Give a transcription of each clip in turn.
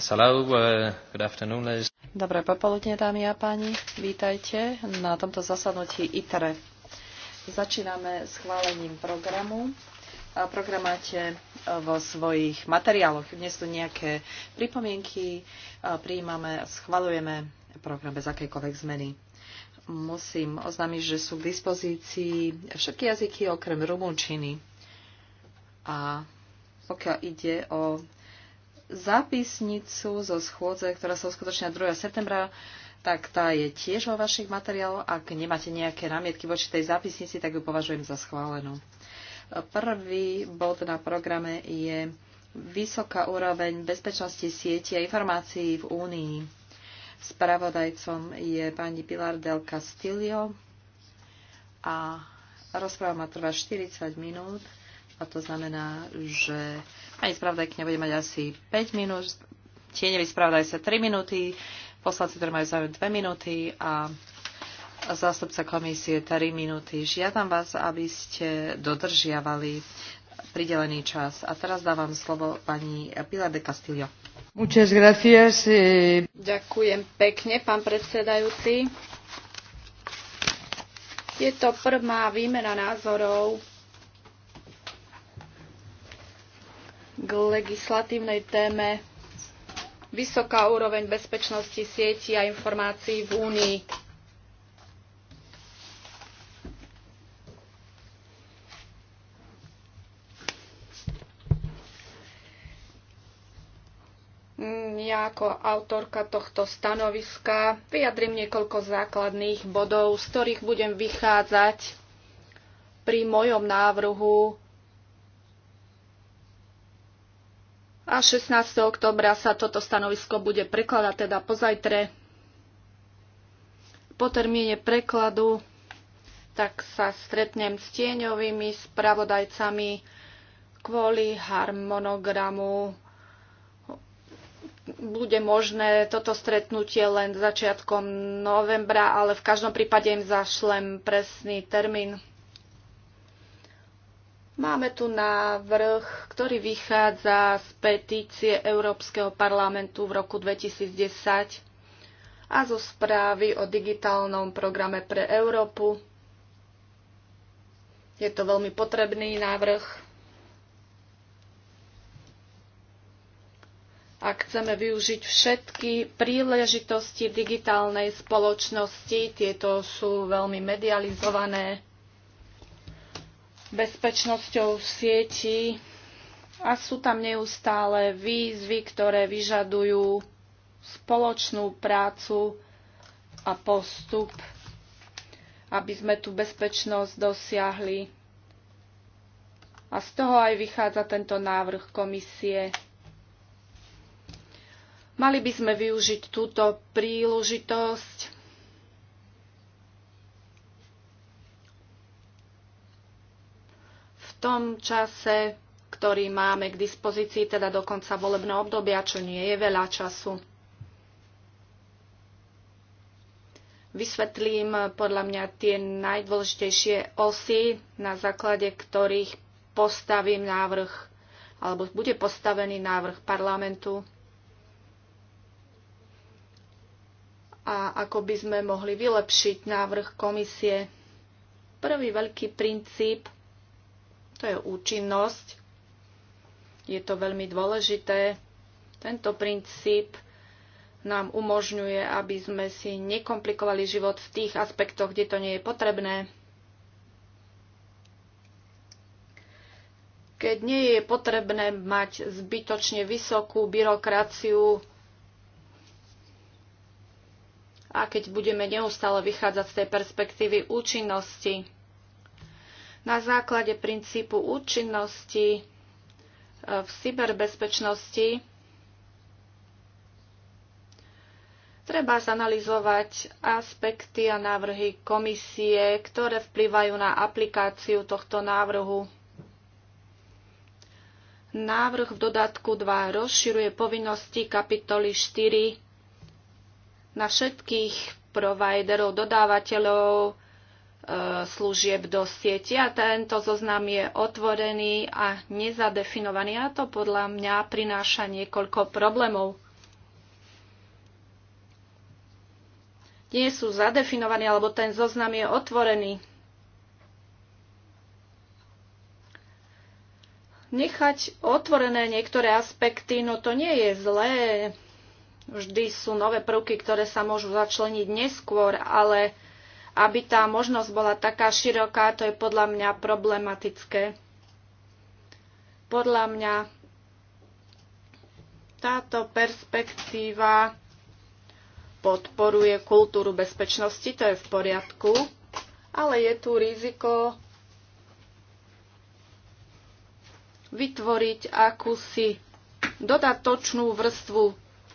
Yes, hello. Uh, good afternoon, ladies. Dobré popoludne, dámy a páni. Vítajte na tomto zasadnutí ITRE. Začíname s chválením programu. A program máte e, vo svojich materiáloch. Dnes tu nejaké pripomienky. E, prijímame, schvalujeme program bez akejkoľvek zmeny. Musím oznámiť, že sú k dispozícii všetky jazyky okrem rumunčiny. A pokiaľ ide o zápisnicu zo schôdze, ktorá sa uskutočnila 2. septembra, tak tá je tiež vo vašich materiáloch. Ak nemáte nejaké námietky voči tej zápisnici, tak ju považujem za schválenú. Prvý bod na programe je vysoká úroveň bezpečnosti sieti a informácií v Únii. Spravodajcom je pani Pilar del Castillo a rozpráva má trvá 40 minút a to znamená, že Pani spravodajkňa bude mať asi 5 minút, tieňový sa 3 minúty, poslanci, ktorí majú záujem 2 minúty a zástupca komisie 3 minúty. Žiadam vás, aby ste dodržiavali pridelený čas. A teraz dávam slovo pani Pilar de Castillo. Muchas gracias. Eh. Ďakujem pekne, pán predsedajúci. Je to prvá výmena názorov k legislatívnej téme vysoká úroveň bezpečnosti sieti a informácií v Únii. Ja ako autorka tohto stanoviska vyjadrím niekoľko základných bodov, z ktorých budem vychádzať pri mojom návrhu a 16. oktobra sa toto stanovisko bude prekladať, teda pozajtre po termíne prekladu tak sa stretnem s tieňovými spravodajcami kvôli harmonogramu. Bude možné toto stretnutie len začiatkom novembra, ale v každom prípade im zašlem presný termín. Máme tu návrh, ktorý vychádza z petície Európskeho parlamentu v roku 2010 a zo správy o digitálnom programe pre Európu. Je to veľmi potrebný návrh. Ak chceme využiť všetky príležitosti digitálnej spoločnosti, tieto sú veľmi medializované, bezpečnosťou sieti a sú tam neustále výzvy, ktoré vyžadujú spoločnú prácu a postup, aby sme tú bezpečnosť dosiahli. A z toho aj vychádza tento návrh komisie. Mali by sme využiť túto príležitosť tom čase, ktorý máme k dispozícii, teda do konca volebného obdobia, čo nie je veľa času. Vysvetlím podľa mňa tie najdôležitejšie osy, na základe ktorých postavím návrh, alebo bude postavený návrh parlamentu a ako by sme mohli vylepšiť návrh komisie. Prvý veľký princíp to je účinnosť. Je to veľmi dôležité. Tento princíp nám umožňuje, aby sme si nekomplikovali život v tých aspektoch, kde to nie je potrebné. Keď nie je potrebné mať zbytočne vysokú byrokraciu a keď budeme neustále vychádzať z tej perspektívy účinnosti, na základe princípu účinnosti e, v cyberbezpečnosti treba zanalizovať aspekty a návrhy komisie, ktoré vplyvajú na aplikáciu tohto návrhu. Návrh v dodatku 2 rozširuje povinnosti kapitoly 4 na všetkých providerov, dodávateľov služieb do siete a tento zoznam je otvorený a nezadefinovaný a to podľa mňa prináša niekoľko problémov. Nie sú zadefinovaní, alebo ten zoznam je otvorený. Nechať otvorené niektoré aspekty, no to nie je zlé. Vždy sú nové prvky, ktoré sa môžu začleniť neskôr, ale aby tá možnosť bola taká široká, to je podľa mňa problematické. Podľa mňa táto perspektíva podporuje kultúru bezpečnosti, to je v poriadku, ale je tu riziko vytvoriť akúsi dodatočnú vrstvu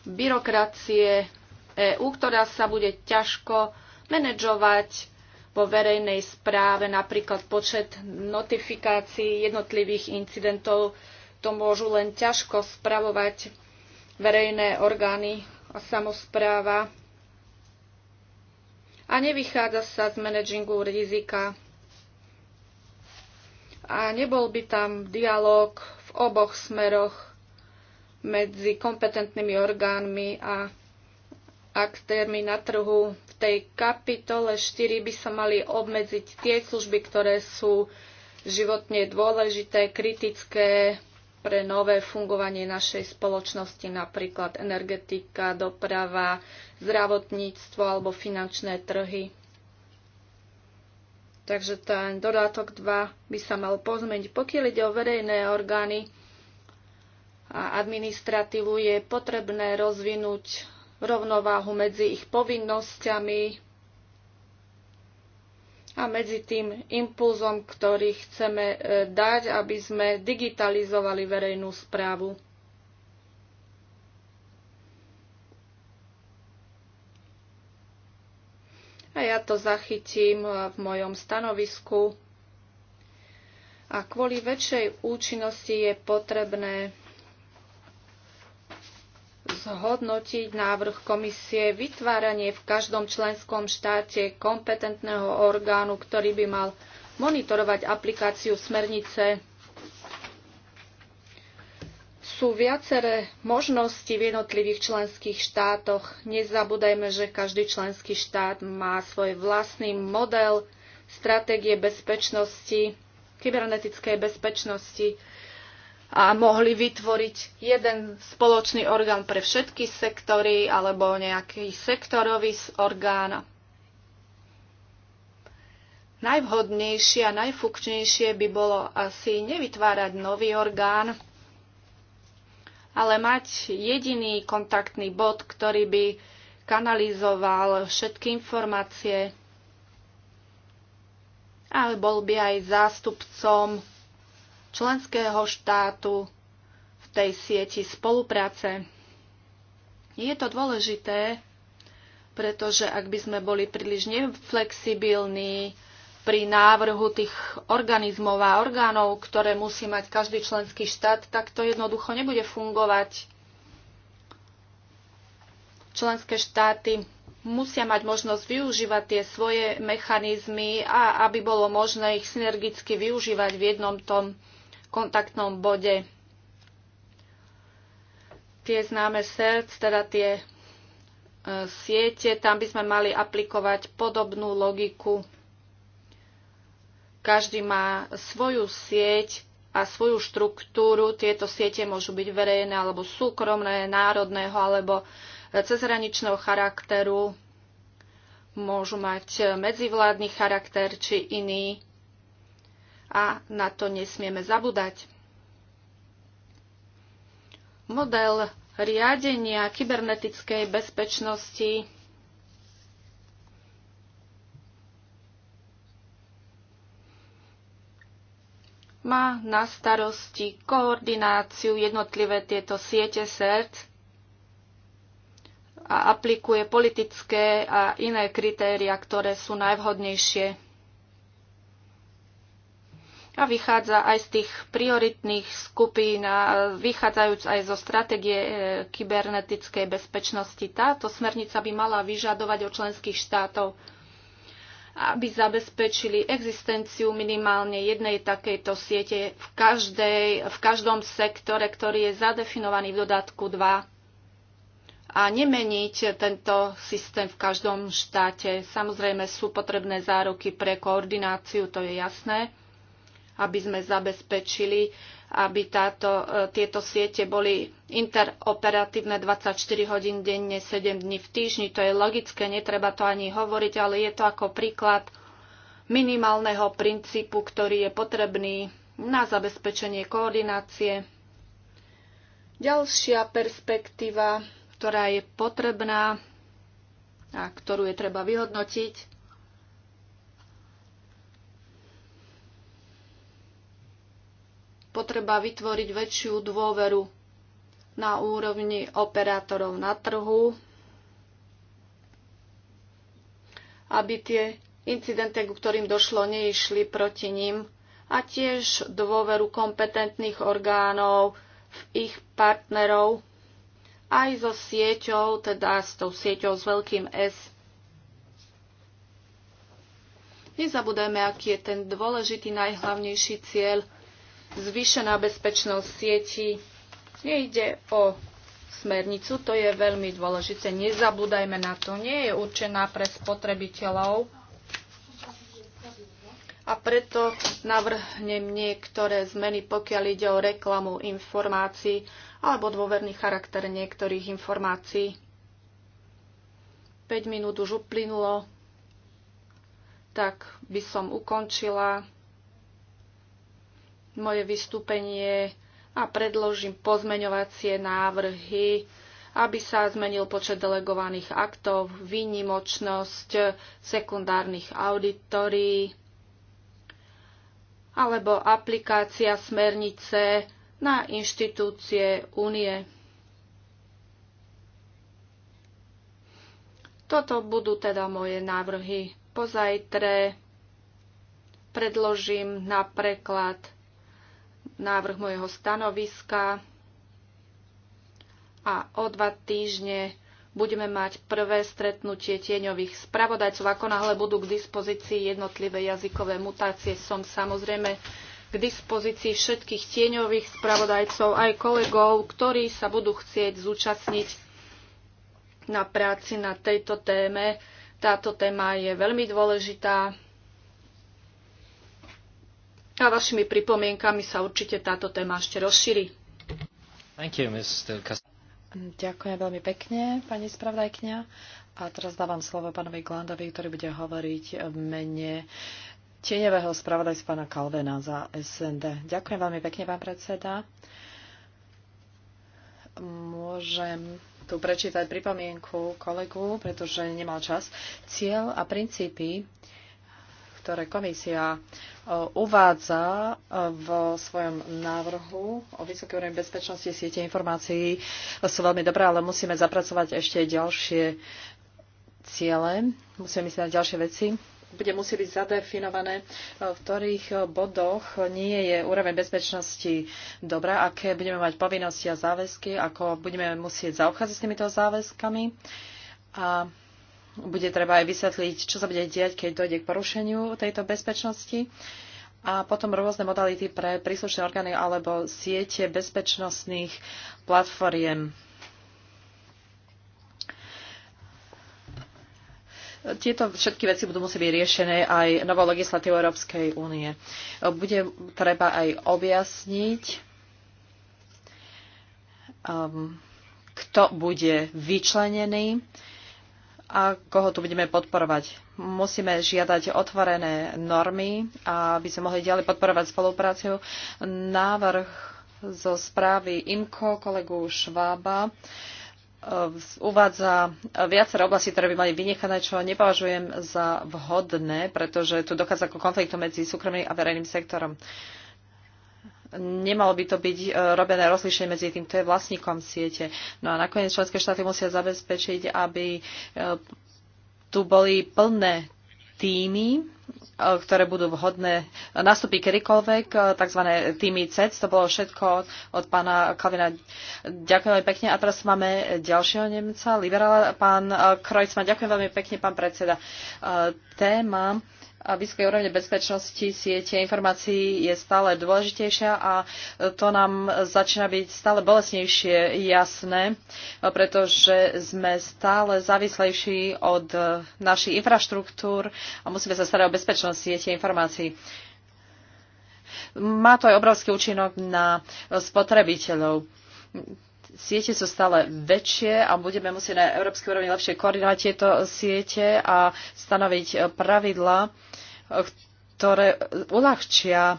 byrokracie EÚ, ktorá sa bude ťažko manažovať vo verejnej správe napríklad počet notifikácií jednotlivých incidentov. To môžu len ťažko spravovať verejné orgány a samozpráva. A nevychádza sa z managingu rizika. A nebol by tam dialog v oboch smeroch medzi kompetentnými orgánmi a aktérmi na trhu tej kapitole 4 by sa mali obmedziť tie služby, ktoré sú životne dôležité, kritické pre nové fungovanie našej spoločnosti, napríklad energetika, doprava, zdravotníctvo alebo finančné trhy. Takže ten dodatok 2 by sa mal pozmeniť. Pokiaľ ide o verejné orgány a administratívu, je potrebné rozvinúť rovnováhu medzi ich povinnosťami a medzi tým impulzom, ktorý chceme e, dať, aby sme digitalizovali verejnú správu. A ja to zachytím e, v mojom stanovisku. A kvôli väčšej účinnosti je potrebné zhodnotiť návrh komisie vytváranie v každom členskom štáte kompetentného orgánu, ktorý by mal monitorovať aplikáciu smernice. Sú viaceré možnosti v jednotlivých členských štátoch. Nezabúdajme, že každý členský štát má svoj vlastný model stratégie bezpečnosti, kybernetickej bezpečnosti a mohli vytvoriť jeden spoločný orgán pre všetky sektory alebo nejaký sektorový orgán. Najvhodnejšie a najfunkčnejšie by bolo asi nevytvárať nový orgán, ale mať jediný kontaktný bod, ktorý by kanalizoval všetky informácie a bol by aj zástupcom členského štátu v tej sieti spolupráce. Je to dôležité, pretože ak by sme boli príliš neflexibilní pri návrhu tých organizmov a orgánov, ktoré musí mať každý členský štát, tak to jednoducho nebude fungovať. Členské štáty musia mať možnosť využívať tie svoje mechanizmy a aby bolo možné ich synergicky využívať v jednom tom kontaktnom bode. Tie známe SERC, teda tie e, siete, tam by sme mali aplikovať podobnú logiku. Každý má svoju sieť a svoju štruktúru. Tieto siete môžu byť verejné alebo súkromné, národného alebo e, cezhraničného charakteru. Môžu mať e, medzivládny charakter či iný a na to nesmieme zabúdať. Model riadenia kybernetickej bezpečnosti má na starosti koordináciu jednotlivé tieto siete SERT a aplikuje politické a iné kritéria, ktoré sú najvhodnejšie a vychádza aj z tých prioritných skupín a vychádzajúc aj zo stratégie e, kybernetickej bezpečnosti. Táto smernica by mala vyžadovať od členských štátov, aby zabezpečili existenciu minimálne jednej takejto siete v, každej, v každom sektore, ktorý je zadefinovaný v dodatku 2 a nemeniť tento systém v každom štáte. Samozrejme sú potrebné záruky pre koordináciu, to je jasné aby sme zabezpečili, aby táto, e, tieto siete boli interoperatívne 24 hodín denne, 7 dní v týždni. To je logické, netreba to ani hovoriť, ale je to ako príklad minimálneho princípu, ktorý je potrebný na zabezpečenie koordinácie. Ďalšia perspektíva, ktorá je potrebná a ktorú je treba vyhodnotiť, potreba vytvoriť väčšiu dôveru na úrovni operátorov na trhu, aby tie incidenty, ku ktorým došlo, neišli proti ním a tiež dôveru kompetentných orgánov v ich partnerov aj so sieťou, teda s tou sieťou s veľkým S. Nezabudajme, aký je ten dôležitý, najhlavnejší cieľ – zvýšená bezpečnosť sieti. Nejde o smernicu, to je veľmi dôležité. Nezabúdajme na to, nie je určená pre spotrebiteľov. A preto navrhnem niektoré zmeny, pokiaľ ide o reklamu informácií alebo dôverný charakter niektorých informácií. 5 minút už uplynulo, tak by som ukončila moje vystúpenie a predložím pozmeňovacie návrhy, aby sa zmenil počet delegovaných aktov, výnimočnosť sekundárnych auditorí alebo aplikácia smernice na inštitúcie únie. Toto budú teda moje návrhy. Pozajtre predložím na preklad návrh mojho stanoviska a o dva týždne budeme mať prvé stretnutie tieňových spravodajcov. Ako náhle budú k dispozícii jednotlivé jazykové mutácie, som samozrejme k dispozícii všetkých tieňových spravodajcov aj kolegov, ktorí sa budú chcieť zúčastniť na práci na tejto téme. Táto téma je veľmi dôležitá a vašimi pripomienkami sa určite táto téma ešte rozšíri. You, Ďakujem veľmi pekne, pani spravdajkňa. A teraz dávam slovo pánovi Glandovi, ktorý bude hovoriť v mene tieňového spravodajstva pána Kalvena za SND. Ďakujem veľmi pekne, pán predseda. Môžem tu prečítať pripomienku kolegu, pretože nemal čas. Ciel a princípy ktoré komisia eh, uvádza eh, vo svojom návrhu o vysokej úrovni bezpečnosti siete informácií, eh, sú veľmi dobré, ale musíme zapracovať ešte ďalšie ciele, musíme myslieť na ďalšie veci. Bude musieť byť zadefinované, v ktorých bodoch nie je úroveň bezpečnosti dobrá, aké budeme mať povinnosti a záväzky, ako budeme musieť zaobchádzať s týmito záväzkami. A bude treba aj vysvetliť, čo sa bude diať, keď dojde k porušeniu tejto bezpečnosti a potom rôzne modality pre príslušné orgány alebo siete bezpečnostných platformiem. Tieto všetky veci budú musieť byť riešené aj novou legislatívou Európskej únie. Bude treba aj objasniť, um, kto bude vyčlenený a koho tu budeme podporovať. Musíme žiadať otvorené normy, aby sme mohli ďalej podporovať spoluprácu. Návrh zo správy IMKO kolegu Švába e, uvádza viaceré oblasti, ktoré by mali vynechané, čo nepovažujem za vhodné, pretože tu dochádza ku konfliktu medzi súkromným a verejným sektorom. Uh, nemalo by to byť e, robené rozlišenie medzi tým, kto je vlastníkom siete. No a nakoniec členské štáty musia zabezpečiť, aby e, tu boli plné týmy, e, ktoré budú vhodné nastúpiť kedykoľvek, tzv. týmy CEC, to bolo všetko od pána Kalvina. Ďakujem veľmi pekne. A teraz máme ďalšieho Nemca, liberála, pán Krojcman. Ďakujem veľmi pekne, pán predseda. Téma vysokej úrovne bezpečnosti siete informácií je stále dôležitejšia a to nám začína byť stále bolesnejšie jasné, pretože sme stále závislejší od našich infraštruktúr a musíme sa starať o bezpečnosť siete informácií. Má to aj obrovský účinok na spotrebiteľov siete sú stále väčšie a budeme musieť na európskej úrovni lepšie koordinovať tieto siete a stanoviť pravidla ktoré uľahčia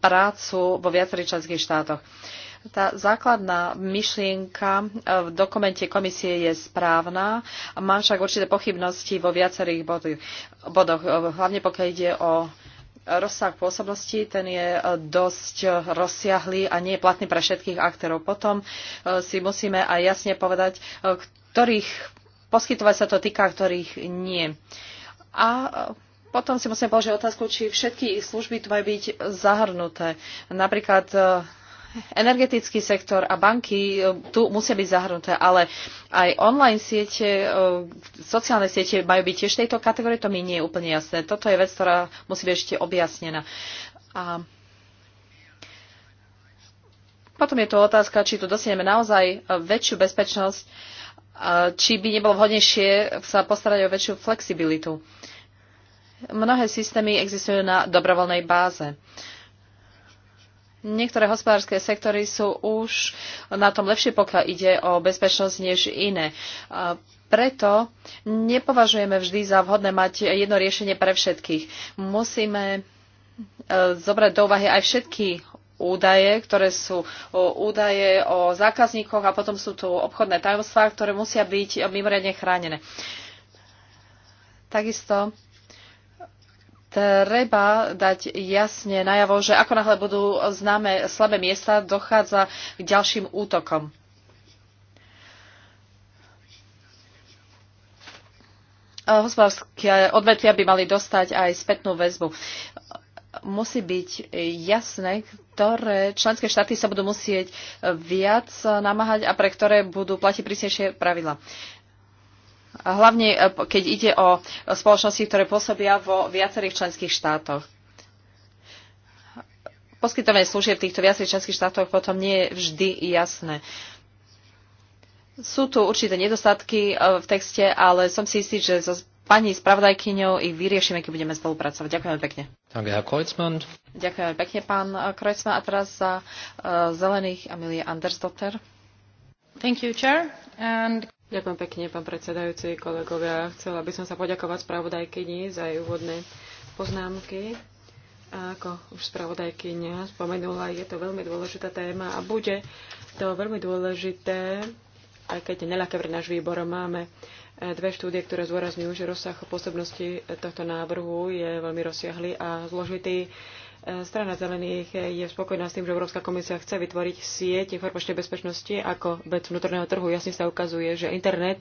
prácu vo viacerých členských štátoch. Tá základná myšlienka v dokumente komisie je správna. Mám však určité pochybnosti vo viacerých bodoch, hlavne pokiaľ ide o rozsah pôsobnosti, ten je dosť rozsiahlý a nie je platný pre všetkých aktérov. Potom eh, si musíme aj jasne povedať, eh, ktorých poskytovať sa to týka, ktorých nie. A potom si musím položiť otázku, či všetky ich služby tu majú byť zahrnuté. Napríklad e, energetický sektor a banky e, tu musia byť zahrnuté, ale aj online siete, e, sociálne siete majú byť tiež tejto kategórie, to mi nie je úplne jasné. Toto je vec, ktorá musí byť ešte objasnená. A potom je tu otázka, či tu dosieme naozaj väčšiu bezpečnosť, či by nebolo vhodnejšie sa postarať o väčšiu flexibilitu. Uh, Mnohé systémy existujú na dobrovoľnej báze. Niektoré hospodárske sektory sú už na tom lepšie, pokiaľ ide o bezpečnosť než iné. Preto nepovažujeme vždy za vhodné mať jedno riešenie pre všetkých. Musíme e, zobrať do úvahy aj všetky údaje, ktoré sú e, údaje o zákazníkoch a potom sú tu obchodné tajomstvá, ktoré musia byť mimoriadne chránené. Takisto treba dať jasne najavo, že ako náhle budú známe slabé miesta, dochádza k ďalším útokom. Hospodárske odvetvia by mali dostať aj spätnú väzbu. Musí byť jasné, ktoré členské štáty sa budú musieť viac namáhať a pre ktoré budú platiť prísnejšie pravidla hlavne e, keď ide o spoločnosti, ktoré pôsobia vo viacerých členských štátoch. Poskytovanie služieb v týchto viacerých členských štátoch potom nie je vždy jasné. Sú tu určité nedostatky e, v texte, ale som si istý, že so pani spravodajkyňou ich vyriešime, keď budeme spolupracovať. Ďakujem pekne. Ďakujem pekne, pán e, Kreuzmann. A teraz za uh, zelených Amelie Andersdotter. Thank you, Chair. And... Ďakujem pekne, pán predsedajúci, kolegovia. Chcela by som sa poďakovať spravodajkyni za jej úvodné poznámky. A ako už spravodajkyňa spomenula, je to veľmi dôležitá téma a bude to veľmi dôležité, aj keď neľaké pre náš výbor máme e, dve štúdie, ktoré zdôrazňujú, že rozsah pôsobnosti tohto návrhu je veľmi rozsiahly a zložitý. Strana zelených je spokojná s tým, že Európska komisia chce vytvoriť sieť informačnej bezpečnosti ako vec vnútorného trhu. Jasne sa ukazuje, že internet,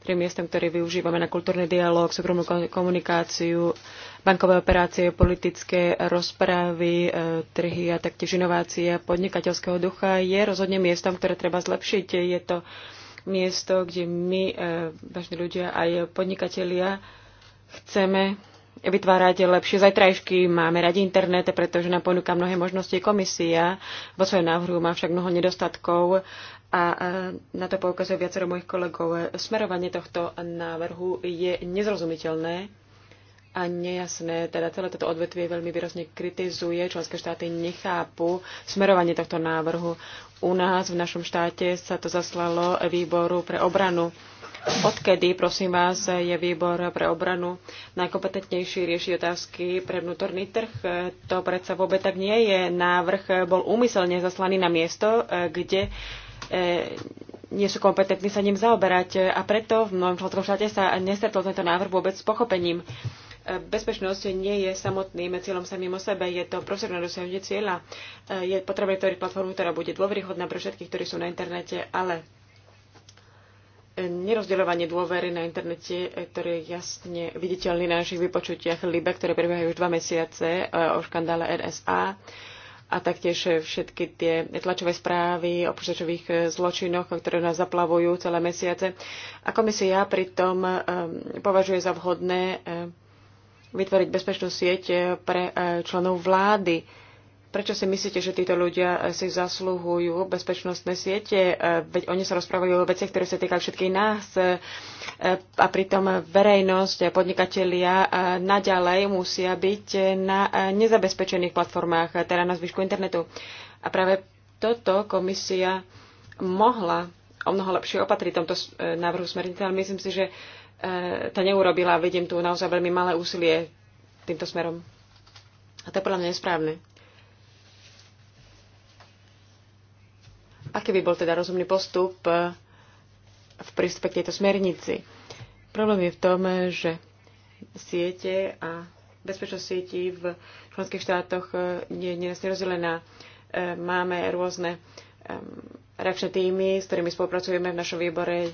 ktorý je miestom, ktorý využívame na kultúrny dialog, súkromnú komunikáciu, bankové operácie, politické rozprávy, e, trhy a taktiež inovácie podnikateľského ducha, je rozhodne miestom, ktoré treba zlepšiť. Je to miesto, kde my, bežní ľudia, aj podnikatelia, chceme vytvárať lepšie zajtrajšky, máme radi internet, pretože nám ponúka mnohé možnosti. Komisia vo svojom návrhu má však mnoho nedostatkov a na to poukazuje viacero mojich kolegov. Smerovanie tohto návrhu je nezrozumiteľné a nejasné. Teda celé toto odvetvie veľmi výrazne kritizuje. Členské štáty nechápu smerovanie tohto návrhu. U nás v našom štáte sa to zaslalo výboru pre obranu Odkedy, prosím vás, je výbor pre obranu najkompetentnejší rieši otázky pre vnútorný trh? To predsa vôbec tak nie je. Návrh bol úmyselne zaslaný na miesto, kde e, nie sú kompetentní sa ním zaoberať a preto v mnohom členskom štáte sa nestretol tento návrh vôbec s pochopením. Bezpečnosť nie je samotným cieľom sa mimo sebe, je to prostredné dosiahnutie cieľa. E, je potrebné tvoriť platformu, ktorá bude dôveryhodná pre všetkých, ktorí sú na internete, ale nerozdeľovanie dôvery na internete, e, ktorý je jasne viditeľný na našich vypočutiach LIBE, ktoré prebiehajú už dva mesiace e, o škandále NSA a taktiež všetky tie tlačové správy o počítačových e, zločinoch, ktoré nás zaplavujú celé mesiace. A komisia pritom považuje za vhodné vytvoriť bezpečnú sieť pre členov vlády Prečo si myslíte, že títo ľudia eh, si zasluhujú bezpečnostné siete? Eh, veď oni sa rozprávajú o veciach, ktoré sa týkajú všetkých nás eh, a pritom verejnosť a podnikatelia naďalej musia byť na nezabezpečených platformách, teda na zvyšku internetu. A práve toto komisia mohla o mnoho lepšie opatriť tomto návrhu smernice, ale myslím si, že to neurobila. Vidím tu naozaj veľmi malé úsilie týmto smerom. A to je podľa mňa nesprávne. Aký by bol teda rozumný postup e, v prístupe k tejto smernici? Problém je v tom, že siete a bezpečnosť sietí v členských štátoch e, je nejasne rozdelená. E, máme rôzne reakčné týmy, s ktorými spolupracujeme v našom výbore,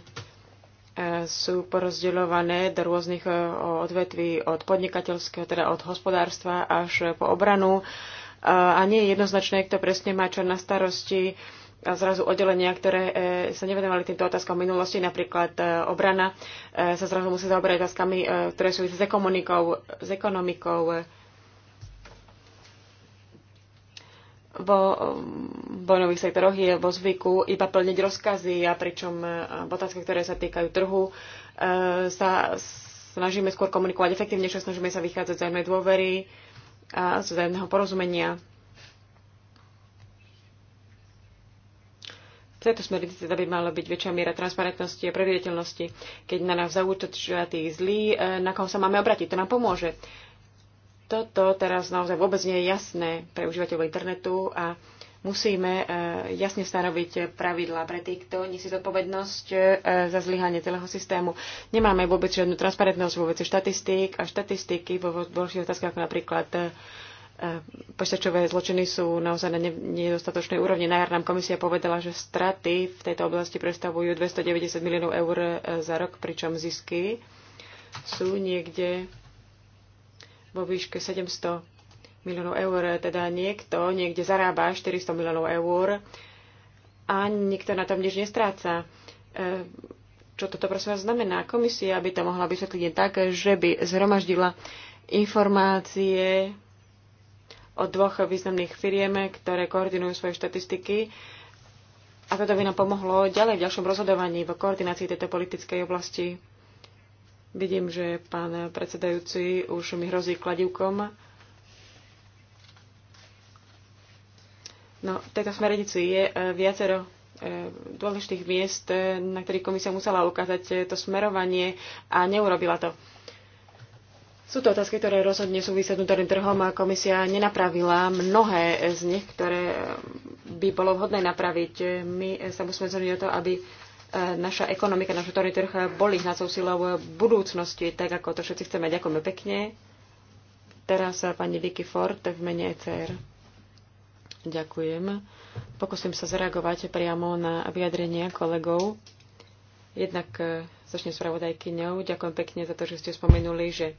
sú porozdeľované do rôznych odvetví od podnikateľského, teda od hospodárstva až po obranu. A nie je jednoznačné, kto presne má čo na starosti a zrazu oddelenia, ktoré e, sa nevenovali týmto otázkom v minulosti, napríklad e, obrana, e, sa zrazu musí zaoberať otázkami, ktoré sú s ekonomikou, s ekonomikou vo vojnových sektoroch je vo zvyku iba plniť rozkazy a pričom v otázkach, ktoré sa týkajú trhu, sa snažíme skôr komunikovať čo snažíme sa vychádzať z dôvery a z porozumenia V tejto smernici teda by mala byť väčšia miera transparentnosti a previdateľnosti. Keď na nás zaútočia tí zlí, na koho sa máme obratiť, to nám pomôže. Toto teraz naozaj vôbec nie je jasné pre užívateľov internetu a musíme jasne stanoviť pravidlá pre tých, kto nesie zodpovednosť za zlyhanie celého systému. Nemáme vôbec žiadnu transparentnosť vo veci štatistík a štatistiky vo dôležitých otázkach ako napríklad E, počítačové zločiny sú naozaj na nedostatočnej úrovni. Na nám komisia povedala, že straty v tejto oblasti predstavujú 290 miliónov eur e, za rok, pričom zisky sú niekde vo výške 700 miliónov eur. Teda niekto niekde zarába 400 miliónov eur a nikto na tom nič nestráca. E, čo toto prosím vás znamená? Komisia by to mohla vysvetliť tak, že by zhromaždila informácie od dvoch významných firiem, ktoré koordinujú svoje štatistiky. A toto by nám pomohlo ďalej v ďalšom rozhodovaní v koordinácii tejto politickej oblasti. Vidím, že pán predsedajúci už mi hrozí kladivkom. No, v tejto smernici je e, viacero e, dôležitých miest, e, na ktorých komisia musela ukázať to smerovanie a neurobila to. Sú to otázky, ktoré rozhodne súvisia s vnútorným trhom a komisia nenapravila mnohé z nich, ktoré eh, by bolo vhodné napraviť. My eh, sa musíme zhodnúť o to, aby eh, naša ekonomika, náš vnútorný trh boli hnacou silou budúcnosti, tak ako to všetci chceme. Ďakujeme pekne. Teraz pani Vicky Ford v mene ECR. Ďakujem. Pokúsim sa zareagovať priamo na vyjadrenia kolegov. Jednak začnem spravodajkyňou. Ďakujem pekne za to, že ste spomenuli, že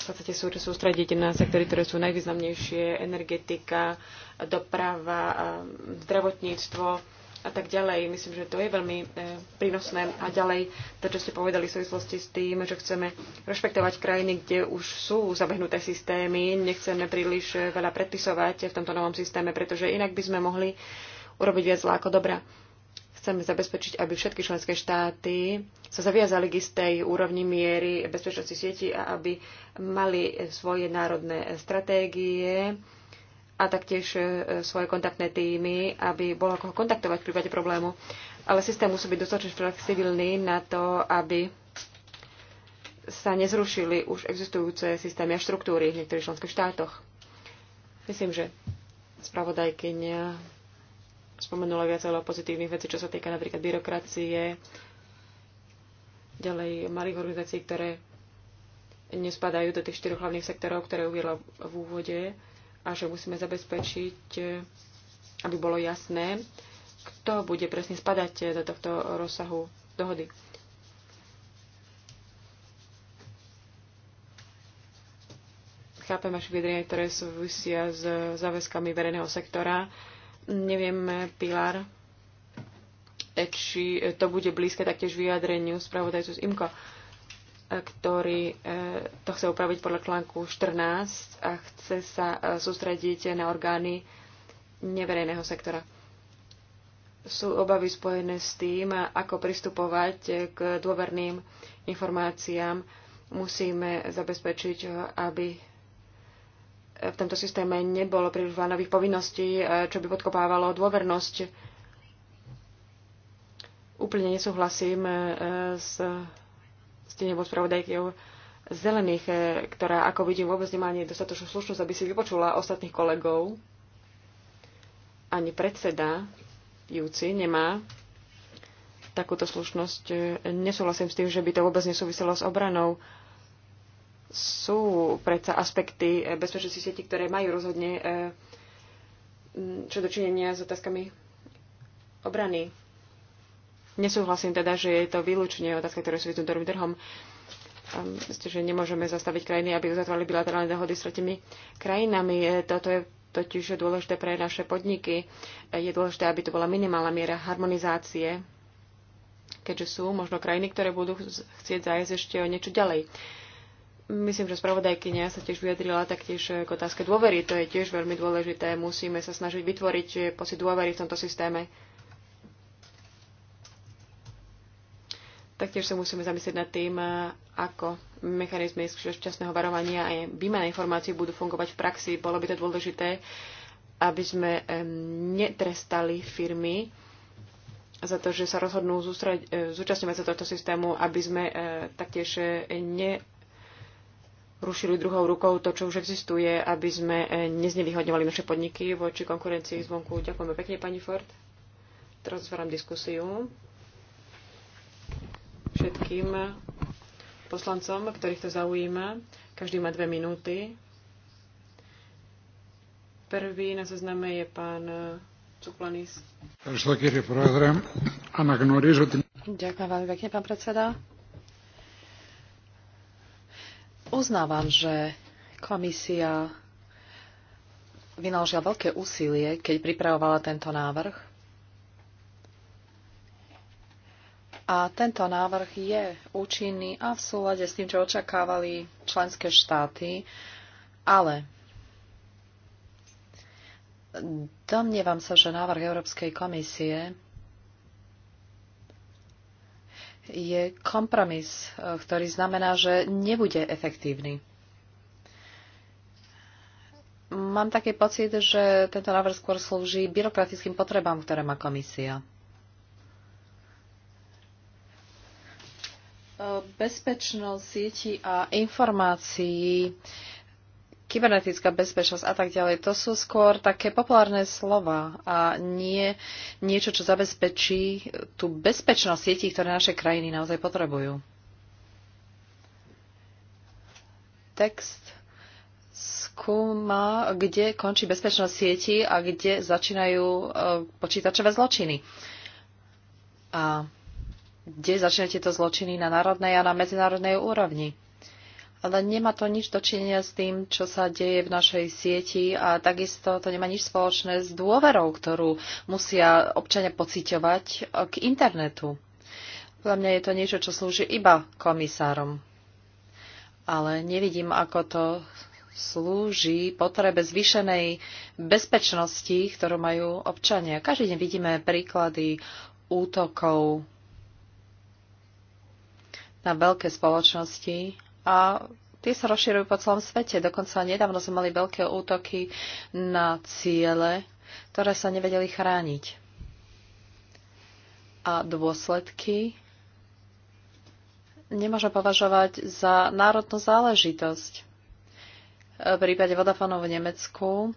sa chcete sústrediť na sektory, ktoré sú najvýznamnejšie, energetika, doprava, zdravotníctvo a tak ďalej. Myslím, že to je veľmi e, prínosné. A ďalej, to, čo ste povedali v súvislosti s tým, že chceme rešpektovať krajiny, kde už sú zabehnuté systémy, nechceme príliš e, veľa predpisovať v tomto novom systéme, pretože inak by sme mohli urobiť viac zlá ako dobrá chceme zabezpečiť, aby všetky členské štáty sa zaviazali k istej úrovni miery bezpečnosti sieti a aby mali svoje národné stratégie a taktiež e, svoje kontaktné týmy, aby bolo koho kontaktovať v prípade problému. Ale systém musí byť dostatočne flexibilný na to, aby sa nezrušili už existujúce systémy a štruktúry v niektorých členských štátoch. Myslím, že spravodajkynia spomenula viacero pozitívnych vecí, čo sa týka napríklad byrokracie, ďalej malých organizácií, ktoré nespadajú do tých štyroch hlavných sektorov, ktoré uviedla v úvode a že musíme zabezpečiť, aby bolo jasné, kto bude presne spadať do tohto rozsahu dohody. Chápem vaše vyjadrenia, ktoré súvisia s záväzkami verejného sektora, Neviem, Pilar, e, či e, to bude blízke taktiež vyjadreniu spravodajcu z IMKO, e, ktorý to chce upraviť podľa článku 14 a chce sa sústrediť na orgány neverejného sektora. Sú obavy spojené s tým, ako pristupovať k dôverným informáciám. Musíme zabezpečiť, aby E, v tomto systéme nebolo príliš veľa nových povinností, e, čo by podkopávalo dôvernosť. Úplne nesúhlasím e, s, s tenebou spravodajkou zelených, ktorá, ako vidím, vôbec nemá ani dostatočnú slušnosť, aby si vypočula ostatných kolegov. Ani predseda Júci nemá takúto slušnosť. Nesúhlasím s tým, že by to vôbec nesúviselo s obranou sú predsa aspekty eh, bezpečnosti sieti, ktoré majú rozhodne eh, čo dočinenia s otázkami obrany. Nesúhlasím teda, že je to výlučne otázka, ktoré sú vnútorným trhom. myslím, že nemôžeme zastaviť krajiny, aby uzatvali bilaterálne dohody s tretimi krajinami. Eh, toto je totiž dôležité pre naše podniky. Je dôležité, aby to bola minimálna miera harmonizácie, keďže sú možno krajiny, ktoré budú chcieť zájsť ešte o niečo ďalej. Uh, Myslím, že spravodajkynia sa tiež vyjadrila taktiež eh, k otázke dôvery. To je tiež veľmi dôležité. Musíme sa snažiť vytvoriť eh, pocit dôvery v tomto systéme. Taktiež sa musíme zamyslieť nad tým, eh, ako mechanizmy včasného varovania a výmena informácií budú fungovať v praxi. Bolo by to dôležité, aby sme netrestali firmy za to, že sa rozhodnú zúčastňovať sa tohto systému, aby sme taktiež ne rušili druhou rukou to, čo už existuje, aby sme eh, neznevýhodňovali naše podniky voči konkurencii zvonku. Ďakujeme pekne, pani Ford. Teraz zváram diskusiu všetkým poslancom, ktorých to zaujíma. Každý má dve minúty. Prvý na zozname je pán eh, Cuklanis. Ďakujem veľmi pekne, pán predseda uznávam, že komisia vynaložila veľké úsilie, keď pripravovala tento návrh. A tento návrh je účinný a v súlade s tým, čo očakávali členské štáty, ale domnievam sa, že návrh Európskej komisie je kompromis, e, ktorý znamená, že nebude efektívny. Mám taký pocit, že tento návrh skôr slúži byrokratickým potrebám, ktoré má komisia. E, bezpečnosť sieti a informácií kybernetická bezpečnosť a tak ďalej. To sú skôr také populárne slova a nie niečo, čo zabezpečí tú bezpečnosť sietí, ktoré naše krajiny naozaj potrebujú. Text skúma, kde končí bezpečnosť sieti a kde začínajú e, počítačové zločiny. A kde začínajú tieto zločiny na národnej a na medzinárodnej úrovni ale nemá to nič dočinenia s tým, čo sa deje v našej sieti a takisto to nemá nič spoločné s dôverou, ktorú musia občania pociťovať k internetu. Podľa mňa je to niečo, čo slúži iba komisárom. Ale nevidím, ako to slúži potrebe zvýšenej bezpečnosti, ktorú majú občania. Každý deň vidíme príklady útokov na veľké spoločnosti, a tie sa rozširujú po celom svete. Dokonca nedávno sme mali veľké útoky na ciele, ktoré sa nevedeli chrániť. A dôsledky nemôžem považovať za národnú záležitosť. V prípade Vodafónu v Nemecku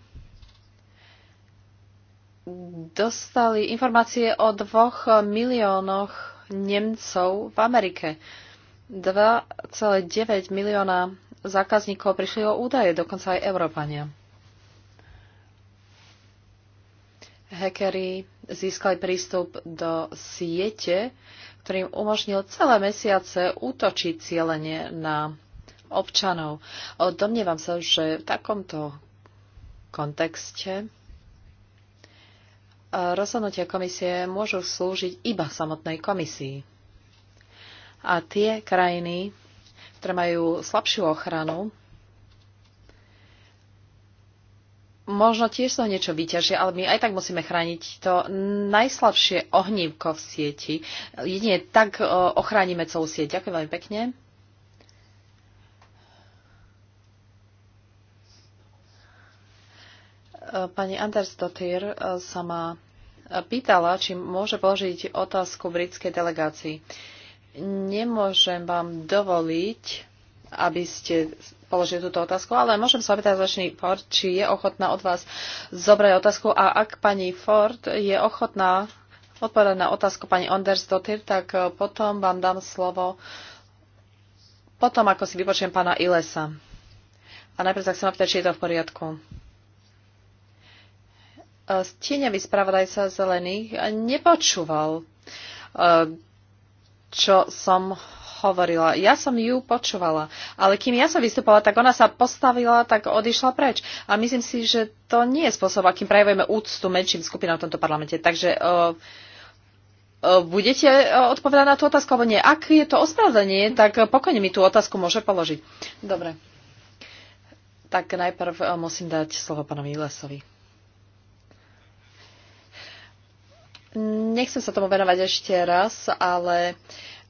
dostali informácie o dvoch miliónoch Nemcov v Amerike. 2,9 milióna zákazníkov prišli o údaje, dokonca aj Európania. Hekery získali prístup do siete, ktorým umožnil celé mesiace útočiť cieľenie na občanov. Domnievam sa, že v takomto kontexte rozhodnutia komisie môžu slúžiť iba samotnej komisii. A tie krajiny, ktoré majú slabšiu ochranu, možno tiež sa niečo vyťažia, ale my aj tak musíme chrániť to najslabšie ohnívko v sieti. Jedine tak e, ochránime celú sieť. Ďakujem veľmi pekne. E, pani Anders Dotyr e, sa ma pýtala, či môže položiť otázku britskej delegácii. Uh, nemôžem vám dovoliť, aby ste položili túto otázku, ale môžem sa opýtať začný Ford, či je ochotná od vás zobrať otázku a ak pani Ford je ochotná odpovedať na otázku pani Onders Dotyr, tak eh, potom vám dám slovo potom, ako si vypočujem pána Ilesa. A najprv sa chcem opýtať, či je to v poriadku. Stieňavý eh, spravodajca zelených nepočúval eh, čo som hovorila. Ja som ju počúvala, ale kým ja som vystupovala, tak ona sa postavila, tak odišla preč. A myslím si, že to nie je spôsob, akým prejavujeme úctu menším skupinám v tomto parlamente. Takže uh, uh, budete e, odpovedať na tú otázku, alebo nie? Ak je to ospravedlenie, tak pokojne mi tú otázku môže položiť. Dobre. Tak najprv musím dať slovo pánovi Lesovi. Nechcem sa tomu venovať ešte raz, ale e,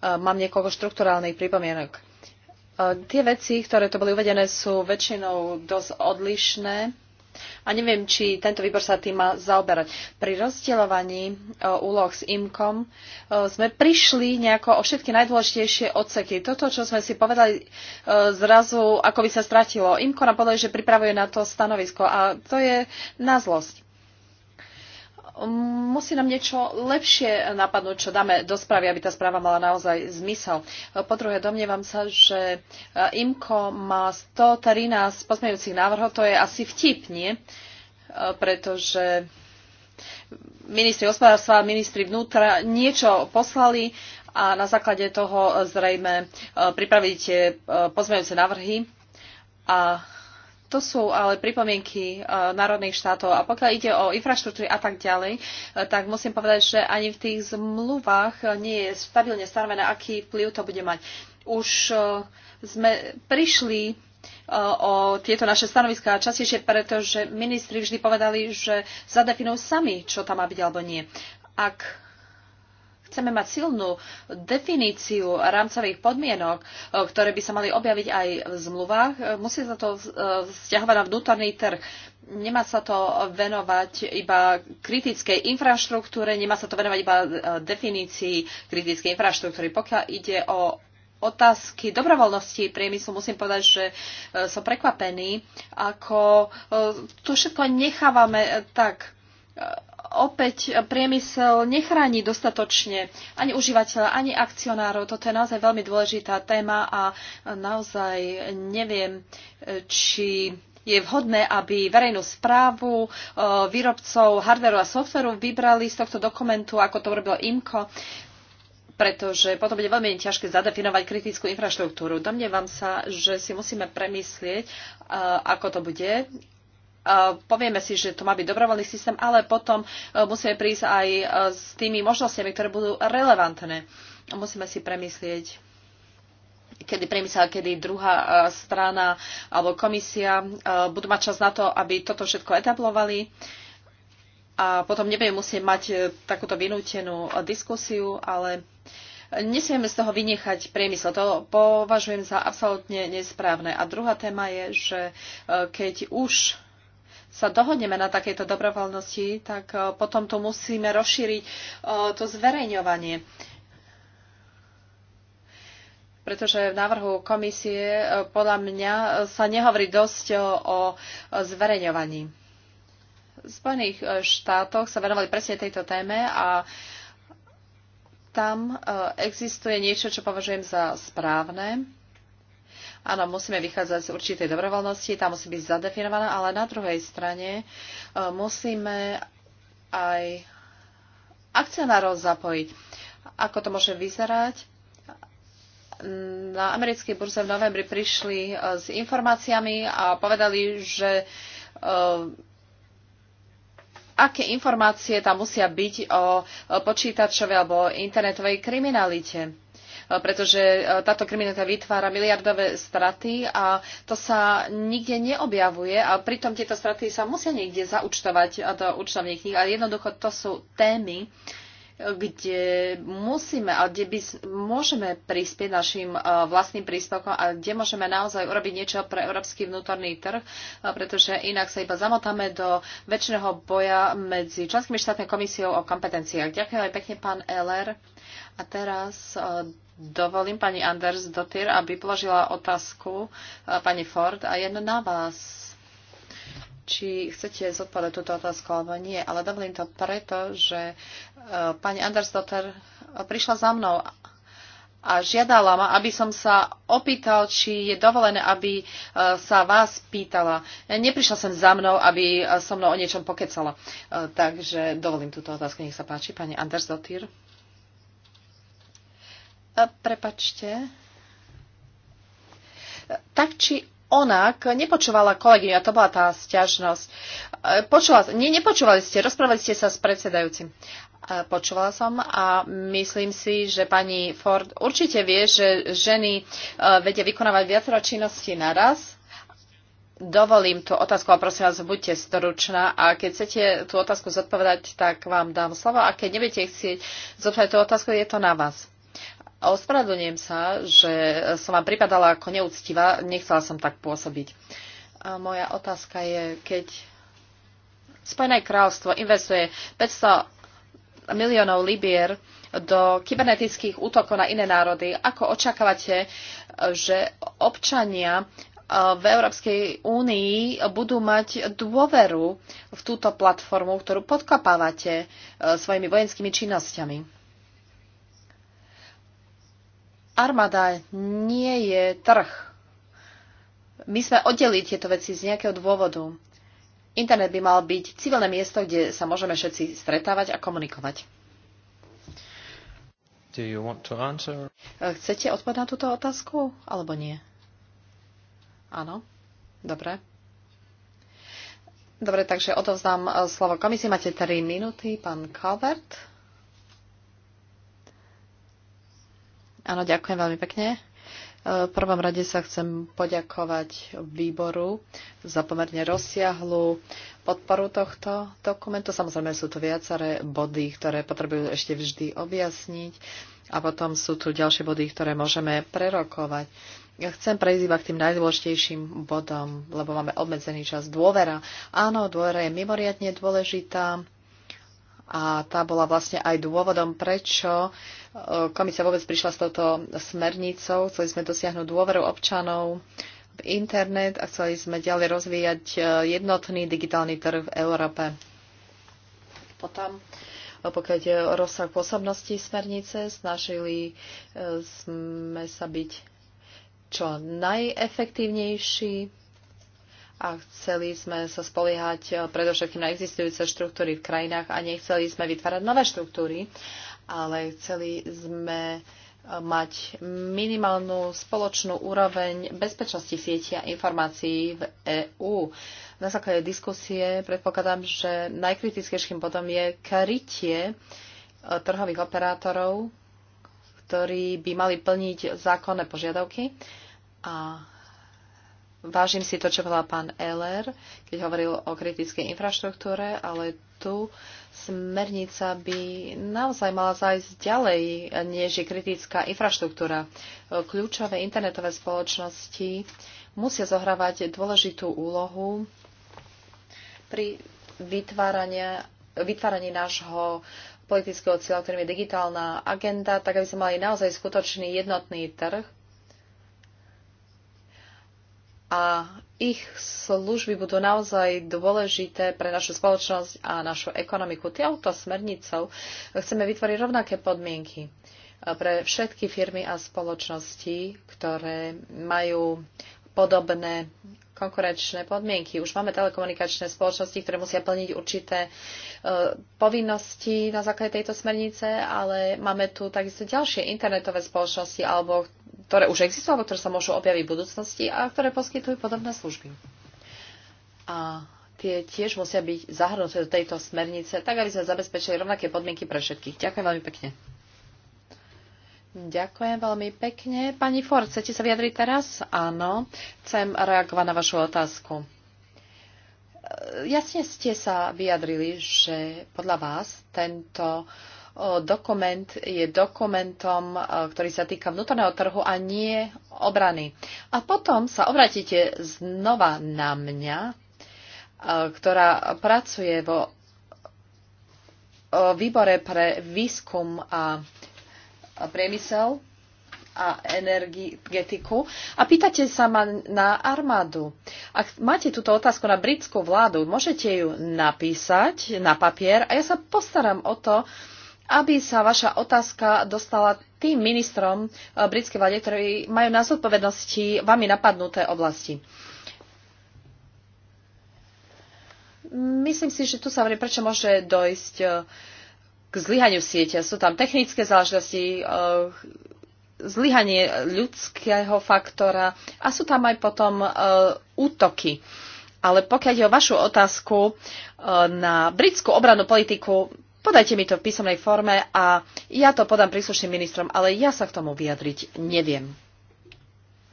mám niekoľko štruktúrálnych pripomienok. E, tie veci, ktoré to boli uvedené, sú väčšinou dosť odlišné a neviem, či tento výbor sa tým má zaoberať. Pri rozdielovaní e, úloh s IMKOM sme prišli nejako o všetky najdôležitejšie odseky. Toto, čo sme si povedali zrazu, ako by sa stratilo. IMKO nám povedali, že pripravuje na to stanovisko a to je na zlosť musí nám niečo lepšie napadnúť, čo dáme do správy, aby tá správa mala naozaj zmysel. Po druhé, domnievam sa, že eh, IMKO má 113 pozmeňujúcich návrhov, to je asi vtip, nie? Eh, pretože ministri hospodárstva ministri vnútra niečo poslali a na základe toho zrejme eh, pripravíte pozmeňujúce návrhy a to sú ale pripomienky e, národných štátov. A pokiaľ ide o infraštruktúry a tak ďalej, e, tak musím povedať, že ani v tých zmluvách e, nie je stabilne stanovené, aký vplyv to bude mať. Už sme prišli o tieto naše stanoviská častejšie, pretože ministri vždy povedali, že zadefinujú sami, čo tam má byť alebo nie. Ak chceme mať silnú definíciu rámcových podmienok, e, ktoré by sa mali objaviť aj v zmluvách, e, musí sa to e, vzťahovať na vnútorný trh. Nemá sa to venovať iba kritickej infraštruktúre, nemá sa to venovať iba definícii kritickej infraštruktúry. Pokiaľ ide o otázky dobrovoľnosti priemyslu musím povedať, že som prekvapený, ako to všetko nechávame tak opäť priemysel nechráni dostatočne ani užívateľa, ani akcionárov. Toto je naozaj veľmi dôležitá téma a naozaj neviem, či je vhodné, aby verejnú správu e, výrobcov hardveru a softveru vybrali z tohto dokumentu, ako to robilo IMCO pretože potom bude veľmi ťažké zadefinovať kritickú infraštruktúru. Domnievam sa, že si musíme premyslieť, e, ako to bude Eh, povieme si, že to má byť dobrovoľný systém, ale potom eh, musíme prísť aj eh, s tými možnosťami, ktoré budú relevantné. Musíme si premyslieť kedy premysel, kedy druhá strana alebo komisia budú mať čas na to, aby toto všetko etablovali a potom nebudeme musieť mať takúto vynútenú diskusiu, ale nesmieme z toho vynechať priemysel. To považujem za absolútne nesprávne. A druhá téma je, že keď už sa dohodneme na takejto dobrovoľnosti, tak eh, potom tu musíme rozšíriť eh, to zverejňovanie. Pretože v návrhu komisie eh, podľa mňa sa nehovorí dosť o zverejňovaní. V Spojených štátoch sa venovali presne tejto téme a tam existuje niečo, čo považujem za správne Áno, musíme vychádzať z určitej dobrovoľnosti, tá musí byť zadefinovaná, ale na druhej strane e, musíme aj akcionárov zapojiť. Ako to môže vyzerať? Na americkej burze v novembri prišli e, s informáciami a povedali, že e, aké informácie tam musia byť o počítačovej alebo internetovej kriminalite pretože e, táto kriminalita vytvára miliardové straty a to sa nikde neobjavuje a pritom tieto straty sa musia niekde zaučtovať do účtovných kníh. A jednoducho to sú témy, kde musíme a kde by môžeme prispieť našim e, vlastným príspevkom a kde môžeme naozaj urobiť niečo pre európsky vnútorný trh, e, pretože inak sa iba zamotáme do väčšného boja medzi členskými štátmi komisiou o kompetenciách. Ďakujem aj pekne, pán Eller. A teraz e, dovolím pani Anders Dotyr, aby položila otázku pani Ford a jen na vás či chcete zodpovedať túto otázku alebo nie, ale dovolím to preto, že e, pani Andersdotter e, prišla za mnou a žiadala ma, aby som sa opýtal, či je dovolené, aby e, sa vás pýtala. Neprišla som za mnou, aby so mnou o niečom pokecala. Takže dovolím túto otázku. Nech sa páči, pani Anders Dotýr. Prepačte. Tak či ona nepočúvala kolegyňu a to bola tá stiažnosť. E, počúvala nie, nepočúvali ste, rozprávali ste sa s predsedajúcim. E, počúvala som a myslím si, že pani Ford určite vie, že ženy e, vedia vykonávať viacero činností naraz. Dovolím tú otázku a prosím vás, buďte stručná a keď chcete tú otázku zodpovedať, tak vám dám slovo a keď nebudete chcieť zodpovedať tú otázku, je to na vás. Ospravedlňujem sa, že som vám pripadala ako neúctivá, nechcela som tak pôsobiť. A moja otázka je, keď Spojené kráľstvo investuje 500 miliónov libier do kybernetických útokov na iné národy, ako očakávate, že občania v Európskej únii budú mať dôveru v túto platformu, ktorú podkopávate svojimi vojenskými činnosťami? Armáda nie je trh. My sme oddelili tieto veci z nejakého dôvodu. Internet by mal byť civilné miesto, kde sa môžeme všetci stretávať a komunikovať. Do you want to answer? Eh, chcete odpovedať na túto otázku, alebo nie? Áno? Dobre. Dobre, takže odovzdám eh, slovo komisii. Máte 3 minúty, pán Calvert. Áno, ďakujem veľmi pekne. E, v prvom rade sa chcem poďakovať výboru za pomerne rozsiahlu podporu tohto dokumentu. Samozrejme sú tu viaceré body, ktoré potrebujú ešte vždy objasniť a potom sú tu ďalšie body, ktoré môžeme prerokovať. Ja chcem prejsť iba k tým najdôležitejším bodom, lebo máme obmedzený čas. Dôvera. Áno, dôvera je mimoriadne dôležitá a tá bola vlastne aj dôvodom, prečo e, komisia vôbec prišla s touto smernicou. Chceli sme dosiahnuť dôveru občanov v internet a chceli sme ďalej rozvíjať e, jednotný digitálny trh v Európe. Potom e, pokiaľ je rozsah pôsobnosti smernice, snažili sme sa byť čo najefektívnejší a chceli sme sa spoliehať eh, predovšetkým na existujúce štruktúry v krajinách a nechceli sme vytvárať nové štruktúry, ale chceli sme eh, mať minimálnu spoločnú úroveň bezpečnosti sieti a informácií v EÚ. Na základe diskusie predpokladám, že najkritickejším potom je krytie eh, trhových operátorov, ktorí by mali plniť zákonné požiadavky a Vážim si to, čo povedal pán Eller, keď hovoril o kritickej infraštruktúre, ale tu smernica by naozaj mala zájsť ďalej, než je kritická infraštruktúra. Kľúčové internetové spoločnosti musia zohrávať dôležitú úlohu pri vytváraní nášho politického cieľa, ktorým je digitálna agenda, tak aby sme mali naozaj skutočný jednotný trh a ich služby budú naozaj dôležité pre našu spoločnosť a našu ekonomiku. Týmto smernicou chceme vytvoriť rovnaké podmienky e, pre všetky firmy a spoločnosti, ktoré majú podobné konkurenčné podmienky. Už máme telekomunikačné spoločnosti, ktoré musia plniť určité e, povinnosti na základe tejto smernice, ale máme tu takisto ďalšie internetové spoločnosti alebo ktoré už existujú alebo ktoré sa môžu objaviť v budúcnosti a ktoré poskytujú podobné služby. A tie tiež musia byť zahrnuté do tejto smernice, tak aby sme zabezpečili rovnaké podmienky pre všetkých. Ďakujem veľmi pekne. Ďakujem veľmi pekne. Pani Ford, chcete sa vyjadriť teraz? Áno. Chcem reagovať na vašu otázku. Jasne ste sa vyjadrili, že podľa vás tento dokument je dokumentom, ktorý sa týka vnútorného trhu a nie obrany. A potom sa obratíte znova na mňa, ktorá pracuje vo výbore pre výskum a priemysel a energetiku a pýtate sa ma na armádu. Ak máte túto otázku na britskú vládu, môžete ju napísať na papier a ja sa postaram o to, aby sa vaša otázka dostala tým ministrom eh, britskej vlade, ktorí majú na zodpovednosti vami napadnuté oblasti. Myslím si, že tu sa vrie, prečo môže dojsť eh, k zlyhaniu siete. Sú tam technické záležitosti, eh, zlyhanie ľudského faktora a sú tam aj potom útoky. Ale pokiaľ je o vašu otázku na britskú obranú politiku, Podajte mi to v písomnej forme a ja to podám príslušným ministrom, ale ja sa k tomu vyjadriť neviem.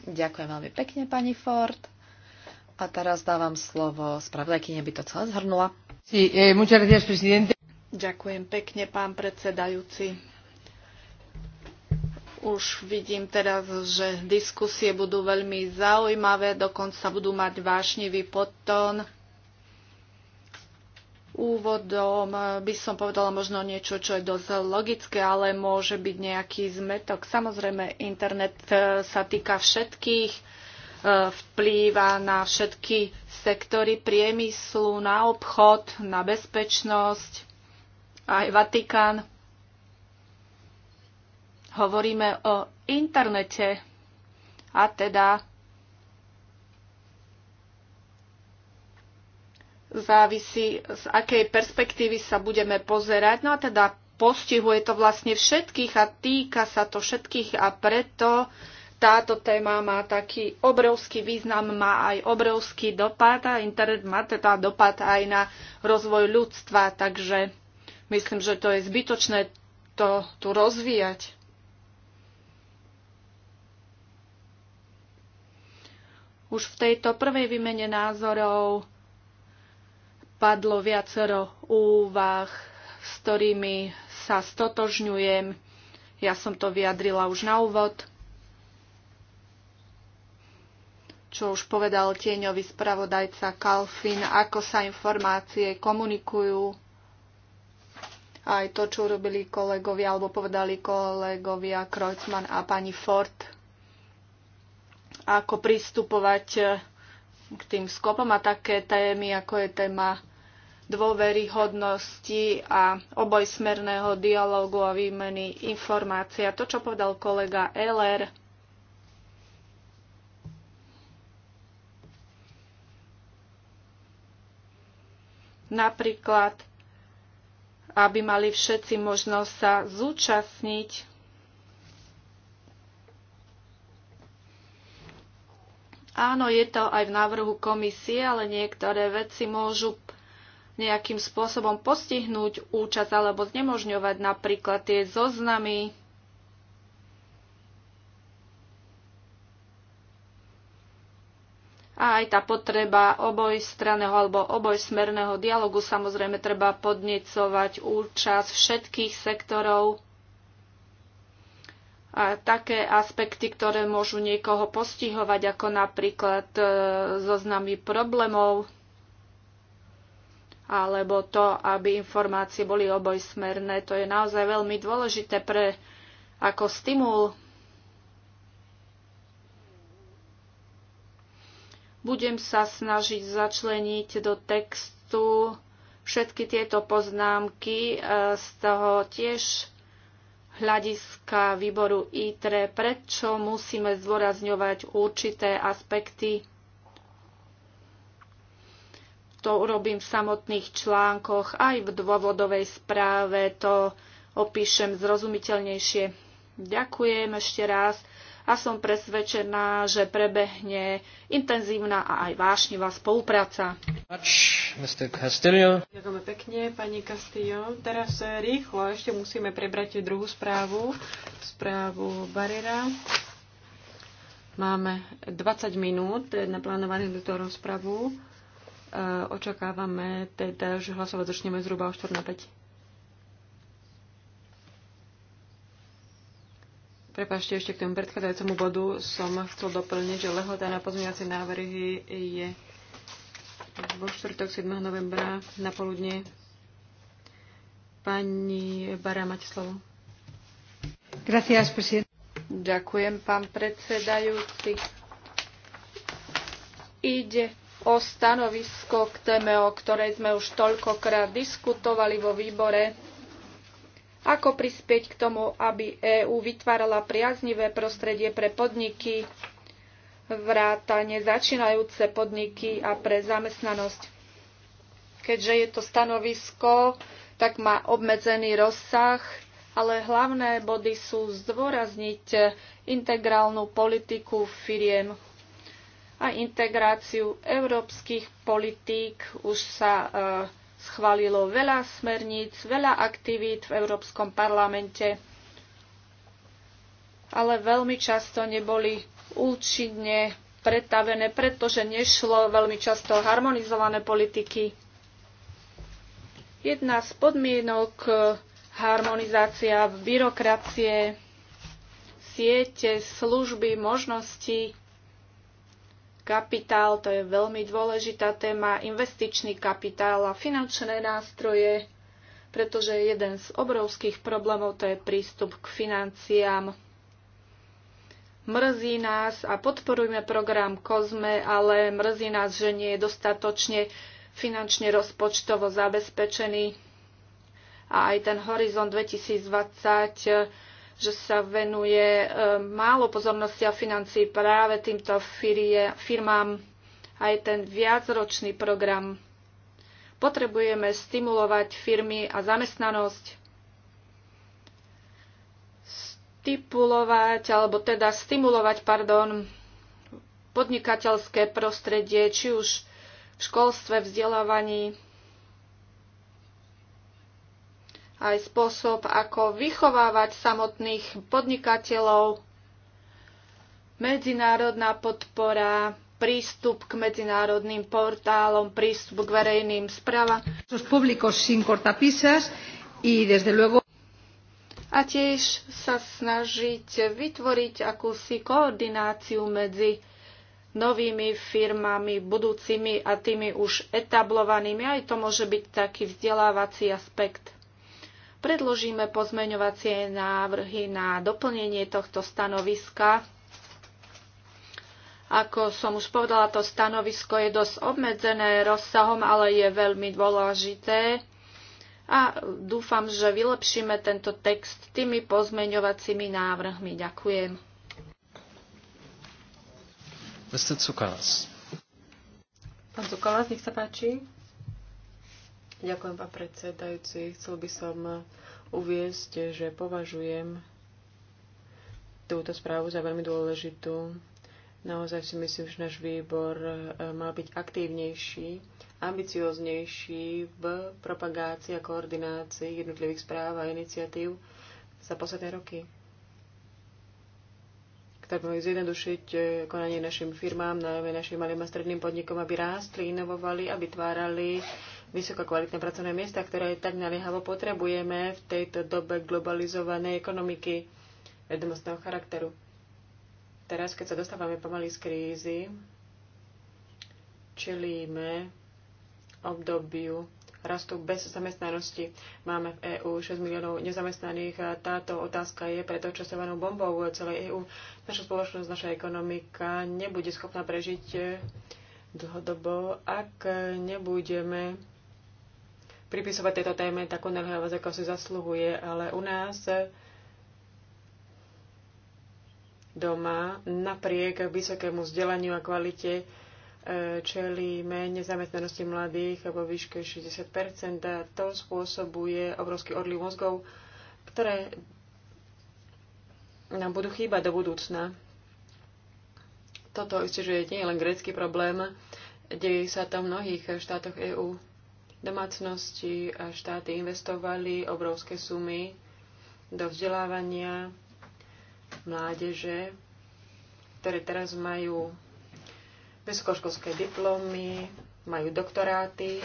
Ďakujem veľmi pekne, pani Ford. A teraz dávam slovo spravodajkyni, aby to celé zhrnula. Sí, eh, gracias, Ďakujem pekne, pán predsedajúci. Už vidím teraz, že diskusie budú veľmi zaujímavé, dokonca budú mať vášnivý podtón. Úvodom eh, by som povedala možno niečo, čo je dosť logické, ale môže byť nejaký zmetok. Samozrejme, internet eh, sa týka všetkých, eh, vplýva na všetky sektory priemyslu, na obchod, na bezpečnosť, aj Vatikán. Hovoríme o internete a teda závisí, z akej perspektívy sa budeme pozerať. No a teda postihuje to vlastne všetkých a týka sa to všetkých a preto táto téma má taký obrovský význam, má aj obrovský dopad a internet má teda dopad aj na rozvoj ľudstva, takže myslím, že to je zbytočné to tu rozvíjať. Už v tejto prvej výmene názorov padlo viacero úvah, s ktorými sa stotožňujem. Ja som to vyjadrila už na úvod, čo už povedal tieňový spravodajca Kalfin, ako sa informácie komunikujú, aj to, čo robili kolegovia, alebo povedali kolegovia Kreutzmann a pani Ford, ako pristupovať k tým skopom a také témy, ako je téma dôveryhodnosti a obojsmerného dialogu a výmeny informácií. A to, čo povedal kolega Eller, napríklad, aby mali všetci možnosť sa zúčastniť Áno, je to aj v návrhu komisie, ale niektoré veci môžu nejakým spôsobom postihnúť účasť alebo znemožňovať napríklad tie zoznamy. A aj tá potreba obojstraného alebo obojsmerného dialogu samozrejme treba podnecovať účasť všetkých sektorov také aspekty, ktoré môžu niekoho postihovať, ako napríklad e, zoznamy problémov, alebo to, aby informácie boli obojsmerné. To je naozaj veľmi dôležité pre ako stimul. Budem sa snažiť začleniť do textu všetky tieto poznámky, e, z toho tiež hľadiska výboru ITRE, prečo musíme zdôrazňovať určité aspekty. To urobím v samotných článkoch, aj v dôvodovej správe to opíšem zrozumiteľnejšie. Ďakujem ešte raz a som presvedčená, že prebehne intenzívna a aj vášnivá spolupráca. Ďakujeme pekne, pani Castillo. Teraz eh, rýchlo ešte musíme prebrať druhú správu, správu Barera. Máme 20 minút na plánovanú túto rozpravu. Eh, očakávame teda, že hlasovať začneme zhruba o 4 na 5. Prepašte, ešte k tomu predchádzajúcemu bodu som chcel doplniť, že lehota na pozmeňovacie návrhy je vo štvrtok 7. novembra na poludne. Pani Bara, máte slovo. Gracias, presidente. Ďakujem, pán predsedajúci. Ide o stanovisko k téme, o ktorej sme už toľkokrát diskutovali vo výbore ako prispieť k tomu, aby EÚ vytvárala priaznivé prostredie pre podniky, vrátane začínajúce podniky a pre zamestnanosť? Keďže je to stanovisko, tak má obmedzený rozsah, ale hlavné body sú zdôrazniť integrálnu politiku firiem a integráciu európskych politík. Už sa e, schválilo veľa smerníc, veľa aktivít v Európskom parlamente, ale veľmi často neboli účinne pretavené, pretože nešlo veľmi často harmonizované politiky. Jedna z podmienok eh, harmonizácia byrokracie, siete, služby, možnosti kapitál, to je veľmi dôležitá téma, investičný kapitál a finančné nástroje, pretože jeden z obrovských problémov to je prístup k financiám. Mrzí nás a podporujme program COSME, ale mrzí nás, že nie je dostatočne finančne rozpočtovo zabezpečený. A aj ten horizont 2020 že sa venuje e, málo pozornosti a financí práve týmto firmám aj ten viacročný program. Potrebujeme stimulovať firmy a zamestnanosť, stipulovať, alebo teda stimulovať, pardon, podnikateľské prostredie, či už v školstve, vzdelávaní, aj spôsob, ako vychovávať samotných podnikateľov, medzinárodná podpora, prístup k medzinárodným portálom, prístup k verejným správam. A tiež sa snažiť vytvoriť akúsi koordináciu medzi novými firmami, budúcimi a tými už etablovanými. Aj to môže byť taký vzdelávací aspekt. Predložíme pozmeňovacie návrhy na doplnenie tohto stanoviska. Ako som už povedala, to stanovisko je dosť obmedzené rozsahom, ale je veľmi dôležité a dúfam, že vylepšíme tento text tými pozmeňovacími návrhmi. Ďakujem. Mr. Cukalas. Pán Cukalas, nech sa páči. Ďakujem, pán predsedajúci. Chcel by som eh, uviezť, že považujem túto správu za veľmi dôležitú. Naozaj si myslím, že náš výbor eh, mal byť aktívnejší, ambicioznejší v propagácii a koordinácii jednotlivých správ a iniciatív za posledné roky ktoré by mohli zjednodušiť eh, konanie našim firmám, najmä našim malým a stredným podnikom, aby rástli, inovovali a vytvárali vysokokvalitné pracovné miesta, ktoré tak naliehavo potrebujeme v tejto dobe globalizovanej ekonomiky vedomostného charakteru. Teraz, keď sa dostávame pomaly z krízy, čelíme obdobiu rastu bez zamestnanosti. Máme v EÚ 6 miliónov nezamestnaných a táto otázka je preto časovanou bombou celej EÚ. Naša spoločnosť, naša ekonomika nebude schopná prežiť dlhodobo, ak nebudeme pripisovať tejto téme takú naliehavosť, ako si zasluhuje, ale u nás eh, doma napriek vysokému vzdelaniu a kvalite eh, čelíme nezamestnanosti mladých vo výške 60 a to spôsobuje obrovský odliv mozgov, ktoré nám budú chýbať do budúcna. Toto isté, že nie je len grécky problém, deje sa to v mnohých štátoch EÚ. Domácnosti a štáty investovali obrovské sumy do vzdelávania mládeže, ktoré teraz majú vysokoškolské diplomy, majú doktoráty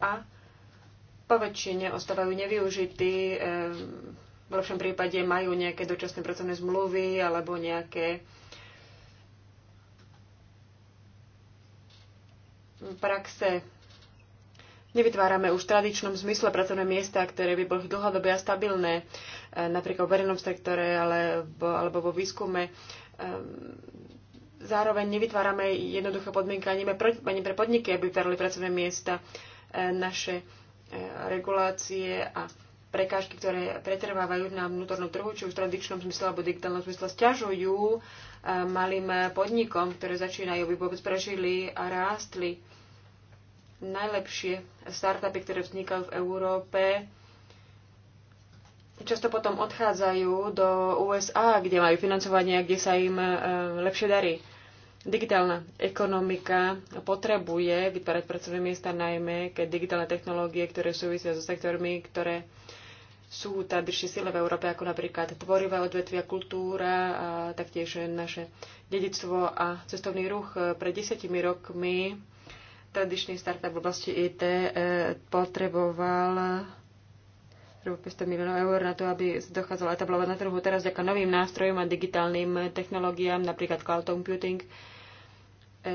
a po väčšine ostávajú nevyužití. Ehm, v lepšom prípade majú nejaké dočasné pracovné zmluvy alebo nejaké praxe Nevytvárame už v tradičnom zmysle pracovné miesta, ktoré by boli dlhodobé a stabilné, e, napríklad v verejnom sektore alebo, alebo vo výskume. E, zároveň nevytvárame jednoduché podmienky ani pre, pre podniky, aby vytvárali pracovné miesta. E, naše regulácie a prekážky, ktoré pretrvávajú na vnútornom trhu, či už v tradičnom zmysle alebo digitálnom zmysle, stiažujú malým podnikom, ktoré začínajú, aby vôbec prežili a rástli najlepšie startupy, ktoré vznikajú v Európe, často potom odchádzajú do USA, kde majú financovanie, kde sa im e, lepšie darí. Digitálna ekonomika potrebuje vytvárať pracovné miesta najmä, keď digitálne technológie, ktoré súvisia so sektormi, ktoré sú tradične sile v Európe, ako napríklad tvorivé odvetvia, kultúra, a taktiež naše dedictvo a cestovný ruch. Pred desiatimi rokmi tradičný startup v oblasti IT e, potreboval 500 miliónov eur na to, aby sa dochádzalo etablovať na trhu. Teraz vďaka novým nástrojom a digitálnym technológiám, napríklad cloud computing, e,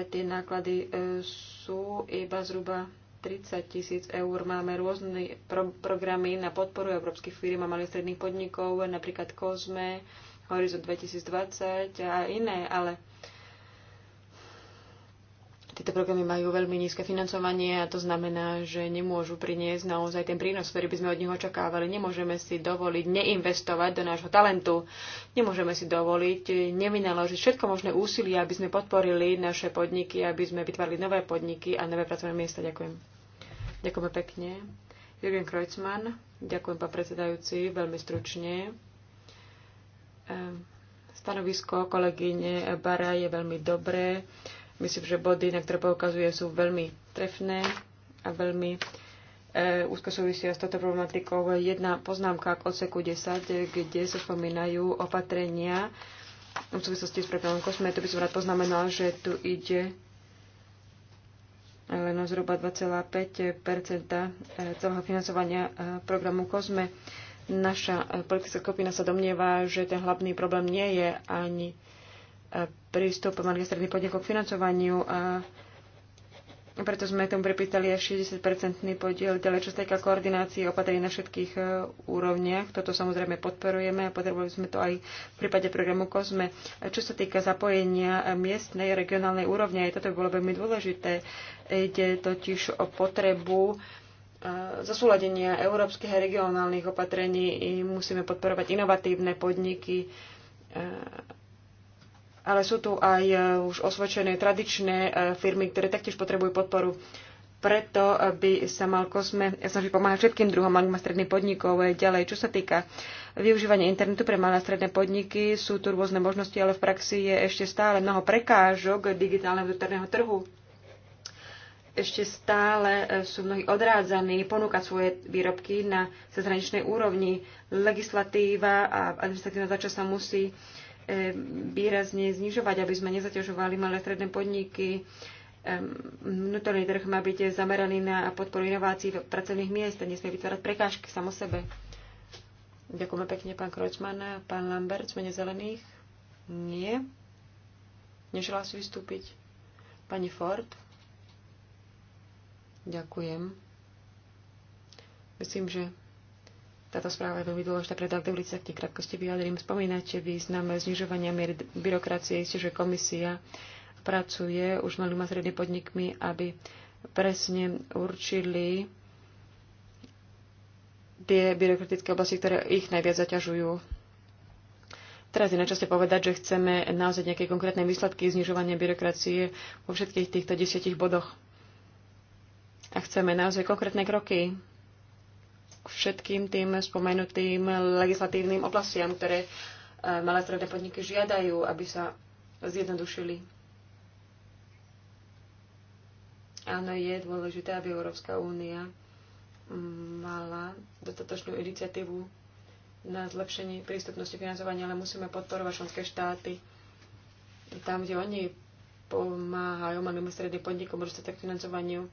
tie náklady e, sú iba zhruba 30 tisíc eur. Máme rôzne pro- programy na podporu európskych firm a malých stredných podnikov, napríklad COSME, Horizon 2020 a iné, ale tieto programy majú veľmi nízke financovanie a to znamená, že nemôžu priniesť naozaj ten prínos, ktorý by sme od nich očakávali. Nemôžeme si dovoliť neinvestovať do nášho talentu. Nemôžeme si dovoliť nevynaložiť všetko možné úsilie, aby sme podporili naše podniky, aby sme vytvárali nové podniky a nové pracovné miesta. Ďakujem. Ďakujeme pekne. Jürgen Kreuzmann, ďakujem pán predsedajúci, veľmi stručne. Ehm, stanovisko kolegyne Bara je veľmi dobré Myslím, že body, na ktoré poukazuje, sú veľmi trefné a veľmi e, úzko súvisia s touto problematikou. Jedna poznámka k odseku 10, kde sa spomínajú opatrenia v súvislosti s prepravom kosme. Tu by som rád poznamenal, že tu ide len zhruba 2,5 e, celého financovania e, programu COSME. Naša e, politická skupina sa domnieva, že ten hlavný problém nie je ani prístup malých a stredných podnikov k financovaniu a preto sme tomu pripýtali aj 60-percentný podiel, ďalej čo sa týka koordinácie opatrení na všetkých e, úrovniach. Toto samozrejme podporujeme a potrebovali sme to aj v prípade programu COSME. Čo sa týka zapojenia e, miestnej, regionálnej úrovne, aj toto by bolo veľmi dôležité. Ide totiž o potrebu e, zasúladenia európskych a regionálnych opatrení. I musíme podporovať inovatívne podniky, ale sú tu aj e, už osvedčené tradičné e, firmy, ktoré taktiež potrebujú podporu. Preto by sa mal Kosme snažiť pomáhať všetkým druhom malým a stredným podnikov e, ďalej. Čo sa týka využívania internetu pre malé a stredné podniky, sú tu rôzne možnosti, ale v praxi je ešte stále mnoho prekážok digitálneho vnútorného trhu. Ešte stále sú mnohí odrádzaní ponúkať svoje výrobky na cezhraničnej úrovni. Legislatíva a administratívna zača sa musí uh, výrazne znižovať, aby sme nezaťažovali malé stredné podniky. Vnútorný trh má byť zameraný na podporu inovácií v pracovných miest a nesmie vytvárať prekážky samo sebe. Ďakujeme pekne, pán Kročman. Pán Lambert, mene zelených? Nie. Neželá si vystúpiť. Pani Ford? Ďakujem. Myslím, že táto správa je veľmi dôležitá, pre ak dovolíte kde krátkosti vyjadrím. Spomínate význam znižovania miery byrokracie, isté, že komisia pracuje už malými a strednými podnikmi, aby presne určili tie byrokratické oblasti, ktoré ich najviac zaťažujú. Teraz je načaste povedať, že chceme naozaj nejaké konkrétne výsledky znižovania byrokracie vo všetkých týchto desiatich bodoch. A chceme naozaj konkrétne kroky k všetkým tým spomenutým legislatívnym oblastiam, ktoré e, malé stredné podniky žiadajú, aby sa zjednodušili. Áno, je dôležité, aby Európska únia mm, mala dostatočnú iniciatívu na zlepšenie prístupnosti financovania, ale musíme podporovať členské štáty tam, kde oni pomáhajú malým stredným podnikom dostatek tak financovaniu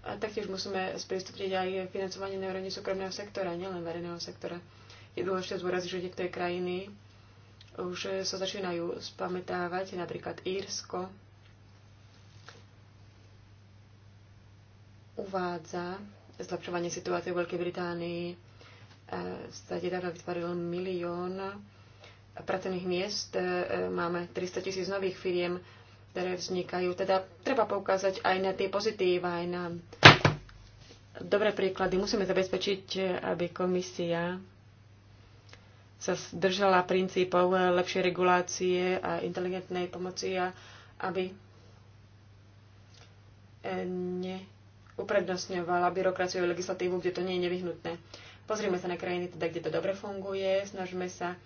a taktiež musíme sprístupniť aj financovanie na úrovni súkromného sektora, nielen verejného sektora. Je dôležité zúraziť, že niektoré krajiny už sa začínajú spamätávať, napríklad Írsko uvádza zlepšovanie situácie v Veľkej Británii sa nedávno vytvoril milión pracovných miest, e, máme 300 tisíc nových firiem, ktoré vznikajú. Teda treba poukázať aj na tie pozitíva, aj na dobré príklady. Musíme zabezpečiť, aby komisia sa držala princípov lepšej regulácie a inteligentnej pomoci a aby neuprednostňovala byrokraciu a legislatívu, kde to nie je nevyhnutné. Pozrieme sa na krajiny, teda, kde to dobre funguje, snažme sa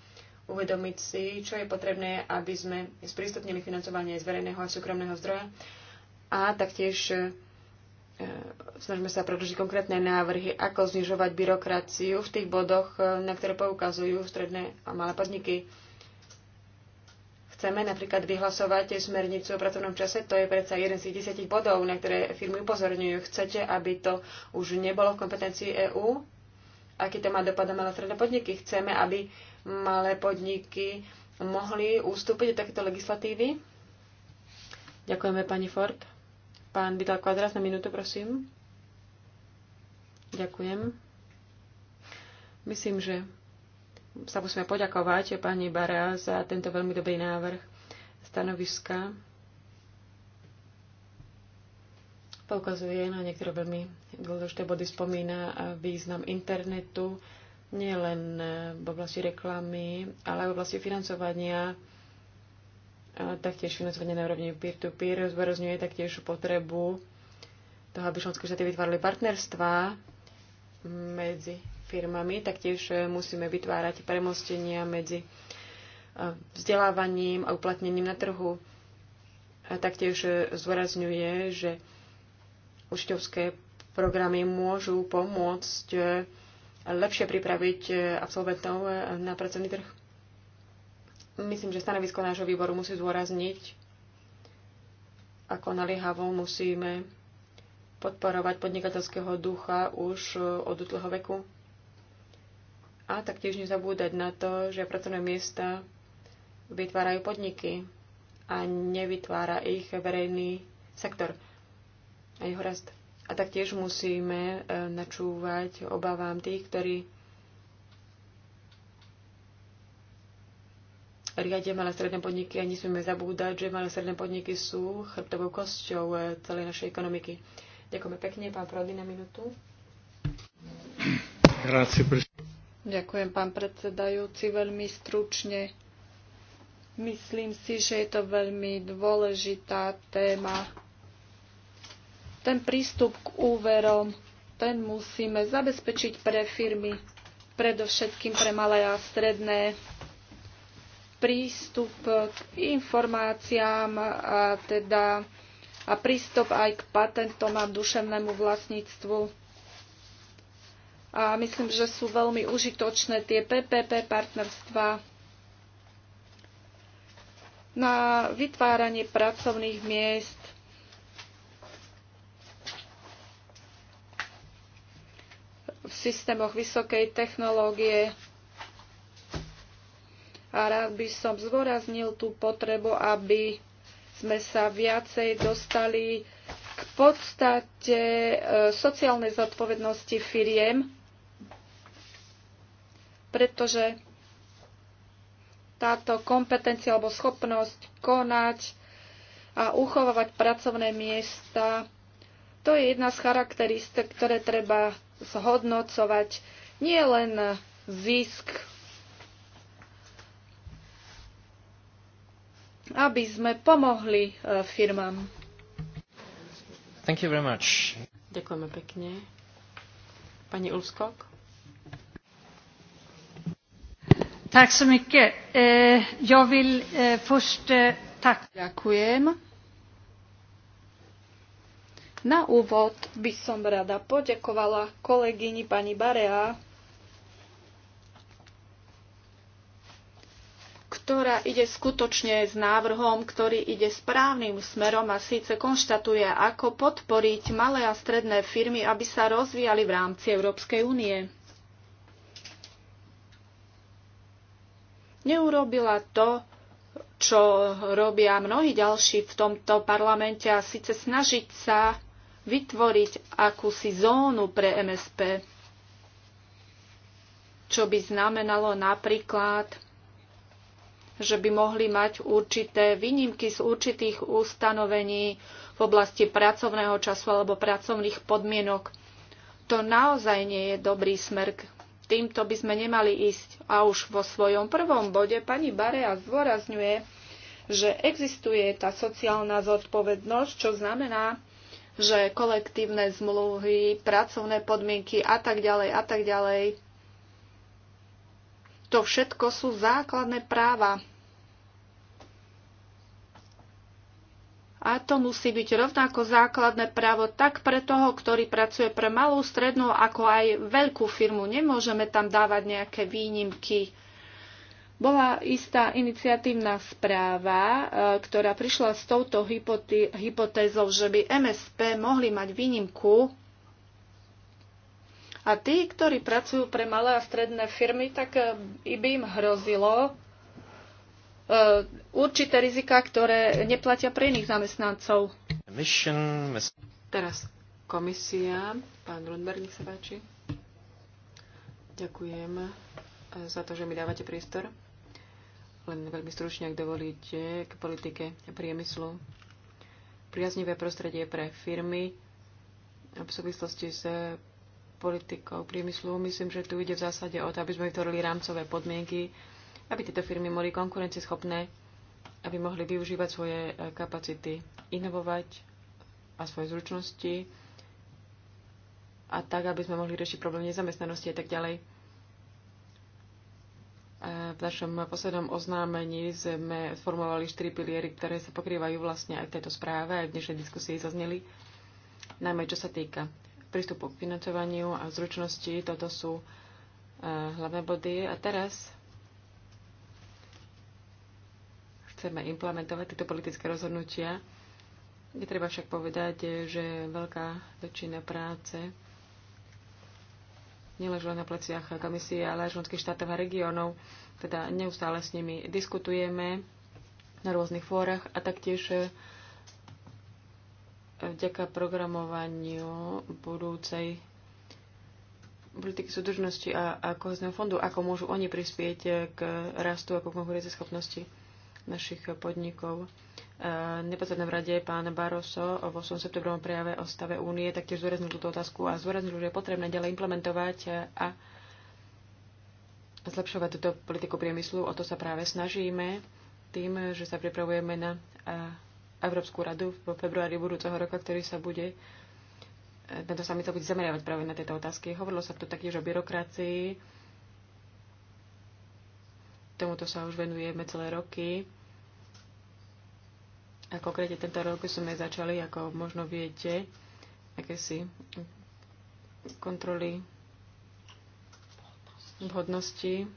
uvedomiť si, čo je potrebné, aby sme sprístupnili financovanie z verejného a súkromného zdroja a taktiež e, snažíme sa predložiť konkrétne návrhy, ako znižovať byrokraciu v tých bodoch, e, na ktoré poukazujú stredné a malé podniky. Chceme napríklad vyhlasovať smernicu o pracovnom čase, to je predsa jeden z tých desiatich bodov, na ktoré firmy upozorňujú. Chcete, aby to už nebolo v kompetencii EÚ? Aký to má dopad na malé stredné podniky? Chceme, aby malé podniky mohli ústúpiť do takéto legislatívy? Ďakujeme, pani Ford. Pán Vidal Kvadras na minútu, prosím. Ďakujem. Myslím, že sa musíme poďakovať pani Bara za tento veľmi dobrý návrh stanoviska. Poukazuje na niektoré veľmi dôležité body, spomína význam internetu, nie len e, v oblasti reklamy, ale aj v oblasti financovania, e, taktiež financovanie na úrovni peer-to-peer, zverozňuje taktiež potrebu toho, aby členské štáty vytvárali partnerstva medzi firmami, taktiež e, musíme vytvárať premostenia medzi vzdelávaním a uplatnením na trhu. A taktiež zdôrazňuje, že učiteľské programy môžu pomôcť lepšie pripraviť e, absolventov e, na pracovný trh. Myslím, že stanovisko nášho výboru musí zdôrazniť, ako naliehavo musíme podporovať podnikateľského ducha už e, od útleho veku. A taktiež nezabúdať na to, že pracovné miesta vytvárajú podniky a nevytvára ich verejný sektor a jeho rast. A taktiež musíme e, načúvať obavám tých, ktorí riadia malé stredné podniky a nesmieme zabúdať, že malé stredné podniky sú chrbtovou kosťou e, celej našej ekonomiky. Ďakujeme pekne, pán Prodi, na minútu. Ďakujem, pán predsedajúci, veľmi stručne. Myslím si, že je to veľmi dôležitá téma ten prístup k úverom, ten musíme zabezpečiť pre firmy, predovšetkým pre malé a stredné prístup k informáciám a, teda, a prístup aj k patentom a duševnému vlastníctvu. A myslím, že sú veľmi užitočné tie PPP partnerstva na vytváranie pracovných miest v systémoch vysokej technológie. A rád by som zvoraznil tú potrebu, aby sme sa viacej dostali k podstate e, sociálnej zodpovednosti firiem, pretože táto kompetencia alebo schopnosť konať a uchovávať pracovné miesta, to je jedna z charakteristik, ktoré treba zhodnocovať nie len zisk, aby sme pomohli e, firmám. Thank you very much. Ďakujeme pekne. Pani Ulskok. Tak så mycket. Eh, jag vill eh, först eh, tacka. Ďakujem. Na úvod by som rada poďakovala kolegyni pani Barea, ktorá ide skutočne s návrhom, ktorý ide správnym smerom a síce konštatuje, ako podporiť malé a stredné firmy, aby sa rozvíjali v rámci Európskej únie. Neurobila to, čo robia mnohí ďalší v tomto parlamente a síce snažiť sa vytvoriť akúsi zónu pre MSP, čo by znamenalo napríklad, že by mohli mať určité výnimky z určitých ustanovení v oblasti pracovného času alebo pracovných podmienok. To naozaj nie je dobrý smer. Týmto by sme nemali ísť. A už vo svojom prvom bode pani Barea zdôrazňuje, že existuje tá sociálna zodpovednosť, čo znamená, že kolektívne zmluvy, pracovné podmienky a tak ďalej a tak ďalej. To všetko sú základné práva. A to musí byť rovnako základné právo tak pre toho, ktorý pracuje pre malú, strednú, ako aj veľkú firmu. Nemôžeme tam dávať nejaké výnimky bola istá iniciatívna správa, e, ktorá prišla s touto hypotézou, že by MSP mohli mať výnimku a tí, ktorí pracujú pre malé a stredné firmy, tak e, by im hrozilo e, určité rizika, ktoré neplatia pre iných zamestnancov. Teraz komisia. Pán Rundberg, nech sa páči. Ďakujem za to, že mi dávate priestor. Len veľmi stručne, ak dovolíte, k politike a priemyslu. Priaznivé prostredie pre firmy v súvislosti s politikou priemyslu. Myslím, že tu ide v zásade o to, aby sme vytvorili rámcové podmienky, aby tieto firmy boli konkurencieschopné, aby mohli využívať svoje eh, kapacity, inovovať a svoje zručnosti a tak, aby sme mohli riešiť problém nezamestnanosti a tak ďalej. V našom poslednom oznámení sme formovali štyri piliery, ktoré sa pokrývajú vlastne aj v tejto správe, aj v dnešnej diskusii zazneli, najmä čo sa týka prístupu k financovaniu a zručnosti. Toto sú e, hlavné body. A teraz chceme implementovať tieto politické rozhodnutia. Je treba však povedať, že veľká väčšina práce nielen len na pleciach komisie, ale aj členských štátov a regiónov. Teda neustále s nimi diskutujeme na rôznych fórach a taktiež e, vďaka programovaniu budúcej politiky súdržnosti a, a kohezného fondu, ako môžu oni prispieť k rastu a konkurencieschopnosti našich podnikov. Eh, neposlednom rade pán Barroso vo 8. septembrovom prejave o stave únie taktiež zúraznil túto otázku a zúraznil, že je potrebné ďalej implementovať eh, a zlepšovať túto politiku priemyslu. O to sa práve snažíme tým, že sa pripravujeme na eh, Európsku radu vo februári budúceho roka, ktorý sa bude tento samit sa bude zameriavať práve na tieto otázky. Hovorilo sa tu taktiež o byrokracii. Tomuto sa už venujeme celé roky a konkrétne tento rok sme začali, ako možno viete, akési kontroly vhodnosti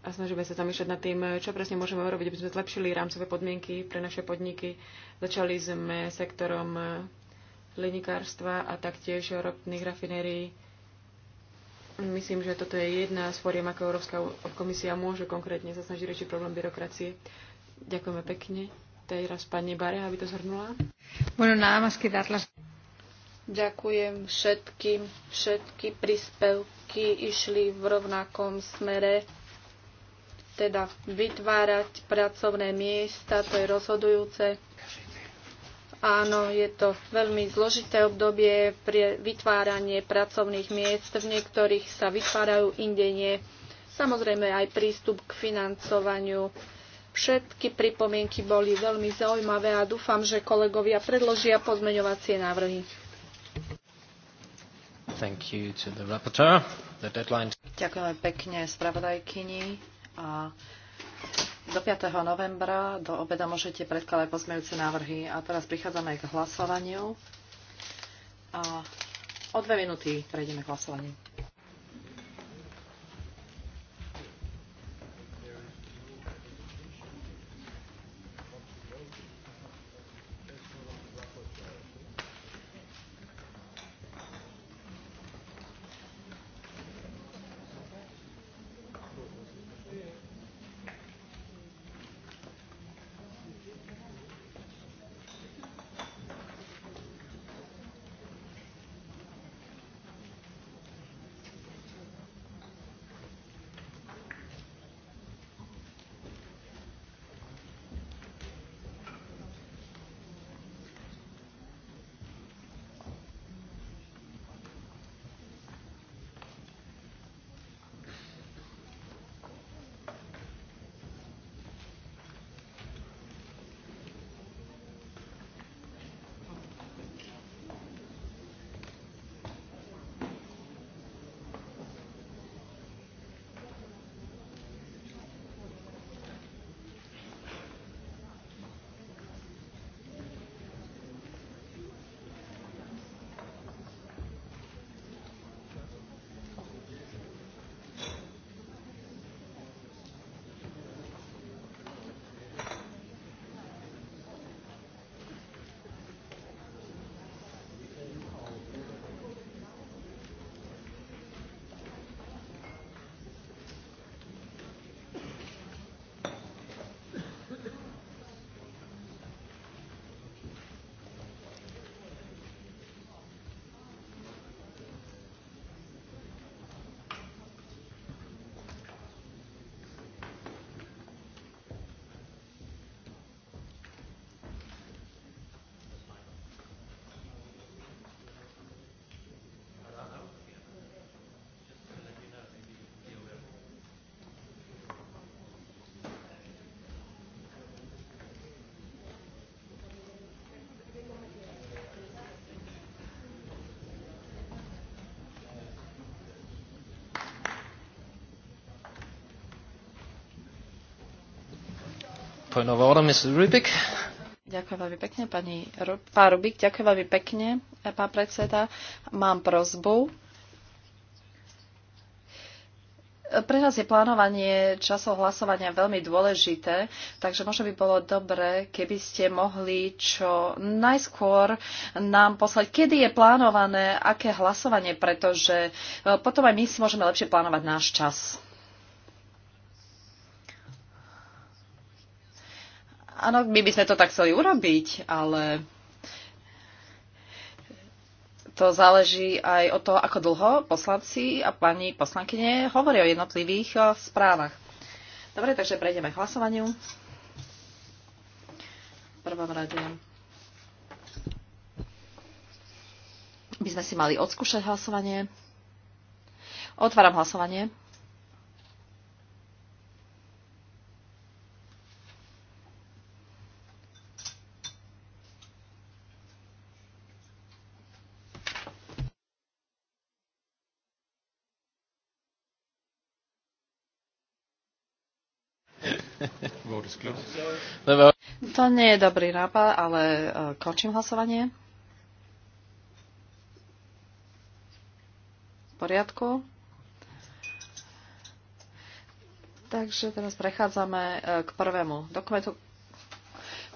a snažíme sa zamýšľať nad tým, čo presne môžeme urobiť, aby sme zlepšili rámcové podmienky pre naše podniky. Začali sme sektorom linikárstva a taktiež ropných rafinérií. Myslím, že toto je jedna z fóriem, ako Európska komisia môže konkrétne sa snažiť riešiť problém byrokracie. Ďakujeme pekne teraz pani Bare, aby to zhrnula. Bueno, nada más que Ďakujem všetkým. Všetky príspevky išli v rovnakom smere. Teda vytvárať pracovné miesta, to je rozhodujúce. Áno, je to veľmi zložité obdobie pre vytváranie pracovných miest. V niektorých sa vytvárajú, inde nie. Samozrejme aj prístup k financovaniu Všetky pripomienky boli veľmi zaujímavé a dúfam, že kolegovia predložia pozmeňovacie návrhy. Thank you to the rapporteur. The deadline... Ďakujeme pekne spravodajkyni a do 5. novembra do obeda môžete predkladať pozmeňujúce návrhy. A teraz prichádzame k hlasovaniu. A o dve minúty prejdeme k hlasovaniu. Rubik. Ďakujem veľmi pekne, pani pán Rubik. Ďakujem veľmi pekne, eh, pán predseda. Mám prozbu. Pre nás je plánovanie časov hlasovania veľmi dôležité, takže možno by bolo dobre, keby ste mohli čo najskôr nám poslať, kedy je plánované, aké hlasovanie, pretože eh, potom aj my si môžeme lepšie plánovať náš čas. Áno, my by sme to tak chceli urobiť, ale to záleží aj od toho, ako dlho poslanci a pani poslankyne hovoria o jednotlivých eh, správach. Dobre, takže prejdeme k hlasovaniu. V prvom rade by sme si mali odskúšať hlasovanie. Otváram hlasovanie. To nie je dobrý nápad, ale e, končím hlasovanie. V poriadku. Takže teraz prechádzame e, k prvému dokumentu.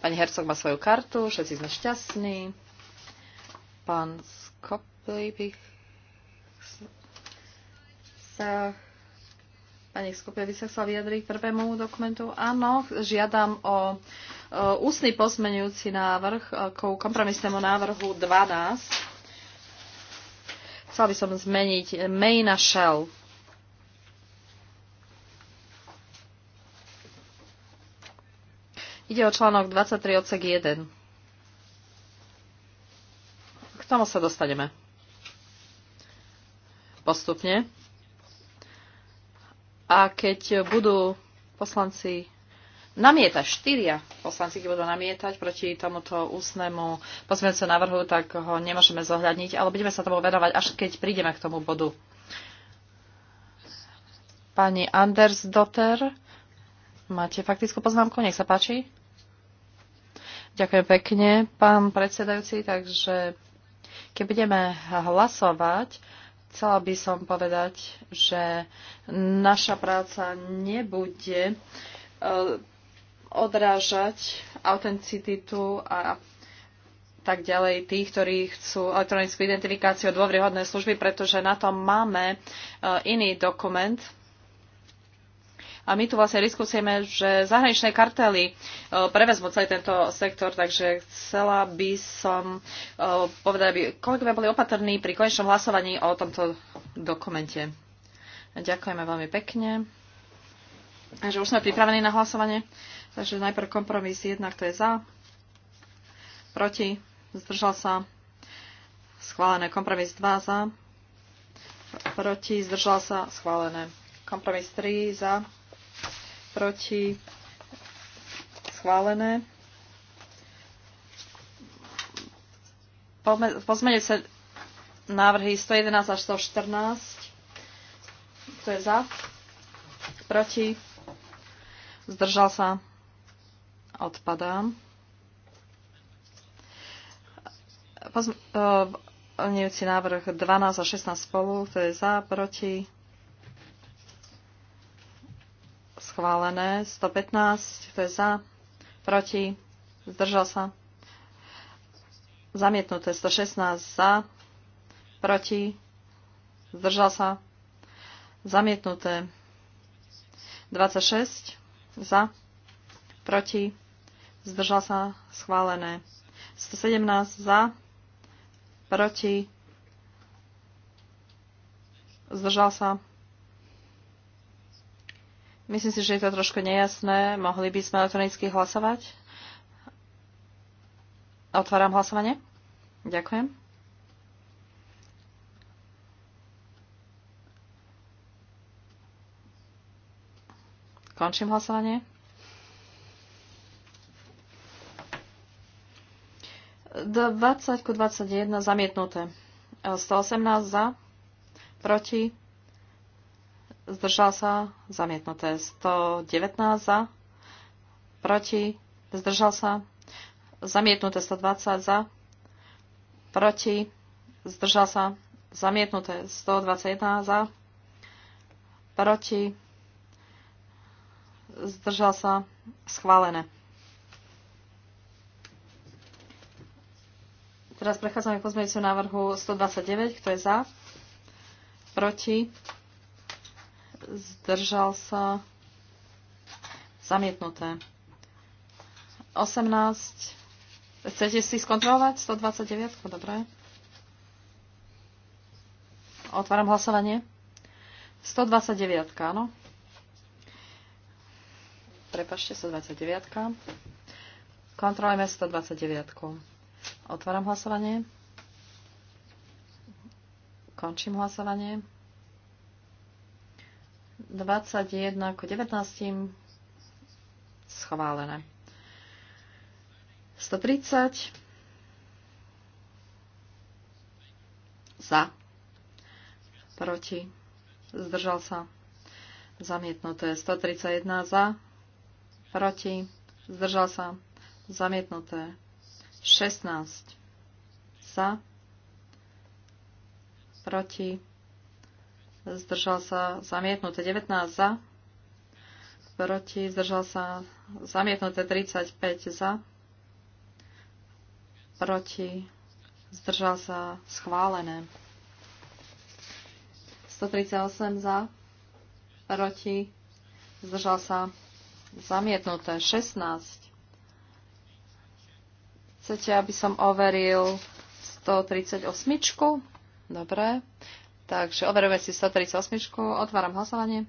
Pani Hercog má svoju kartu, všetci sme šťastní. Pán Skopli by sa Pani Skupia, by sa chcela vyjadriť k prvému dokumentu? Áno, žiadam o ústny pozmenujúci návrh e, k kompromisnému návrhu 12. Chcela by som zmeniť main a shell. Ide o článok 23 odsek 1. K tomu sa dostaneme. Postupne. A keď budú poslanci namietať, štyria poslanci, keď budú namietať proti tomuto ústnemu pozmeňujúcemu návrhu, tak ho nemôžeme zohľadniť, ale budeme sa tomu venovať, až keď prídeme k tomu bodu. Pani Anders Dotter, máte faktickú poznámku? Nech sa páči. Ďakujem pekne, pán predsedajúci. Takže keď budeme hlasovať, Chcela by som povedať, že naša práca nebude e, odrážať autenticitu a tak ďalej tých, ktorí chcú elektronickú identifikáciu dôvryhodné služby, pretože na to máme e, iný dokument, a my tu vlastne riskujeme, že zahraničné kartely e, prevezmú celý tento sektor, takže chcela by som e, povedať, aby kolegovia boli opatrní pri konečnom hlasovaní o tomto dokumente. Ďakujeme veľmi pekne. Takže už sme pripravení na hlasovanie. Takže najprv kompromis 1, kto je za, proti, zdržal sa, schválené. Kompromis 2 za, proti, zdržal sa, schválené. Kompromis 3 za, proti, schválené. Pozmeňujú sa návrhy 111 až 114. Kto je za? Proti? Zdržal sa? Odpadám. E, pozmeňujúci návrh 12 a 16 spolu. Kto je za? Proti? schválené. 115, to je za, proti, zdržal sa. Zamietnuté 116 za, proti, zdržal sa. Zamietnuté 26 za, proti, zdržal sa, schválené. 117 za, proti, zdržal sa, Myslím si, že je to trošku nejasné. Mohli by sme elektronicky hlasovať? Otváram hlasovanie. Ďakujem. Končím hlasovanie. Do 20 ku 21 zamietnuté. 118 za, proti zdržal sa, zamietnuté 119 za, proti, zdržal sa, zamietnuté 120 za, proti, zdržal sa, zamietnuté 121 za, proti, zdržal sa, schválené. Teraz prechádzame k pozmeňujúcemu návrhu 129, kto je za, proti, zdržal sa, zamietnuté. 18, chcete si skontrolovať? 129, dobre. Otváram hlasovanie. 129, áno. Prepašte, 129. Kontrolujeme 129. Otváram hlasovanie. Končím hlasovanie. 21 k 19 schválené. 130 za, proti, zdržal sa, zamietnuté. 131 za, proti, zdržal sa, zamietnuté. 16 za, proti, zdržal sa zamietnuté 19 za, proti zdržal sa zamietnuté 35 za, proti zdržal sa schválené 138 za, proti zdržal sa zamietnuté 16. Chcete, aby som overil 138? Dobre. Takže overujeme si 138. Otváram hlasovanie.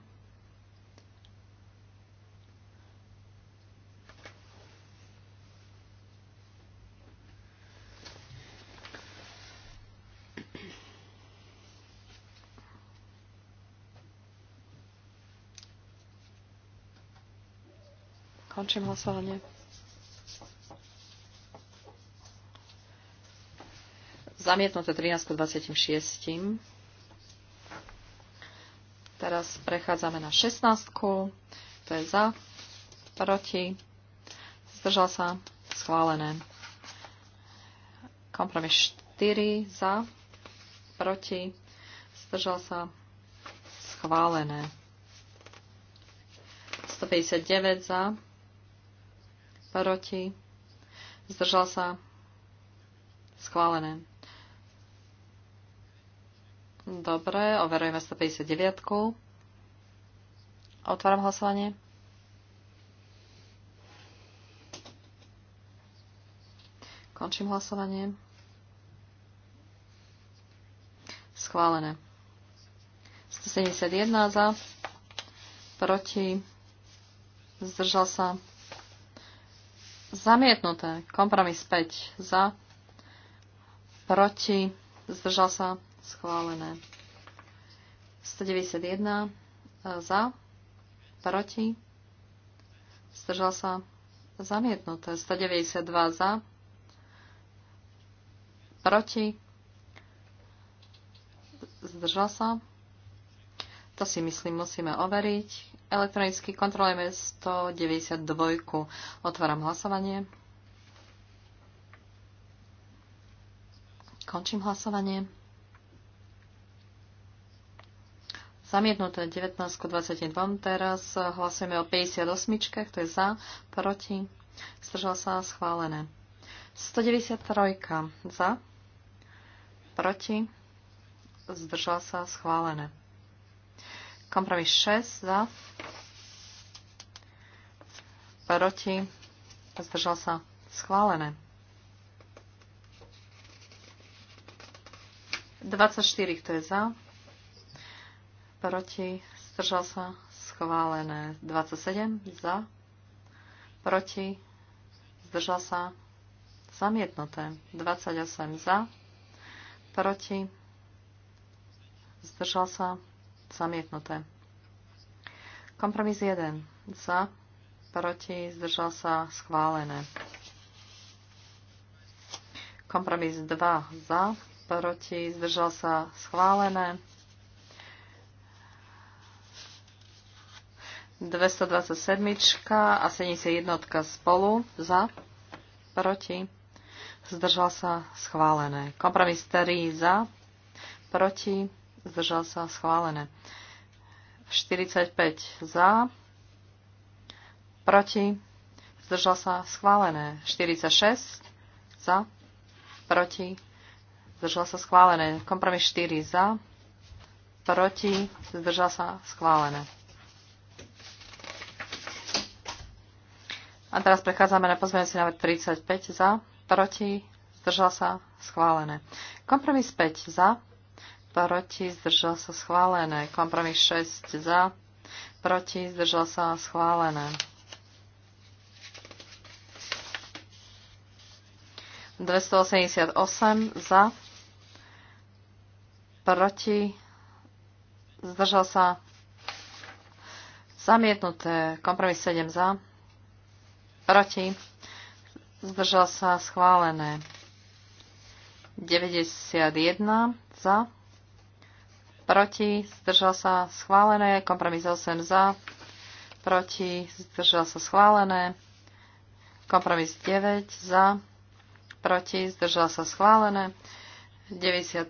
Končím hlasovanie. Zamietnuté 13 26. Teraz prechádzame na 16. To je za, proti, zdržal sa, schválené. Kompromis 4 za, proti, zdržal sa, schválené. 159 za, proti, zdržal sa, schválené. Dobre, overujeme 159. Otváram hlasovanie. Končím hlasovanie. Schválené. 171 za, proti, zdržal sa. Zamietnuté. Kompromis 5 za, proti, zdržal sa schválené. 191 e, za, proti, zdržal sa, zamietnuté. 192 za, proti, zdržal sa. To si myslím, musíme overiť. Elektronicky kontrolujeme 192. Otváram hlasovanie. Končím hlasovanie. Zamietnuté 19 k Teraz hlasujeme o 58, kto je za, proti, zdržal sa, schválené. 193 za, proti, zdržal sa, schválené. Kompromis 6 za, proti, zdržal sa, schválené. 24, kto je za, proti, zdržal sa, schválené. 27 za, proti, zdržal sa, zamietnuté. 28 za, proti, zdržal sa, zamietnuté. Kompromis 1 za, proti, zdržal sa, schválené. Kompromis 2 za, proti, zdržal sa, schválené. 227 a 71 spolu za, proti, zdržal sa schválené. Kompromis 3 za, proti, zdržal sa schválené. 45 za, proti, zdržal sa schválené. 46 za, proti, zdržal sa schválené. Kompromis 4 za, proti, zdržal sa schválené. A teraz prechádzame na pozmeňujúci návrh 35 za, proti, zdržal sa, schválené. Kompromis 5 za, proti, zdržal sa, schválené. Kompromis 6 za, proti, zdržal sa, schválené. 288 za, proti, zdržal sa, zamietnuté, kompromis 7 za, Proti. Zdržal sa schválené. 91 za. Proti. Zdržal sa schválené. Kompromis 8 za. Proti. Zdržal sa schválené. Kompromis 9 za. Proti. Zdržal sa schválené. 95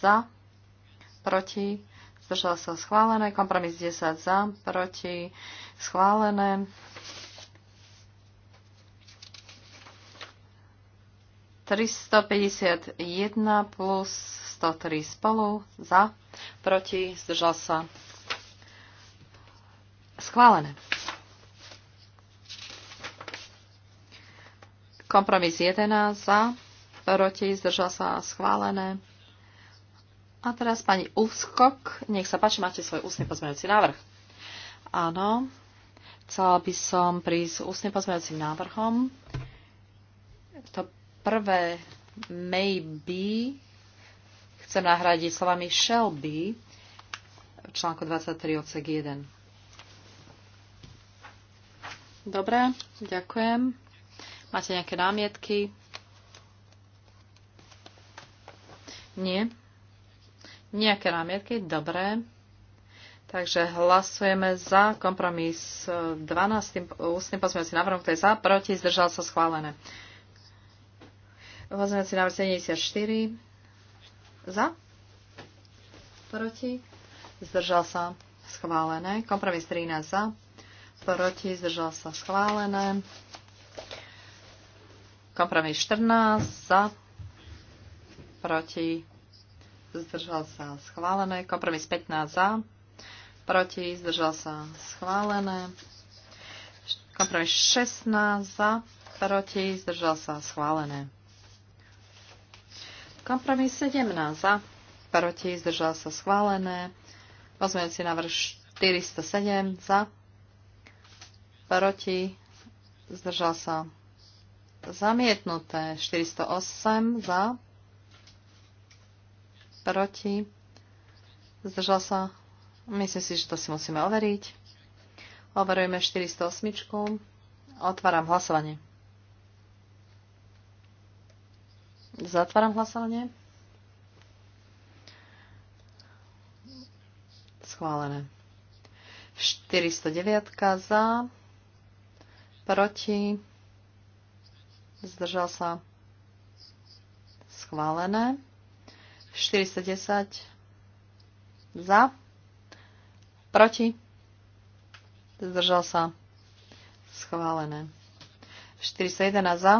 za. Proti zdržal sa schválené, kompromis 10 za, proti schválené, 351 plus 103 spolu za, proti, zdržal sa. Schválené. Kompromis 11 za, proti, zdržal sa schválené. A teraz pani Uskok, nech sa páči, máte svoj ústny pozmeňujúci návrh. Áno, chcela by som prísť s ústnym pozmeňujúcim návrhom. To prvé maybe chcem nahradiť slovami shall be v článku 23 odsek 1. Dobre, ďakujem. Máte nejaké námietky? Nie. Nejaké námietky? Dobre. Takže hlasujeme za kompromis 12. ústnym pozmeňovacím návrhom, kto je za, proti, zdržal sa schválené. Pozmeňujúci návrh 74. Za? Proti? Zdržal sa? Schválené. Kompromis 13 za. Proti? Zdržal sa? Schválené. Kompromis 14 za. Proti? Zdržal sa? Schválené. Kompromis 15 za. Proti? Zdržal sa? Schválené. Kompromis 16 za. Proti? Zdržal sa? Schválené. Kompromis 17 za, proti, zdržal sa schválené. Pozmeňujúci návrh 407 za, proti, zdržal sa zamietnuté. 408 za, proti, zdržal sa. Myslím si, že to si musíme overiť. Overujeme 408. Otváram hlasovanie. Zatváram hlasovanie. Schválené. 409 za, proti, zdržal sa, schválené. 410 za, proti, zdržal sa, schválené. 411 za,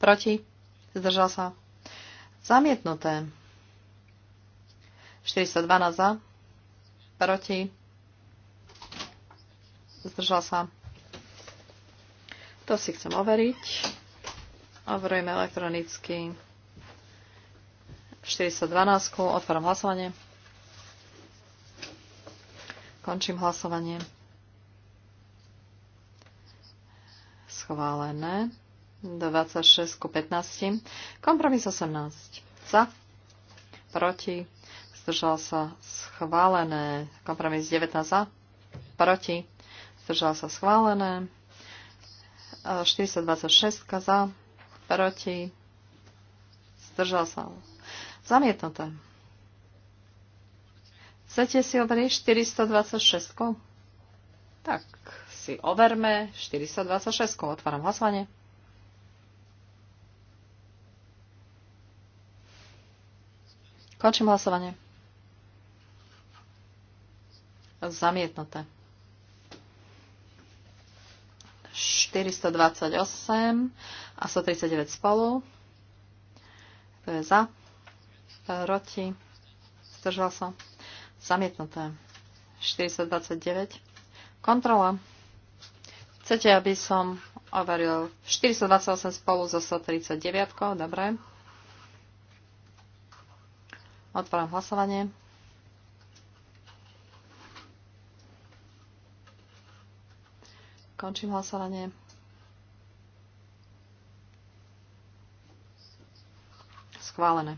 proti, Zdržal sa. Zamietnuté. 412 za. Proti. Zdržal sa. To si chcem overiť. Overujeme elektronicky. 412. Otváram hlasovanie. Končím hlasovanie. Schválené. 26 ku 15. Kompromis 18. Za. Proti. Zdržal sa schválené. Kompromis 19 za. Proti. Zdržal sa schválené. 426 za. Proti. Zdržal sa. Zamietnuté. Chcete si overiť 426? Tak si overme 426. Otváram hlasovanie. Končím hlasovanie. Zamietnuté. 428 a 139 spolu. To je za. Proti. Zdržal sa. Zamietnuté. 429. Kontrola. Chcete, aby som overil 428 spolu so 139? Dobre. Otváram hlasovanie. Končím hlasovanie. Schválené.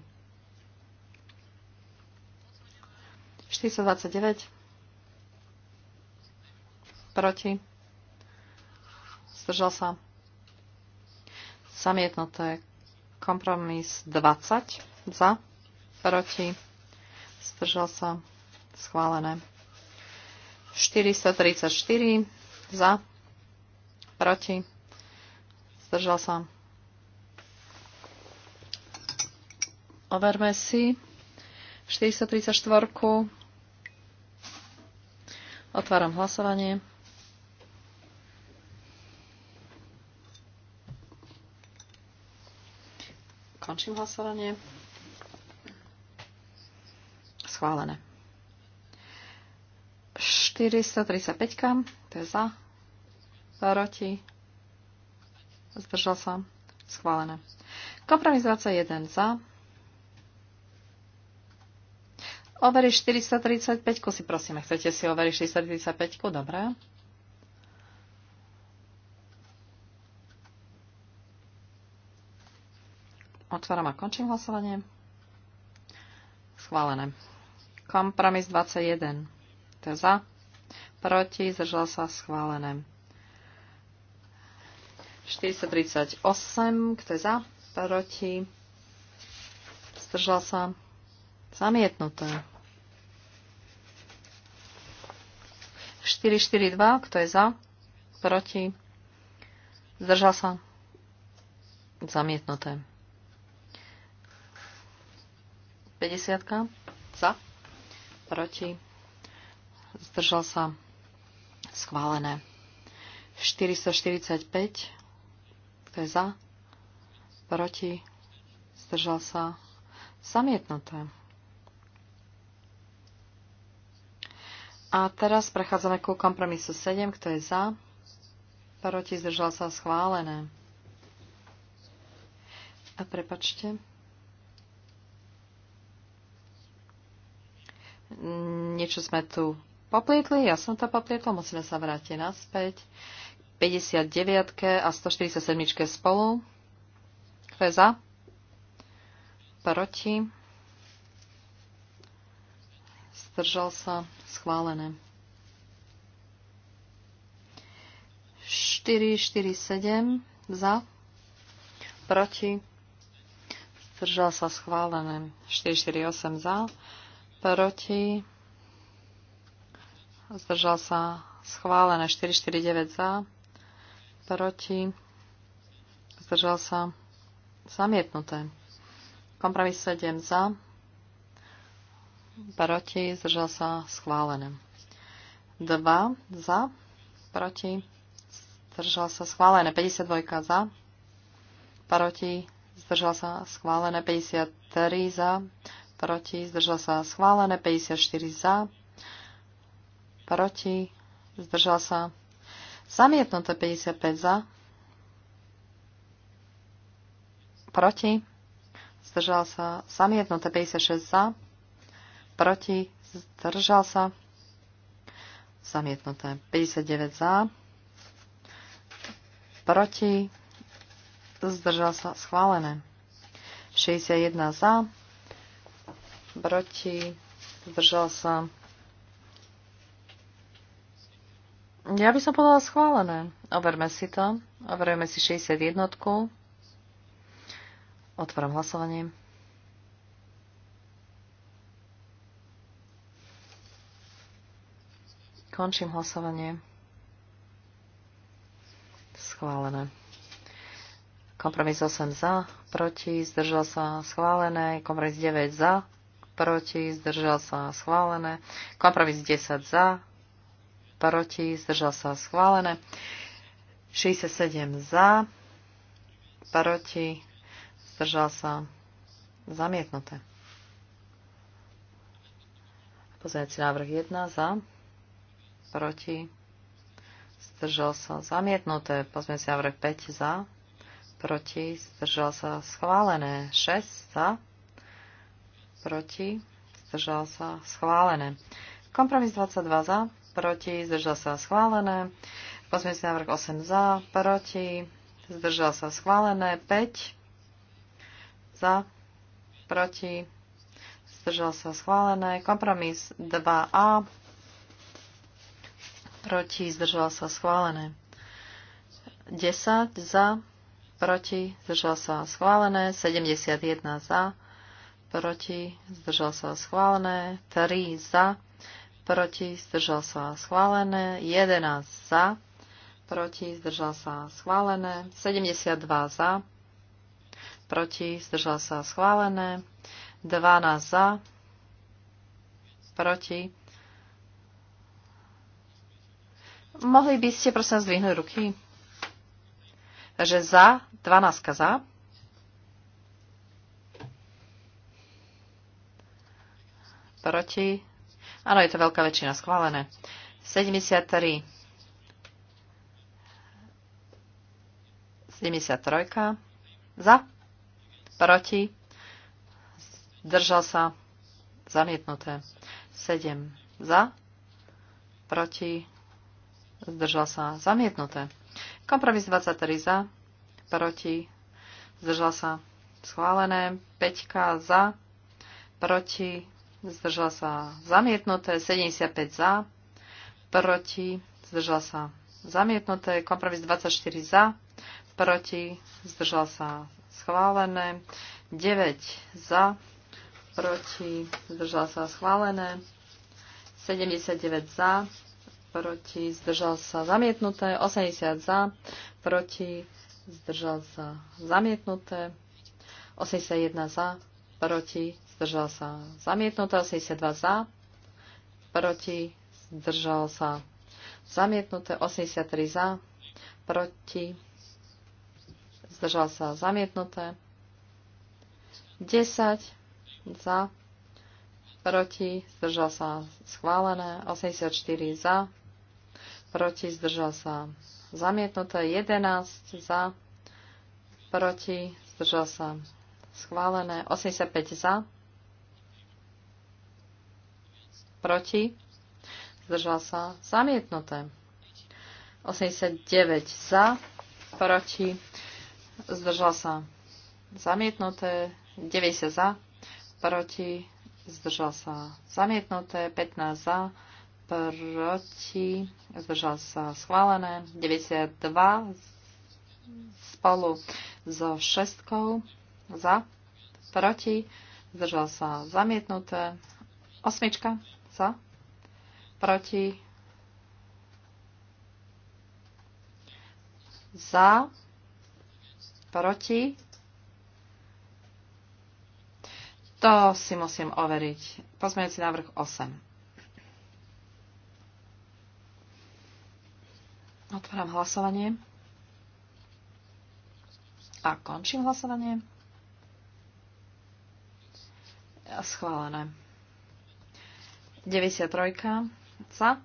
429. Proti. Zdržal sa. Samietnoté. Kompromis 20. Za proti, zdržal sa, schválené. 434 za, proti, zdržal sa. Overme si 434. Otváram hlasovanie. Končím hlasovanie schválené. 435, to je za, proti, zdržal sa, schválené. Kompromis 21 za. Overi 435 si prosíme. Chcete si overiť 435? dobré. Otváram a končím hlasovanie. Schválené. Kompromis 21. To je za. Proti. Zdržal sa schválené. 438. Kto je za? Proti. Zdržal sa. Zamietnuté. 442. Kto je za? Proti. Zdržal sa. Zamietnuté. 50. Za proti, zdržal sa, schválené. 445, kto je za, proti, zdržal sa, zamietnuté. A teraz prechádzame ku kompromisu 7, kto je za, proti, zdržal sa, schválené. A prepačte. niečo sme tu poplietli, ja som to poplietla, musíme sa vrátiť naspäť. 59 a 147 spolu. Kto je za? Proti? Zdržal sa? Schválené. 4, 4, 7 za, proti, zdržal sa schválené, 4, 4, 8 za, proti, zdržal sa schválené 449 za, proti, zdržal sa zamietnuté. Kompromis 7 za, proti, zdržal sa schválené. 2 za, proti, zdržal sa schválené. 52 za, proti, zdržal sa schválené. 53 za, proti, zdržal sa schválené, 54 za, proti, zdržal sa zamietnuté, 55 za, proti, zdržal sa zamietnuté, 56 za, proti, zdržal sa zamietnuté, 59 za, proti, zdržal sa schválené. 61 za, proti, zdržal sa. Ja by som povedala schválené. Overme si to. Overujeme si 61. Otvorím hlasovanie. Končím hlasovanie. Schválené. Kompromis 8 za, proti, zdržal sa schválené, kompromis 9 za, proti, zdržal sa schválené. Kompromis 10 za, proti, zdržal sa schválené. 67 za, proti, zdržal sa zamietnuté. Pozrieť návrh 1 za, proti, zdržal sa zamietnuté. Pozrieť návrh 5 za, proti, zdržal sa schválené. 6 za, proti, zdržal sa, schválené. Kompromis 22 za, proti, zdržal sa, schválené. Pozmeňujúci návrh 8 za, proti, zdržal sa, schválené. 5 za, proti, zdržal sa, schválené. Kompromis 2a, proti, zdržal sa, schválené. 10 za, proti, zdržal sa schválené, 71 za, proti, zdržal sa schválené, 3 za, proti, zdržal sa schválené, 11 za, proti, zdržal sa schválené, 72 za, proti, zdržal sa schválené, 12 za, proti. Mohli by ste prosím zdvihnúť ruky? Takže za, 12 za, Proti? Áno, je to veľká väčšina. Schválené. 73. 73. Za? Proti? Držal sa? Zamietnuté. 7. Za? Proti? Zdržal sa? Zamietnuté. Kompromis 23 za, proti, zdržal sa schválené, 5 za, proti, zdržal sa zamietnuté, 75 za, proti, zdržal sa zamietnuté, kompromis 24 za, proti, zdržal sa schválené, 9 za, proti, zdržal sa schválené, 79 za, proti, zdržal sa zamietnuté, 80 za, proti, zdržal sa zamietnuté, 81 za, proti, zdržal sa zamietnutá, 72 za, proti, zdržal sa zamietnuté, 83 za, proti, zdržal sa zamietnuté, 10 za, proti, zdržal sa schválené, 84 za, proti, zdržal sa zamietnuté, 11 za, proti, zdržal sa schválené, 85 za, proti, zdržal sa, zamietnuté. 89 za, proti, zdržal sa, zamietnuté. 90 za, proti, zdržal sa, zamietnuté. 15 za, proti, zdržal sa, schválené. 92 spolu so šestkou za, proti, zdržal sa, zamietnuté. Osmička Co? proti, za, proti. To si musím overiť. Pozmeňujúci návrh 8. Otváram hlasovanie. A končím hlasovanie. Schválené. 93 za,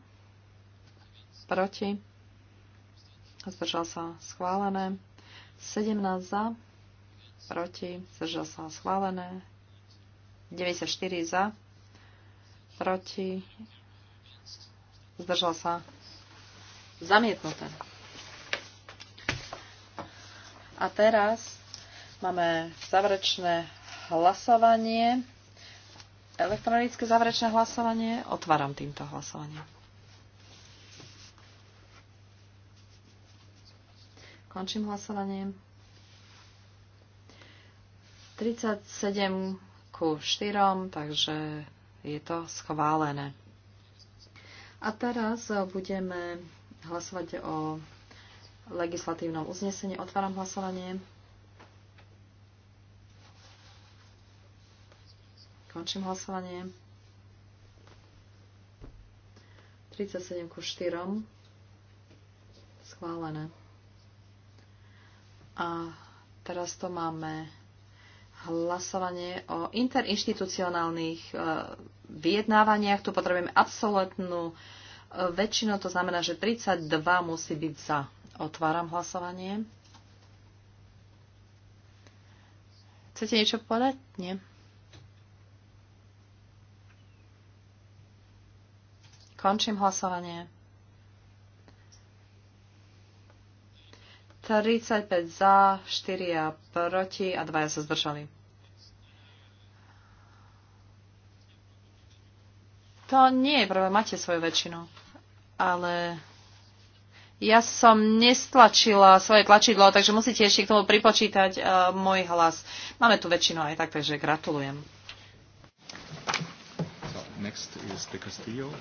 proti, zdržal sa schválené, 17 za, proti, zdržal sa schválené, 94 za, proti, zdržal sa zamietnuté. A teraz máme záverečné hlasovanie. Elektronické záverečné hlasovanie. Otváram týmto hlasovanie. Končím hlasovanie. 37 ku 4, takže je to schválené. A teraz budeme hlasovať o legislatívnom uznesení. Otváram hlasovanie. Končím hlasovanie. 37 ku 4. Schválené. A teraz to máme hlasovanie o interinstitucionálnych e, vyjednávaniach. Tu potrebujeme absolútnu e, väčšinu, to znamená, že 32 musí byť za. Otváram hlasovanie. Chcete niečo povedať? Nie. Končím hlasovanie. 35 za, 4 a proti a 2 sa zdržali. To nie je problém, máte svoju väčšinu. Ale ja som nestlačila svoje tlačidlo, takže musíte ešte k tomu pripočítať uh, môj hlas. Máme tu väčšinu aj tak, takže gratulujem. So, next is the Castillo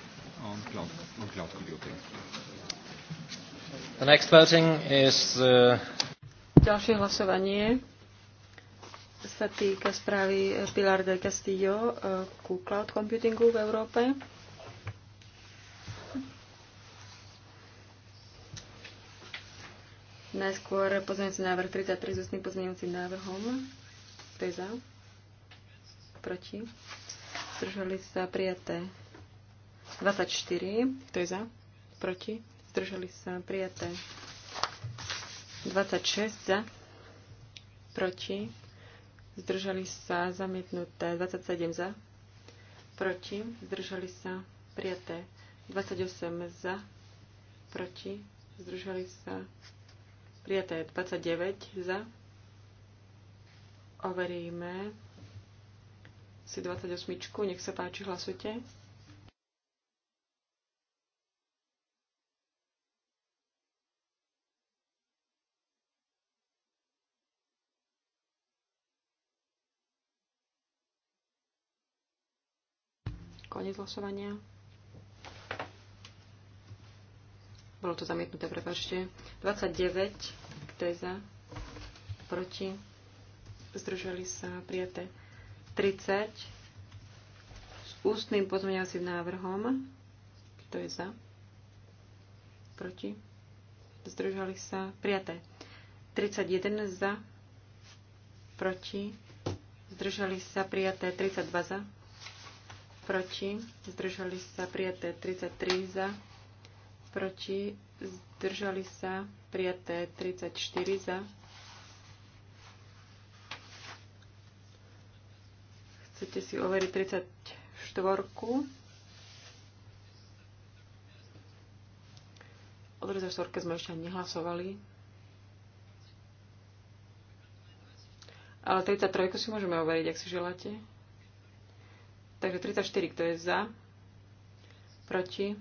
on cloud, on cloud computing. The next voting is the... Uh, Ďalšie hlasovanie sa týka správy eh, Pilar del Castillo eh, ku cloud computingu v Európe. Najskôr pozmeňujúci návrh 33 s ústnym pozmeňujúcim návrhom. Kto je za? Proti? Zdržali sa prijaté. 24. Kto je za? Proti? Zdržali sa prijaté. 26 za. Proti? Zdržali sa zamietnuté. 27 za. Proti? Zdržali sa prijaté. 28 za. Proti? Zdržali sa prijaté. 29 za. Overíme si 28. Nech sa páči, hlasujte. Konec hlasovania. Bolo to zamietnuté, prepáčte. 29, kto je za? Proti? Zdržali sa prijaté. 30 s ústnym pozmeňovacím návrhom. Kto je za? Proti? Zdržali sa prijaté. 31 za? Proti? Zdržali sa prijaté. 32 za? proti, zdržali sa prijaté 33 za, proti, zdržali sa prijaté 34 za. Chcete si overiť 34. -ku. O 34 sme ešte nehlasovali. Ale 33 si môžeme overiť, ak si želáte. Takže 34, kto je za? Proti?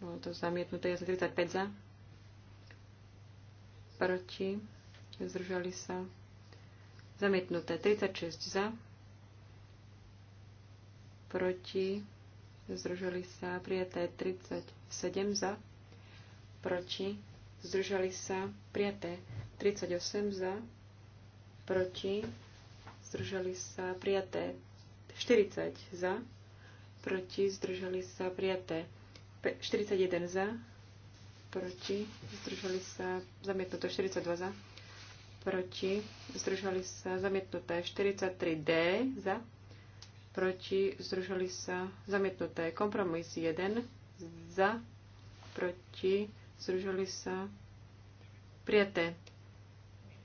Bolo to zamietnuté. Ja som 35 za. Proti? Zdržali sa. Zamietnuté. 36 za. Proti? Zdržali sa. Prijaté 37 za. Proti? Zdržali sa. Prijaté 38 za. Proti? zdržali sa prijaté. 40 za, proti, zdržali sa prijaté. 41 za, proti, zdržali sa zamietnuté 42 za, proti, zdržali sa zamietnuté 43D za, proti, zdržali sa zamietnuté kompromis 1 za, proti, zdržali sa prijaté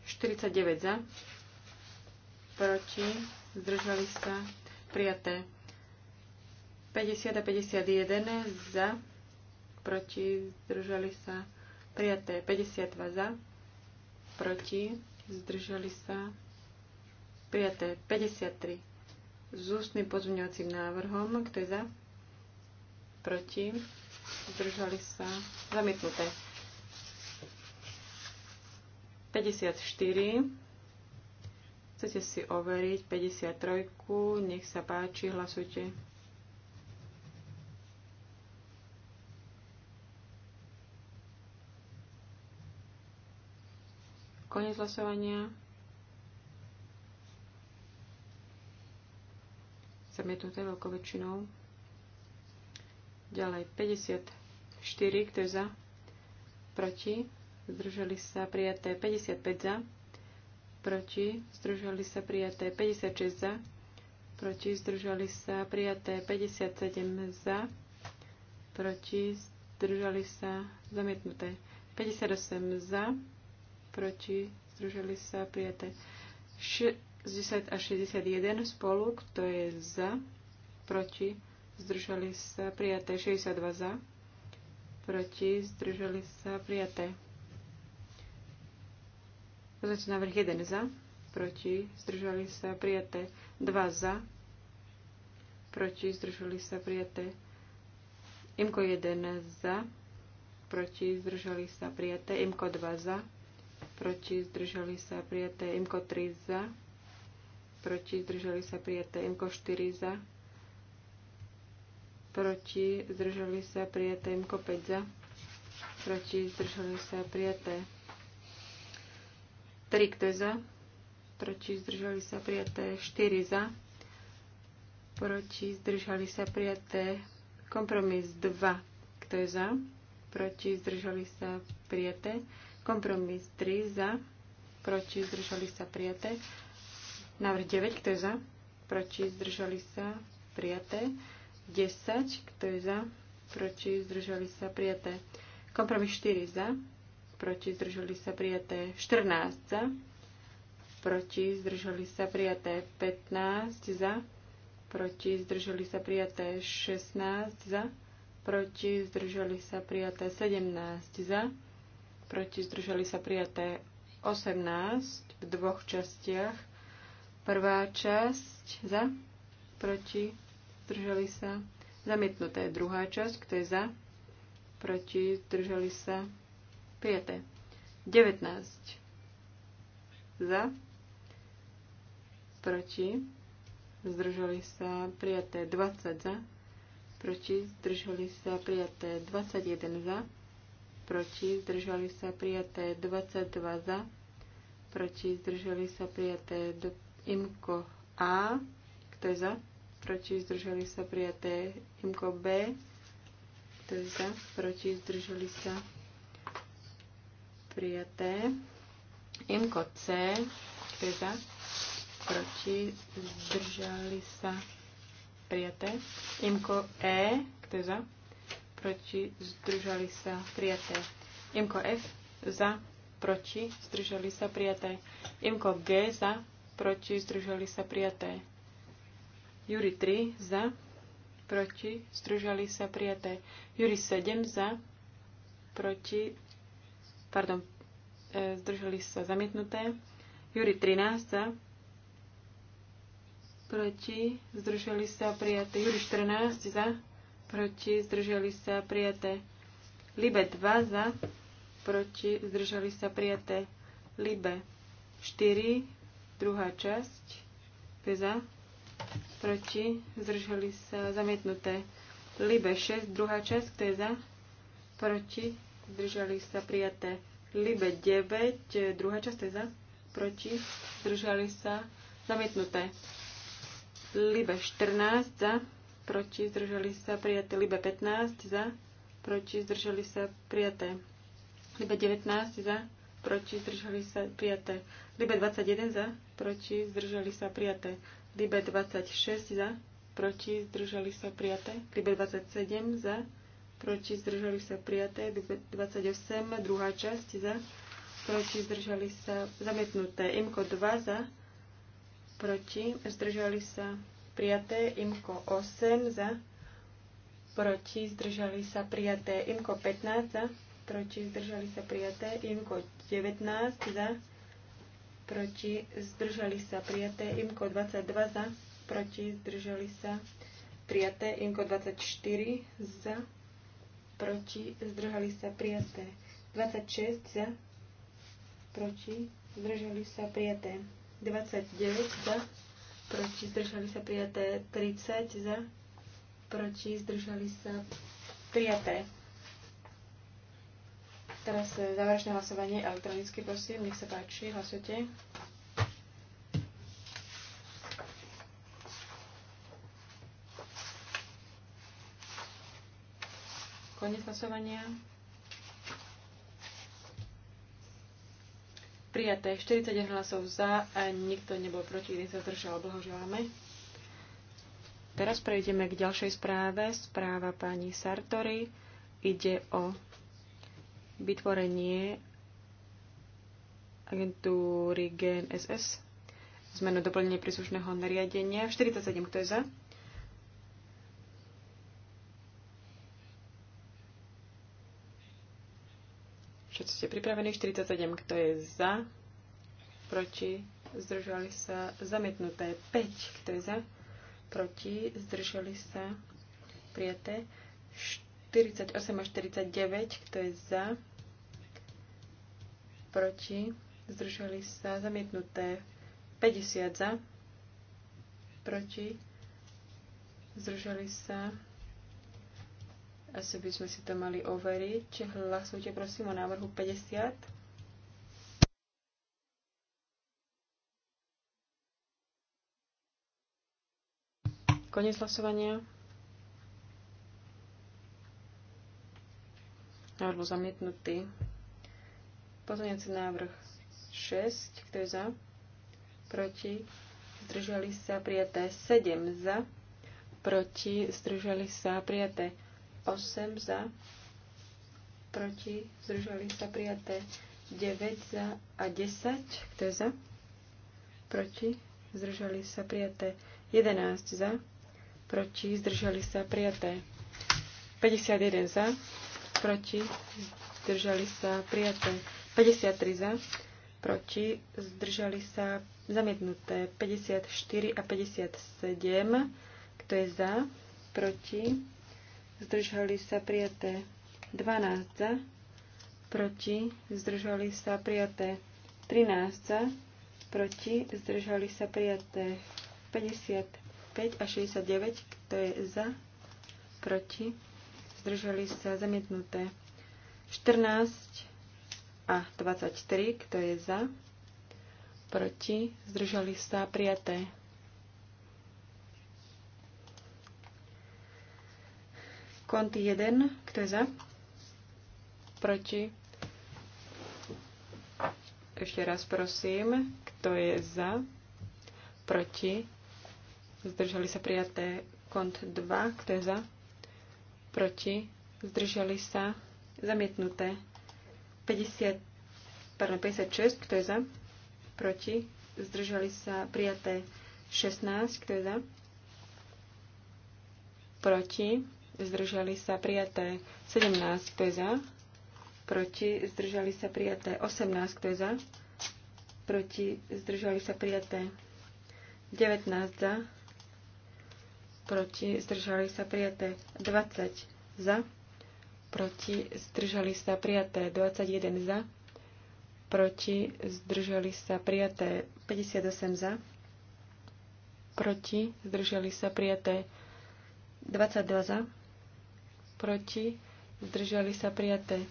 49 za, proti, zdržali sa, prijaté. 50 a 51 za, proti, zdržali sa, prijaté. 52 za, proti, zdržali sa, prijaté. 53 s ústnym pozvňovacím návrhom, kto je za, proti, zdržali sa, zamietnuté. 54 Chcete si overiť 53. Nech sa páči, hlasujte. Konec hlasovania. Zamietnuté veľkou väčšinou. Ďalej 54, kto je za? Proti? Zdržali sa prijaté 55 za proti, zdržali sa prijaté 56 za, proti, zdržali sa prijaté 57 za, proti, zdržali sa zamietnuté 58 za, proti, zdržali sa prijaté 60 a 61 spolu, kto je za, proti, zdržali sa prijaté 62 za, proti, zdržali sa prijaté Pozmeňujúci návrh 1 za, proti, zdržali sa prijaté 2 za, proti, zdržali sa prijaté IMKO 1 za, proti, zdržali sa prijaté IMKO 2 za, proti, zdržali sa prijaté IMKO 3 za, proti, zdržali sa prijaté IMKO 4 za, proti, zdržali sa prijaté IMKO 5 za, proti, zdržali sa prijaté 3, kto je za, proti zdržali sa prijaté 4 za, proti zdržali sa prijaté kompromis 2, kto je za, proti zdržali sa prijaté kompromis 3 za, proti zdržali sa prijaté návrh 9, kto je za, proti zdržali sa prijaté 10, kto je za, proti zdržali sa prijaté kompromis 4 za, proti zdržali sa prijaté 14 za, proti zdržali sa prijaté 15 za, proti zdržali sa prijaté 16 za, proti zdržali sa prijaté 17 za, proti zdržali sa prijaté 18 v dvoch častiach. Prvá časť za, proti zdržali sa, zamietnuté druhá časť, kto je za, proti zdržali sa Prijaté. 19. Za. Proti. Zdržali sa. Prijaté. 20 za. Proti. Zdržali sa. Prijaté. 21 za. Proti. Zdržali sa. Prijaté. 22 za. Proti. Zdržali sa. Prijaté. Do, imko A. Kto je za? Proti. Zdržali sa. Prijaté. Imko B. Kto je za? Proti. Zdržali sa prijaté. Imko C, kto je za, proti, zdržali sa, prijaté. Imko E, kto je za, proti, zdržali sa, prijaté. Imko F, za, proti, zdržali sa, prijaté. Imko G, za, proti, zdržali sa, prijaté. Juri 3, za, proti, zdržali sa, prijaté. Juri 7, za, proti, pardon, e, zdržali sa zamietnuté. Júri 13 za, proti, zdržali sa prijaté. Júri 14 za, proti, zdržali sa prijaté. Libe 2 za, proti, zdržali sa prijaté. Libe 4, druhá časť, je za, proti, zdržali sa zamietnuté. Libe 6, druhá časť, kto je za, proti, zdržali sa prijaté. Libe 9, druhá časť je za, proti, zdržali sa zamietnuté. Libe 14 za, proti, zdržali sa prijaté. Libe 15 za, proti, zdržali sa prijaté. Libe 19 za, proti, zdržali sa prijaté. Libe 21 za, proti, zdržali sa prijaté. Libe 26 za, proti, zdržali sa prijaté. Libe 27 za, proti zdržali sa prijaté, 28, druhá časť za, proti zdržali sa zamietnuté, imko 2 za, proti zdržali sa prijaté, imko 8 za, proti zdržali sa prijaté, imko 15 za, proti zdržali sa prijaté, imko 19 za, proti zdržali sa prijaté, imko 22 za, proti zdržali sa prijaté, imko 24 za, proti, zdržali sa prijaté. 26 za, proti, zdržali sa prijaté. 29 za, proti, zdržali sa prijaté. 30 za, proti, zdržali sa prijaté. Teraz e, záverečné hlasovanie elektronicky, prosím, nech sa páči, hlasujte. Konec hlasovania. Prijaté 41 hlasov za a nikto nebol proti, jeden sa zdržal. Blahoželáme. Teraz prejdeme k ďalšej správe. Správa pani Sartori. Ide o vytvorenie agentúry GNSS, zmenu doplnenie príslušného nariadenia. 47, kto je za? Všetci ste pripravení? 47. Kto je za? Proti? Zdržali sa? Zamietnuté. 5. Kto je za? Proti? Zdržali sa? Prijaté. 48 až 49. Kto je za? Proti? Zdržali sa? Zamietnuté. 50 za? Proti? Zdržali sa? Asi by sme si to mali overiť. Hlasujte prosím o návrhu 50. Konec hlasovania. Návrh bol zamietnutý. Pozorňujúci návrh 6. Kto je za? Proti? Zdržali sa prijaté 7 za. Proti? Zdržali sa prijaté 7. 8 za, proti, zdržali sa prijaté 9 za a 10, kto je za, proti, zdržali sa prijaté 11 za, proti, zdržali sa prijaté 51 za, proti, zdržali sa prijaté 53 za, proti, zdržali sa zamietnuté 54 a 57, kto je za, proti, zdržali sa prijaté 12 za, proti zdržali sa prijaté 13 za, proti zdržali sa prijaté 55 a 69, kto je za, proti zdržali sa zamietnuté 14 a 23, kto je za, proti zdržali sa prijaté Konti 1, kto je za? Proti? Ešte raz prosím, kto je za? Proti? Zdržali sa prijaté kont 2, kto je za? Proti? Zdržali sa zamietnuté 50, pardon, 56, kto je za? Proti? Zdržali sa prijaté 16, kto je za? Proti? zdržali sa prijaté 17, kto je za, proti, zdržali sa prijaté 18, kto je za, proti, zdržali sa prijaté 19 za, proti, zdržali sa prijaté 20 za, proti, zdržali sa prijaté 21 za, proti, zdržali sa prijaté 58 za, proti, zdržali sa prijaté 22 za, proti, zdržali sa prijaté.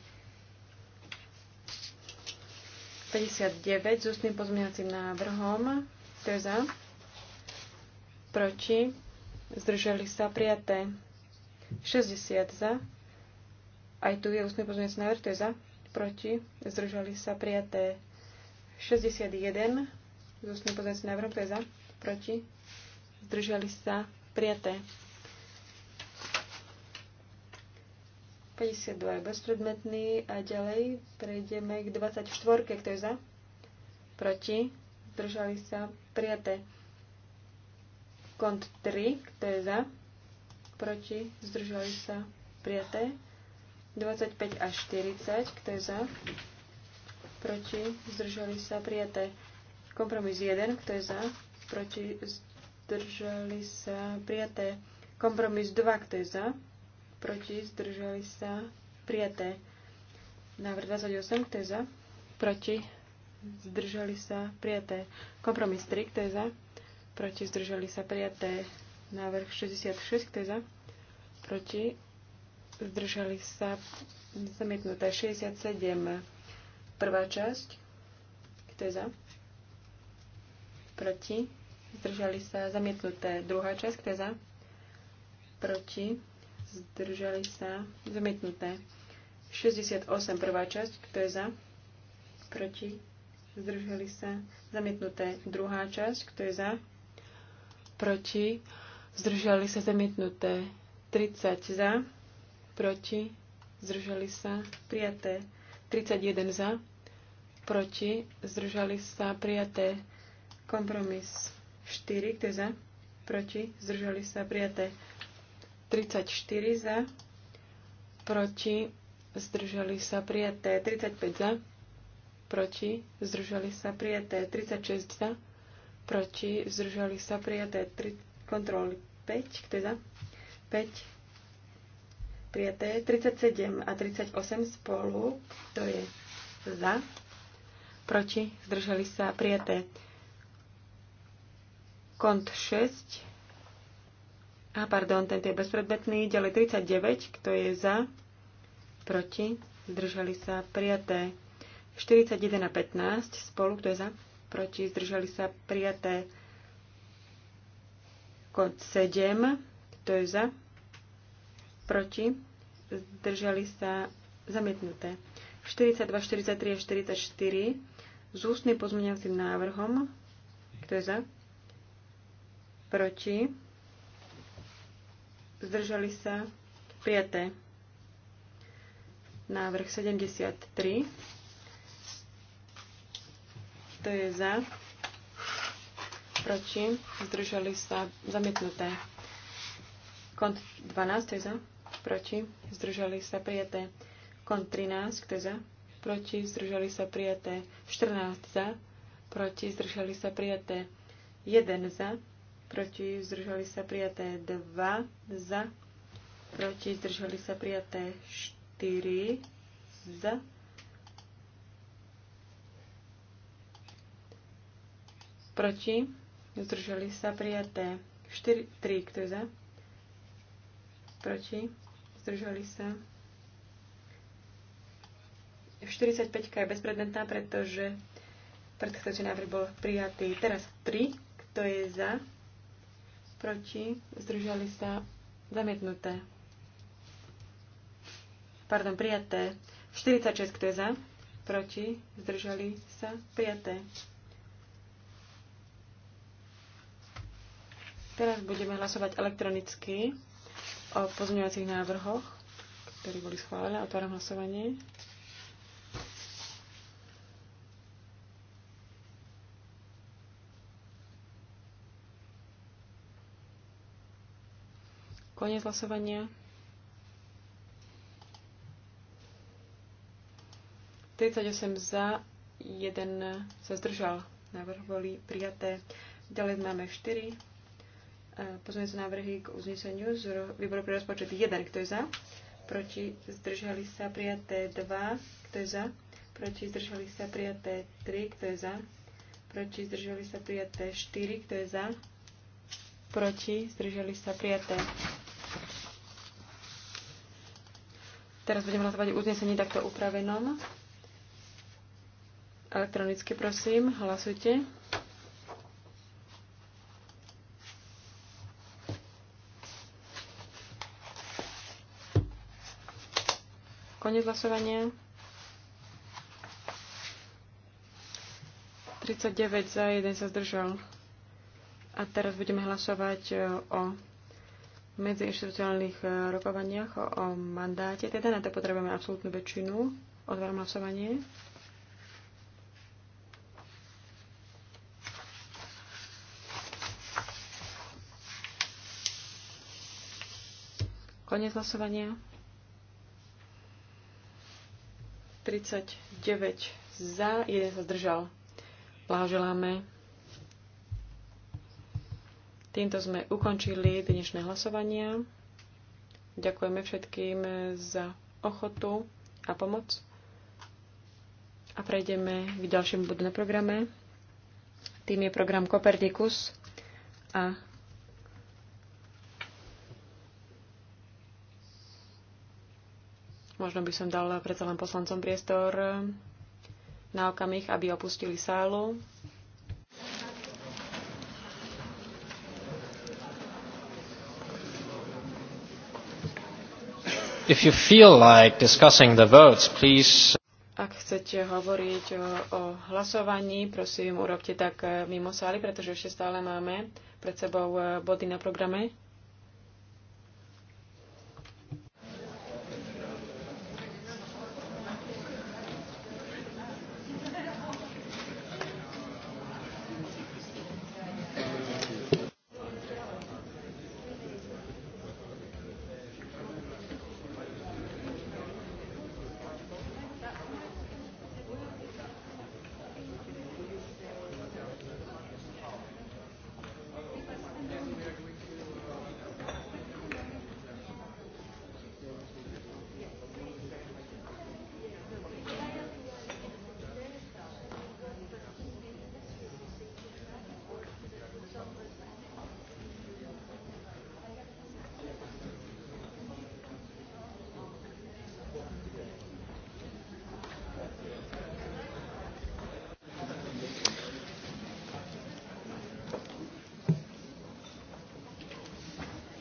59 s ústnym pozmeňovacím návrhom. To je za. Proti. Zdržali sa prijaté. 60 za. Aj tu je ústny pozmeňovací návrh. To je za. Proti. Zdržali sa prijaté. 61 s ústnym pozmeňovacím návrhom. To je za. Proti. Zdržali sa prijaté. 52 je bezpredmetný a ďalej prejdeme k 24. Kto je za? Proti? Zdržali sa? Prijaté. Kont 3. Kto je za? Proti? Zdržali sa? Prijaté. 25 až 40. Kto je za? Proti? Zdržali sa? Prijaté. Kompromis 1. Kto je za? Proti? Zdržali sa? Prijaté. Kompromis 2. Kto je za? proti, zdržali sa, prijaté. Návrh 28, kto je za, proti, zdržali sa, prijaté. Kompromis 3, kto je za, proti, zdržali sa, prijaté. Návrh 66, kto je za, proti, zdržali sa, zamietnuté 67, prvá časť, kto je za, proti, zdržali sa, zamietnuté druhá časť, kto je za, proti, zdržali sa, zamietnuté. 68, prvá časť, kto je za, proti, zdržali sa, zamietnuté. Druhá časť, kto je za, proti, zdržali sa, zamietnuté. 30 za, proti, zdržali sa, prijaté. 31 za, proti, zdržali sa, prijaté. Kompromis 4, kto je za, proti, zdržali sa, prijaté. 34 za, proti, zdržali sa prijaté 35 za, proti, zdržali sa prijaté 36 za, proti, zdržali sa prijaté 3, kontroly 5, kto za? 5, prijaté 37 a 38 spolu, to je za, proti, zdržali sa prijaté kont 6, a pardon, tento je bezpredmetný. Ďalej 39, kto je za, proti, zdržali sa, prijaté. 41 a 15 spolu, kto je za, proti, zdržali sa, prijaté. Kod 7, kto je za, proti, zdržali sa, zamietnuté. 42, 43 a 44 s ústnym pozmeňovacím návrhom, kto je za, proti, zdržali sa, prijaté. Návrh 73, to je za, proti, zdržali sa, zamietnuté. Kont 12, to je za, proti, zdržali sa, prijaté. Kont 13, to je za, proti, zdržali sa, prijaté. 14 za, proti, zdržali sa, prijaté. 1 za, proti zdržali sa prijaté 2 za, proti zdržali sa prijaté 4 za, proti zdržali sa prijaté 4, 3, kto je za, proti zdržali sa 45 je bezpredmetná, pretože predchádzajúci návrh bol prijatý. Teraz 3, kto je za, proti, zdržali sa, zamietnuté. Pardon, prijaté. 46, kto je za, proti, zdržali sa, prijaté. Teraz budeme hlasovať elektronicky o pozmeňovacích návrhoch, ktoré boli schválené. Otváram hlasovanie. Koniec hlasovania. 38 za, 1 sa zdržal. Návrh boli prijaté. Ďalej máme 4 e, pozmeňujúce návrhy k uzneseniu z výboru pre rozpočet 1. Kto je za? Proti zdržali sa prijaté 2. Kto je za? Proti zdržali sa prijaté 3. Kto je za? Proti zdržali sa prijaté 4. Kto je za? Proti zdržali sa prijaté Teraz budem hlasovať o uznesení takto upravenom. Elektronicky prosím, hlasujte. Konec hlasovania. 39 za, 1 sa zdržal. A teraz budeme hlasovať e, o medziinstitucionálnych eh, rokovaniach o, o mandáte. Teda na to potrebujeme absolútnu väčšinu. Otváram hlasovanie. Konec hlasovania. 39 za, jeden sa zdržal. Blahoželáme. Týmto sme ukončili dnešné hlasovania. Ďakujeme všetkým za ochotu a pomoc. A prejdeme k ďalšiemu bodu na programe. Tým je program Kopernikus a možno by som dal predsa len poslancom priestor na okamih, aby opustili sálu. if you feel like discussing the votes, please... Ak chcete hovoriť o, o hlasovaní, prosím, urobte tak eh, mimo sály, pretože ešte stále máme pred sebou eh, body na programe.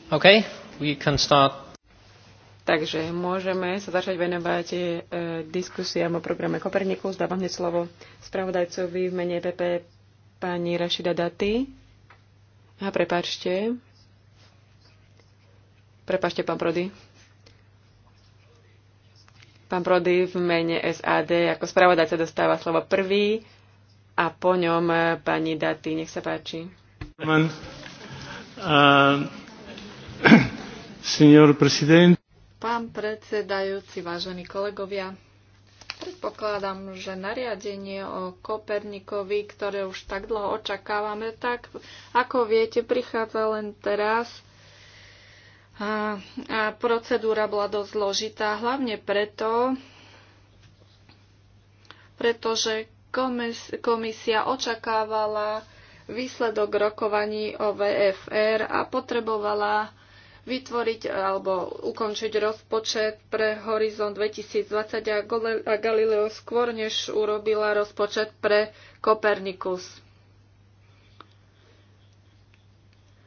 Okay, we can start. Takže môžeme sa začať venovať e, diskusiám o programe Kopernikus. Dávam hneď slovo spravodajcovi v mene PP e pani Rašida Daty. A prepáčte. Prepáčte, pán Prody. Pán Prody v mene SAD ako spravodajca dostáva slovo prvý a po ňom e, pani Daty. Nech sa páči. uh... Pán predsedajúci, vážení kolegovia, predpokladám, že nariadenie o Kopernikovi, ktoré už tak dlho očakávame, tak ako viete, prichádza len teraz. A, a procedúra bola dosť zložitá, hlavne preto, pretože komisia očakávala výsledok rokovaní o VFR a potrebovala vytvoriť e, alebo ukončiť rozpočet pre Horizon 2020 a Galileo skôr, než urobila rozpočet pre Kopernikus.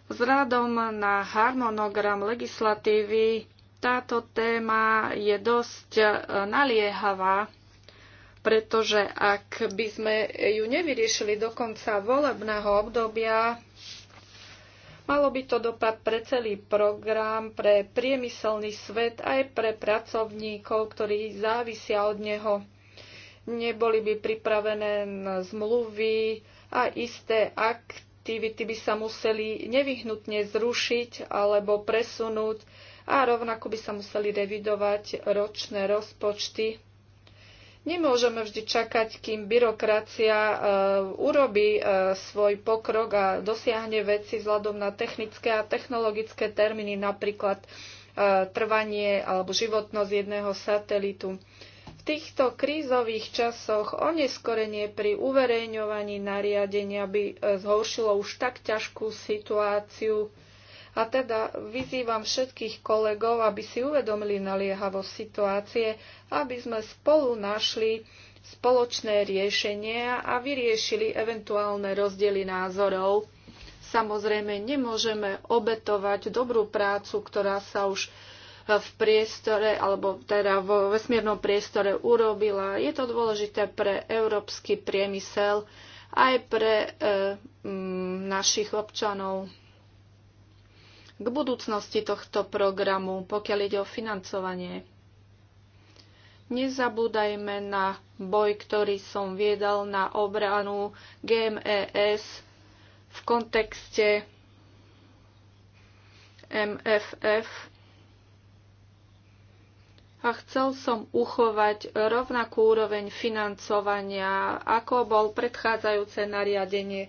Vzhľadom na harmonogram legislatívy táto téma je dosť e, naliehavá, pretože ak by sme ju nevyriešili do konca volebného obdobia, Malo by to dopad pre celý program, pre priemyselný svet aj pre pracovníkov, ktorí závisia od neho. Neboli by pripravené zmluvy a isté aktivity by sa museli nevyhnutne zrušiť alebo presunúť a rovnako by sa museli revidovať ročné rozpočty Nemôžeme vždy čakať, kým byrokracia e, urobí e, svoj pokrok a dosiahne veci vzhľadom na technické a technologické termíny, napríklad e, trvanie alebo životnosť jedného satelitu. V týchto krízových časoch oneskorenie pri uverejňovaní nariadenia by zhoršilo už tak ťažkú situáciu a teda vyzývam všetkých kolegov, aby si uvedomili naliehavosť situácie, aby sme spolu našli spoločné riešenia a vyriešili eventuálne rozdiely názorov. Samozrejme, nemôžeme obetovať dobrú prácu, ktorá sa už v priestore, alebo teda vo vesmírnom priestore urobila. Je to dôležité pre európsky priemysel aj pre e, m, našich občanov k budúcnosti tohto programu, pokiaľ ide o financovanie. Nezabúdajme na boj, ktorý som viedal na obranu GMES v kontekste MFF a chcel som uchovať rovnakú úroveň financovania, ako bol predchádzajúce nariadenie.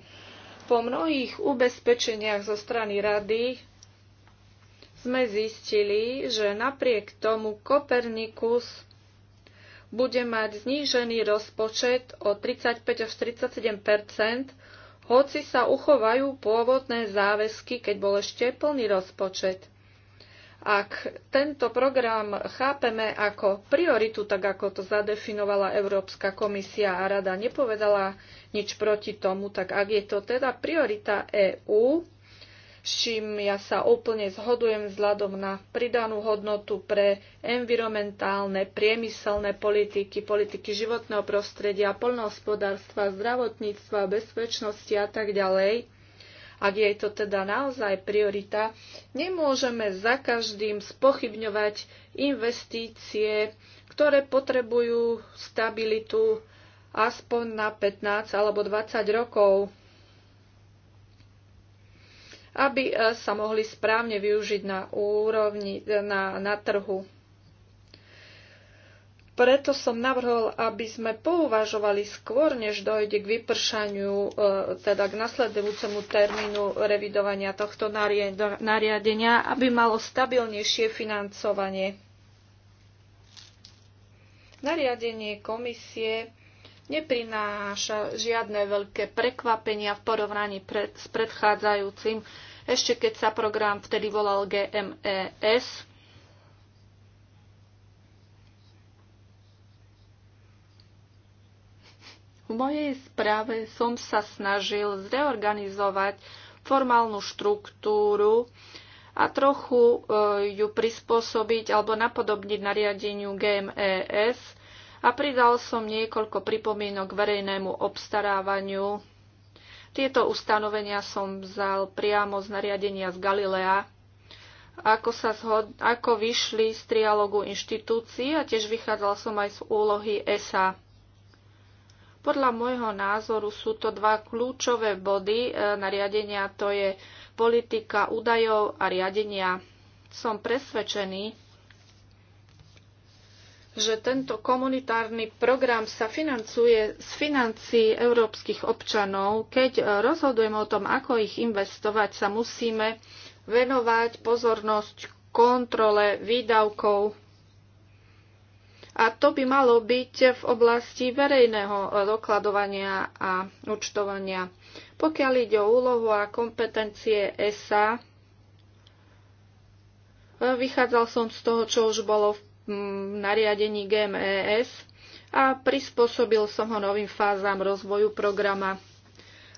Po mnohých ubezpečeniach zo strany rady sme zistili, že napriek tomu Kopernikus bude mať znížený rozpočet o 35 až 37 hoci sa uchovajú pôvodné záväzky, keď bol ešte plný rozpočet. Ak tento program chápeme ako prioritu, tak ako to zadefinovala Európska komisia a rada nepovedala nič proti tomu, tak ak je to teda priorita EÚ, s čím ja sa úplne zhodujem vzhľadom na pridanú hodnotu pre environmentálne, priemyselné politiky, politiky životného prostredia, poľnohospodárstva, zdravotníctva, bezpečnosti a tak ďalej. Ak je to teda naozaj priorita, nemôžeme za každým spochybňovať investície, ktoré potrebujú stabilitu aspoň na 15 alebo 20 rokov aby e, sa mohli správne využiť na úrovni, e, na, na trhu. Preto som navrhol, aby sme pouvažovali skôr, než dojde k vypršaniu, e, teda k nasledujúcemu termínu revidovania tohto nariadenia, aby malo stabilnejšie financovanie. Nariadenie komisie neprináša žiadne veľké prekvapenia v porovnaní pred, s predchádzajúcim, ešte keď sa program vtedy volal GMES. V mojej správe som sa snažil zreorganizovať formálnu štruktúru a trochu e, ju prispôsobiť alebo napodobniť nariadeniu GMES – a pridal som niekoľko pripomienok k verejnému obstarávaniu. Tieto ustanovenia som vzal priamo z nariadenia z Galilea, ako, sa zhod- ako vyšli z trialogu inštitúcií a tiež vychádzal som aj z úlohy ESA. Podľa môjho názoru sú to dva kľúčové body e, nariadenia, to je politika údajov a riadenia. Som presvedčený, že tento komunitárny program sa financuje z financií európskych občanov. Keď rozhodujeme o tom, ako ich investovať, sa musíme venovať pozornosť kontrole výdavkov. A to by malo byť v oblasti verejného dokladovania a účtovania. Pokiaľ ide o úlohu a kompetencie ESA, vychádzal som z toho, čo už bolo v Mm, nariadení GMES a prispôsobil som ho novým fázam rozvoju programa.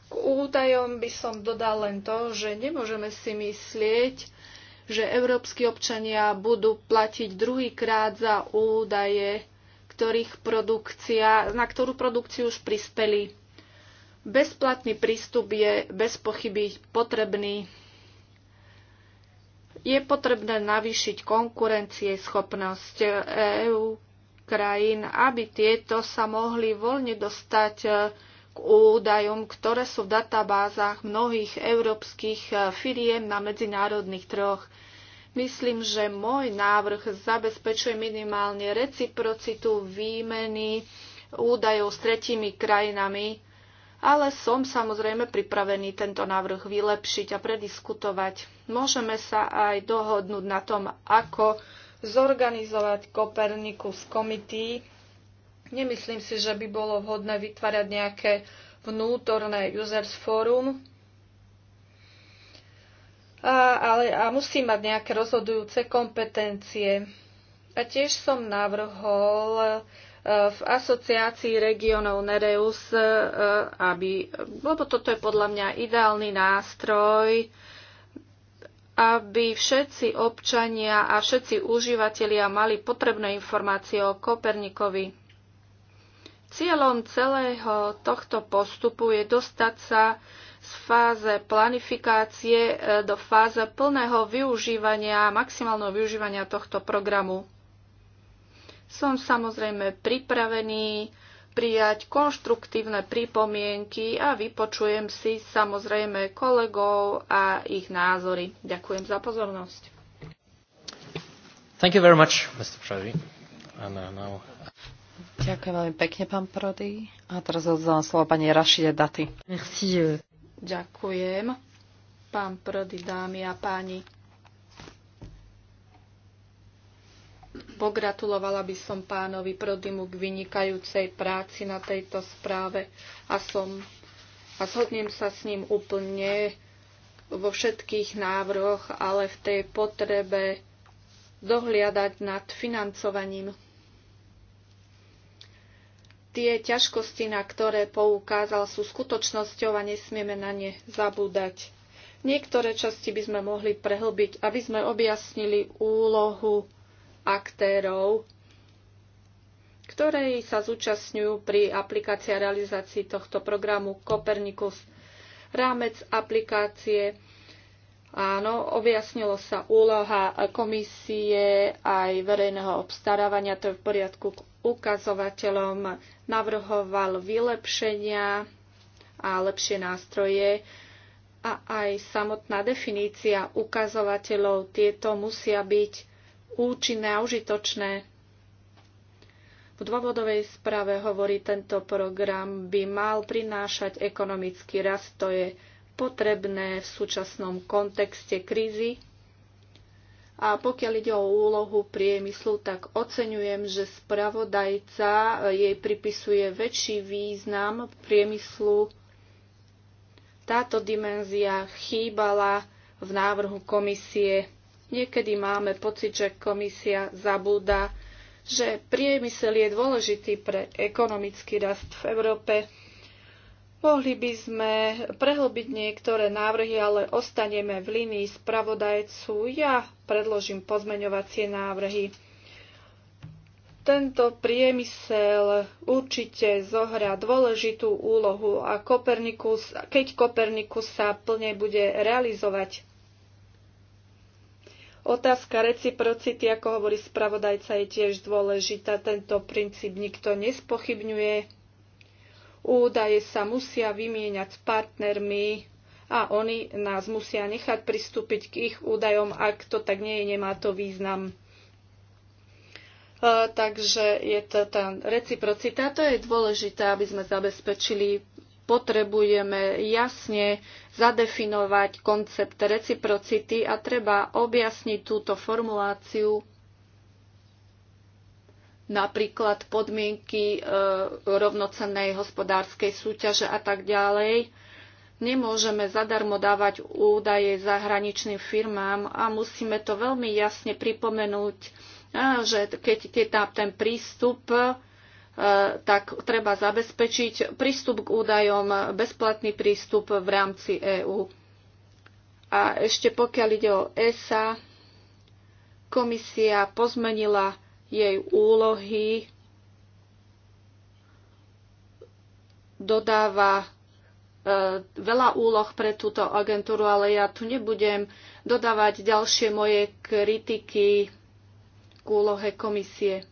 K údajom by som dodal len to, že nemôžeme si myslieť, že európsky občania budú platiť druhýkrát za údaje, ktorých produkcia, na ktorú produkciu už prispeli. Bezplatný prístup je bez pochyby potrebný je potrebné navýšiť konkurencieschopnosť EÚ eh, e krajín, aby tieto sa mohli voľne dostať eh, k údajom, ktoré sú v databázach mnohých európskych eh, firiem na medzinárodných troch. Myslím, že môj návrh zabezpečuje minimálne reciprocitu výmeny údajov s tretími krajinami ale som samozrejme pripravený tento návrh vylepšiť a prediskutovať. Môžeme sa aj dohodnúť na tom, ako zorganizovať Kopernikus komití. Nemyslím si, že by bolo vhodné vytvárať nejaké vnútorné users forum, a, ale, a musí mať nejaké rozhodujúce kompetencie. A tiež som navrhol v asociácii regionov Nereus, e, aby, lebo toto je podľa mňa ideálny nástroj, aby všetci občania a všetci užívateľia mali potrebné informácie o Kopernikovi. Cieľom celého tohto postupu je dostať sa z fáze planifikácie e, do fáze plného využívania, maximálneho využívania tohto programu. Som samozrejme pripravený prijať konštruktívne pripomienky a vypočujem si samozrejme kolegov a ich názory. Ďakujem za pozornosť. Thank you very much, Mr. Prodi. And, uh, now... Ďakujem veľmi pekne, pán Prodi. A teraz odzávam slovo pani Rašide Daty. Merci. Euh. Ďakujem, pán Prodi, dámy a páni. Pogratulovala by som pánovi Prodymu k vynikajúcej práci na tejto správe a som a zhodnem sa s ním úplne vo všetkých návroch, ale v tej potrebe dohliadať nad financovaním. Tie ťažkosti, na ktoré poukázal, sú skutočnosťou a nesmieme na ne zabúdať. Niektoré časti by sme mohli prehlbiť, aby sme objasnili úlohu aktérov, ktorí sa zúčastňujú pri aplikácii a realizácii tohto programu Copernicus. Rámec aplikácie Áno, objasnilo sa úloha komisie aj verejného obstarávania, to je v poriadku k ukazovateľom, navrhoval vylepšenia a lepšie nástroje a aj samotná definícia ukazovateľov, tieto musia byť účinné a užitočné. V dôvodovej správe hovorí, tento program by mal prinášať ekonomický rast, to je potrebné v súčasnom kontexte krízy. A pokiaľ ide o úlohu priemyslu, tak oceňujem, že spravodajca jej pripisuje väčší význam priemyslu. Táto dimenzia chýbala v návrhu komisie. Niekedy máme pocit, že komisia zabúda, že priemysel je dôležitý pre ekonomický rast v Európe. Mohli by sme prehlbiť niektoré návrhy, ale ostaneme v línii spravodajcu. Ja predložím pozmeňovacie návrhy. Tento priemysel určite zohrá dôležitú úlohu a Kopernikus, keď Kopernikus sa plne bude realizovať. Otázka reciprocity, ako hovorí spravodajca, je tiež dôležitá. Tento princíp nikto nespochybňuje. Údaje sa musia vymieňať s partnermi a oni nás musia nechať pristúpiť k ich údajom. Ak to tak nie je, nemá to význam. E, takže je to tá reciprocita, to je dôležité, aby sme zabezpečili potrebujeme jasne zadefinovať koncept reciprocity a treba objasniť túto formuláciu napríklad podmienky e, rovnocennej hospodárskej súťaže a tak ďalej. Nemôžeme zadarmo dávať údaje zahraničným firmám a musíme to veľmi jasne pripomenúť, a, že keď, je tam ten prístup e, tak treba zabezpečiť prístup k údajom, bezplatný prístup v rámci EÚ. A ešte pokiaľ ide o ESA, komisia pozmenila jej úlohy, dodáva e, veľa úloh pre túto agentúru, ale ja tu nebudem dodávať ďalšie moje kritiky k úlohe komisie.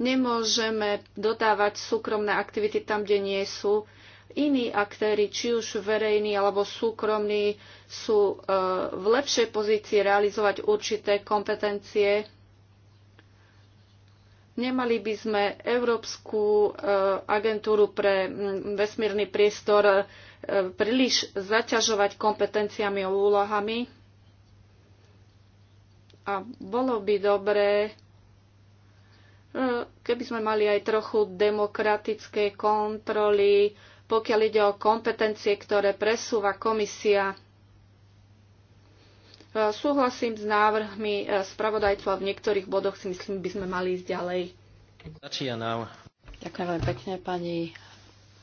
Nemôžeme dodávať súkromné aktivity tam, kde nie sú. Iní aktéry, či už verejní alebo súkromní, sú e, v lepšej pozícii realizovať určité kompetencie. Nemali by sme Európsku e, agentúru pre vesmírny priestor e, príliš zaťažovať kompetenciami a úlohami. A bolo by dobré keby sme mali aj trochu demokratické kontroly, pokiaľ ide o kompetencie, ktoré presúva komisia. E, súhlasím s návrhmi e, spravodajcu a v niektorých bodoch si myslím, by sme mali ísť ďalej. Ďakujem veľmi pekne, pani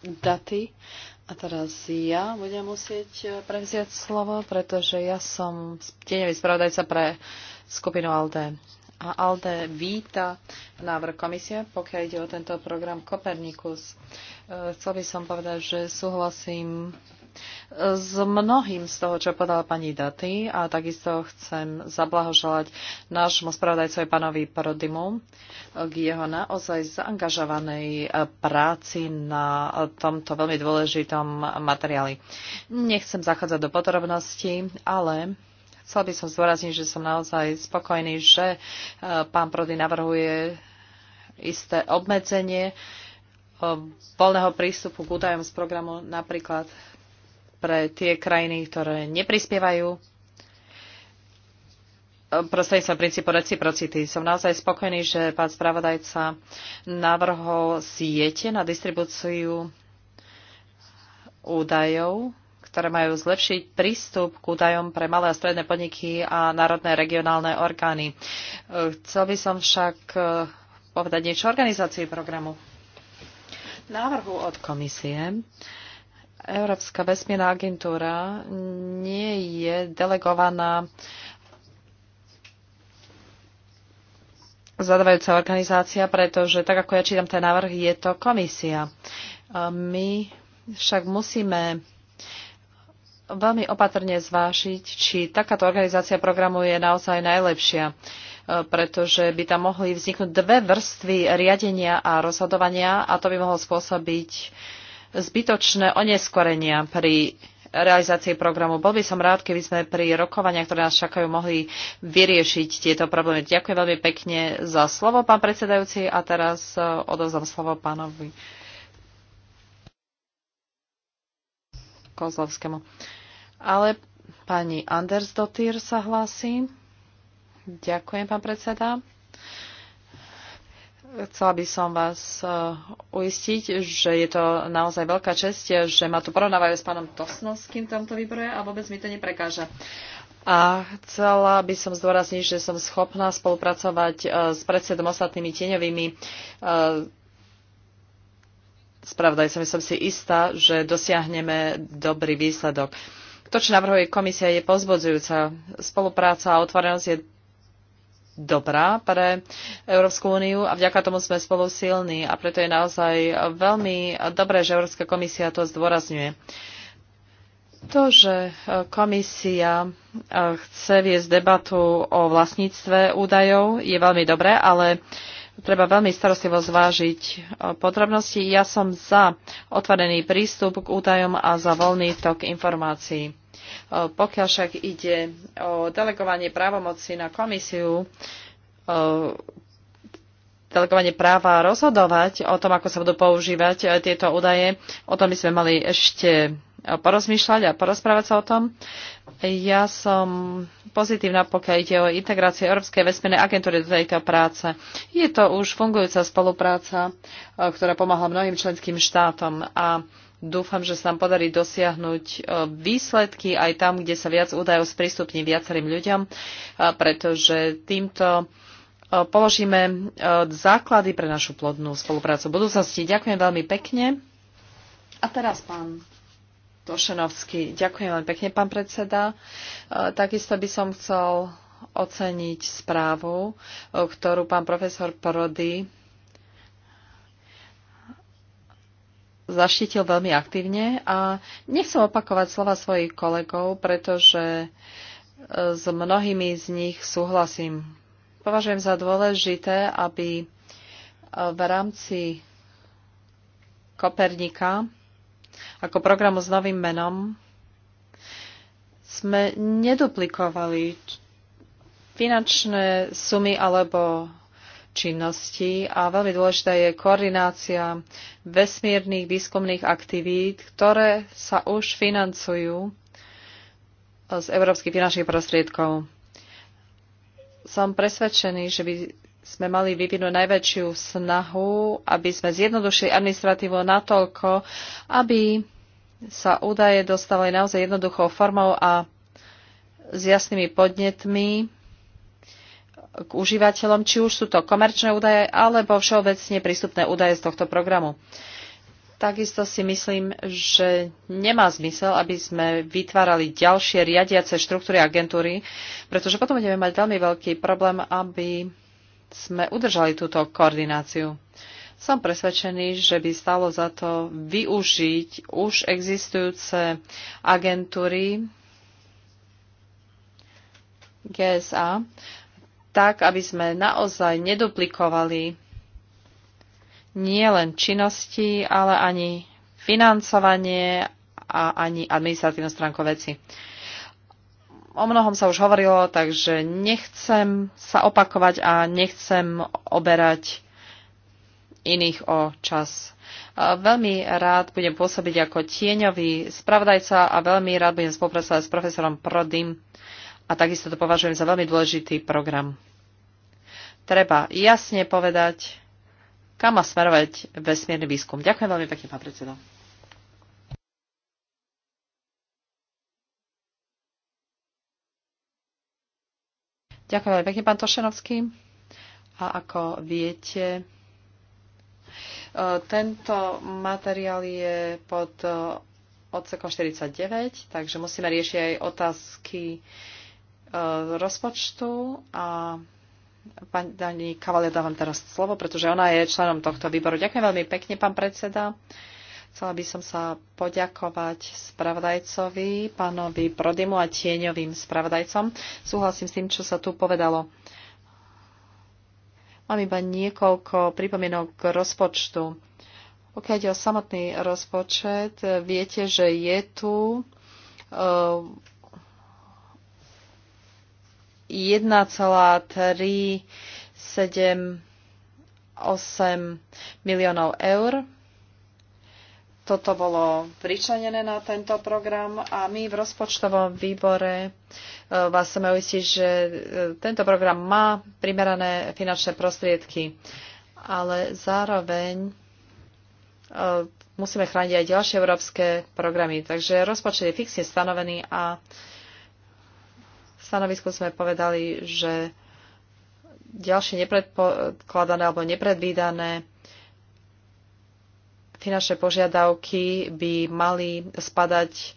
Daty. A teraz ja budem musieť e, prevziať slovo, pretože ja som tieňový spravodajca pre skupinu ALDE a ALDE víta návrh komisie, pokiaľ ide o tento program Kopernikus. E, chcel by som povedať, že súhlasím e, s mnohým z toho, čo podala pani Daty a takisto chcem zablahoželať nášmu spravodajcovi pánovi Prodimu e, k jeho naozaj zaangažovanej práci na tomto veľmi dôležitom materiáli. Nechcem zachádzať do podrobností, ale Chcel by som zdôrazniť, že som naozaj spokojný, že e, pán Prody navrhuje isté obmedzenie e, voľného prístupu k údajom z programu napríklad pre tie krajiny, ktoré neprispievajú prostredníctvom princípu reciprocity. Som naozaj spokojný, že pán spravodajca navrhol siete na distribúciu údajov ktoré majú zlepšiť prístup k údajom pre malé a stredné podniky a národné regionálne orgány. E, chcel by som však e, povedať niečo o organizácii programu. Návrhu od komisie Európska vesmírna agentúra nie je delegovaná zadávajúca organizácia, pretože tak ako ja čítam ten návrh, je to komisia. My však musíme veľmi opatrne zvážiť, či takáto organizácia programu je naozaj najlepšia, e, pretože by tam mohli vzniknúť dve vrstvy riadenia a rozhodovania a to by mohlo spôsobiť zbytočné oneskorenia pri realizácii programu. Bol by som rád, keby sme pri rokovaniach, ktoré nás čakajú, mohli vyriešiť tieto problémy. Ďakujem veľmi pekne za slovo, pán predsedajúci, a teraz e, odovzdám slovo pánovi Kozlovskému. Ale pani Anders Dotýr sa hlási. Ďakujem, pán predseda. Chcela by som vás e, uistiť, že je to naozaj veľká čest, že ma tu porovnávajú s pánom Tosnovským v tomto výbore a vôbec mi to neprekáža. A chcela by som zdôrazniť, že som schopná spolupracovať e, s predsedom ostatnými tieňovými e, spravodajcami. Som si istá, že dosiahneme dobrý výsledok. To, čo navrhuje komisia, je pozbudzujúca. Spolupráca a otvorenosť je dobrá pre Európsku úniu a vďaka tomu sme spolu silní a preto je naozaj veľmi dobré, že Európska komisia to zdôrazňuje. To, že komisia chce viesť debatu o vlastníctve údajov, je veľmi dobré, ale treba veľmi starostlivo zvážiť podrobnosti. Ja som za otvorený prístup k údajom a za voľný tok informácií. Pokiaľ však ide o delegovanie právomoci na komisiu, e, delegovanie práva rozhodovať o tom, ako sa budú používať e, tieto údaje, o tom by sme mali ešte porozmýšľať a porozprávať sa o tom. Ja som pozitívna, pokiaľ ide o integráciu Európskej vesmírnej agentúry do tejto práce. Je to už fungujúca spolupráca, e, ktorá pomáha mnohým členským štátom a dúfam, že sa nám podarí dosiahnuť e, výsledky aj tam, kde sa viac údajov sprístupní viacerým ľuďom, e, pretože týmto položíme základy pre našu plodnú spoluprácu v budúcnosti. Ďakujem veľmi pekne. A teraz pán Tošenovský. Ďakujem veľmi pekne, pán predseda. E, takisto by som chcel oceniť správu, e, ktorú pán profesor Porody zaštitil veľmi aktívne a nechcem opakovať slova svojich kolegov, pretože e, s mnohými z nich súhlasím. Považujem za dôležité, aby v rámci Kopernika ako programu s novým menom sme neduplikovali finančné sumy alebo činnosti a veľmi dôležitá je koordinácia vesmírnych výskumných aktivít, ktoré sa už financujú z európskych finančných prostriedkov. Som presvedčený, že by sme mali vyvinúť najväčšiu snahu, aby sme zjednodušili administratívu natoľko, aby sa údaje dostávali naozaj jednoduchou formou a s jasnými podnetmi k užívateľom, či už sú to komerčné údaje alebo všeobecne prístupné údaje z tohto programu. Takisto si myslím, že nemá zmysel, aby sme vytvárali ďalšie riadiace štruktúry agentúry, pretože potom budeme mať veľmi veľký problém, aby sme udržali túto koordináciu. Som presvedčený, že by stalo za to využiť už existujúce agentúry GSA, tak aby sme naozaj neduplikovali nielen činnosti, ale ani financovanie a ani administratívno stránko veci. O mnohom sa už hovorilo, takže nechcem sa opakovať a nechcem oberať iných o čas. Veľmi rád budem pôsobiť ako tieňový spravodajca a veľmi rád budem spolupracovať s profesorom Prodym a takisto to považujem za veľmi dôležitý program. Treba jasne povedať, kam má smerovať vesmírny výskum. Ďakujem veľmi pekne, pán predseda. Ďakujem veľmi pekne, pán Tošenovský. A ako viete, e, tento materiál je pod e, odsekom 49, takže musíme riešiť aj otázky e, rozpočtu a pani Kavalia dávam teraz slovo, pretože ona je členom tohto výboru. Ďakujem veľmi pekne, pán predseda. Chcela by som sa poďakovať spravodajcovi, pánovi Prodimu a tieňovým spravodajcom. Súhlasím s tým, čo sa tu povedalo. Mám iba niekoľko pripomienok k rozpočtu. Pokiaľ ide o samotný rozpočet, viete, že je tu 1,378 eh, miliónov eur toto bolo pričlenené na tento program a my v rozpočtovom výbore e, vás chceme uistiť, že e, tento program má primerané finančné prostriedky, ale zároveň e, musíme chrániť aj ďalšie európske programy. Takže rozpočet je fixne stanovený a v stanovisku sme povedali, že ďalšie nepredpokladané alebo nepredvídané Finančné požiadavky by mali spadať e,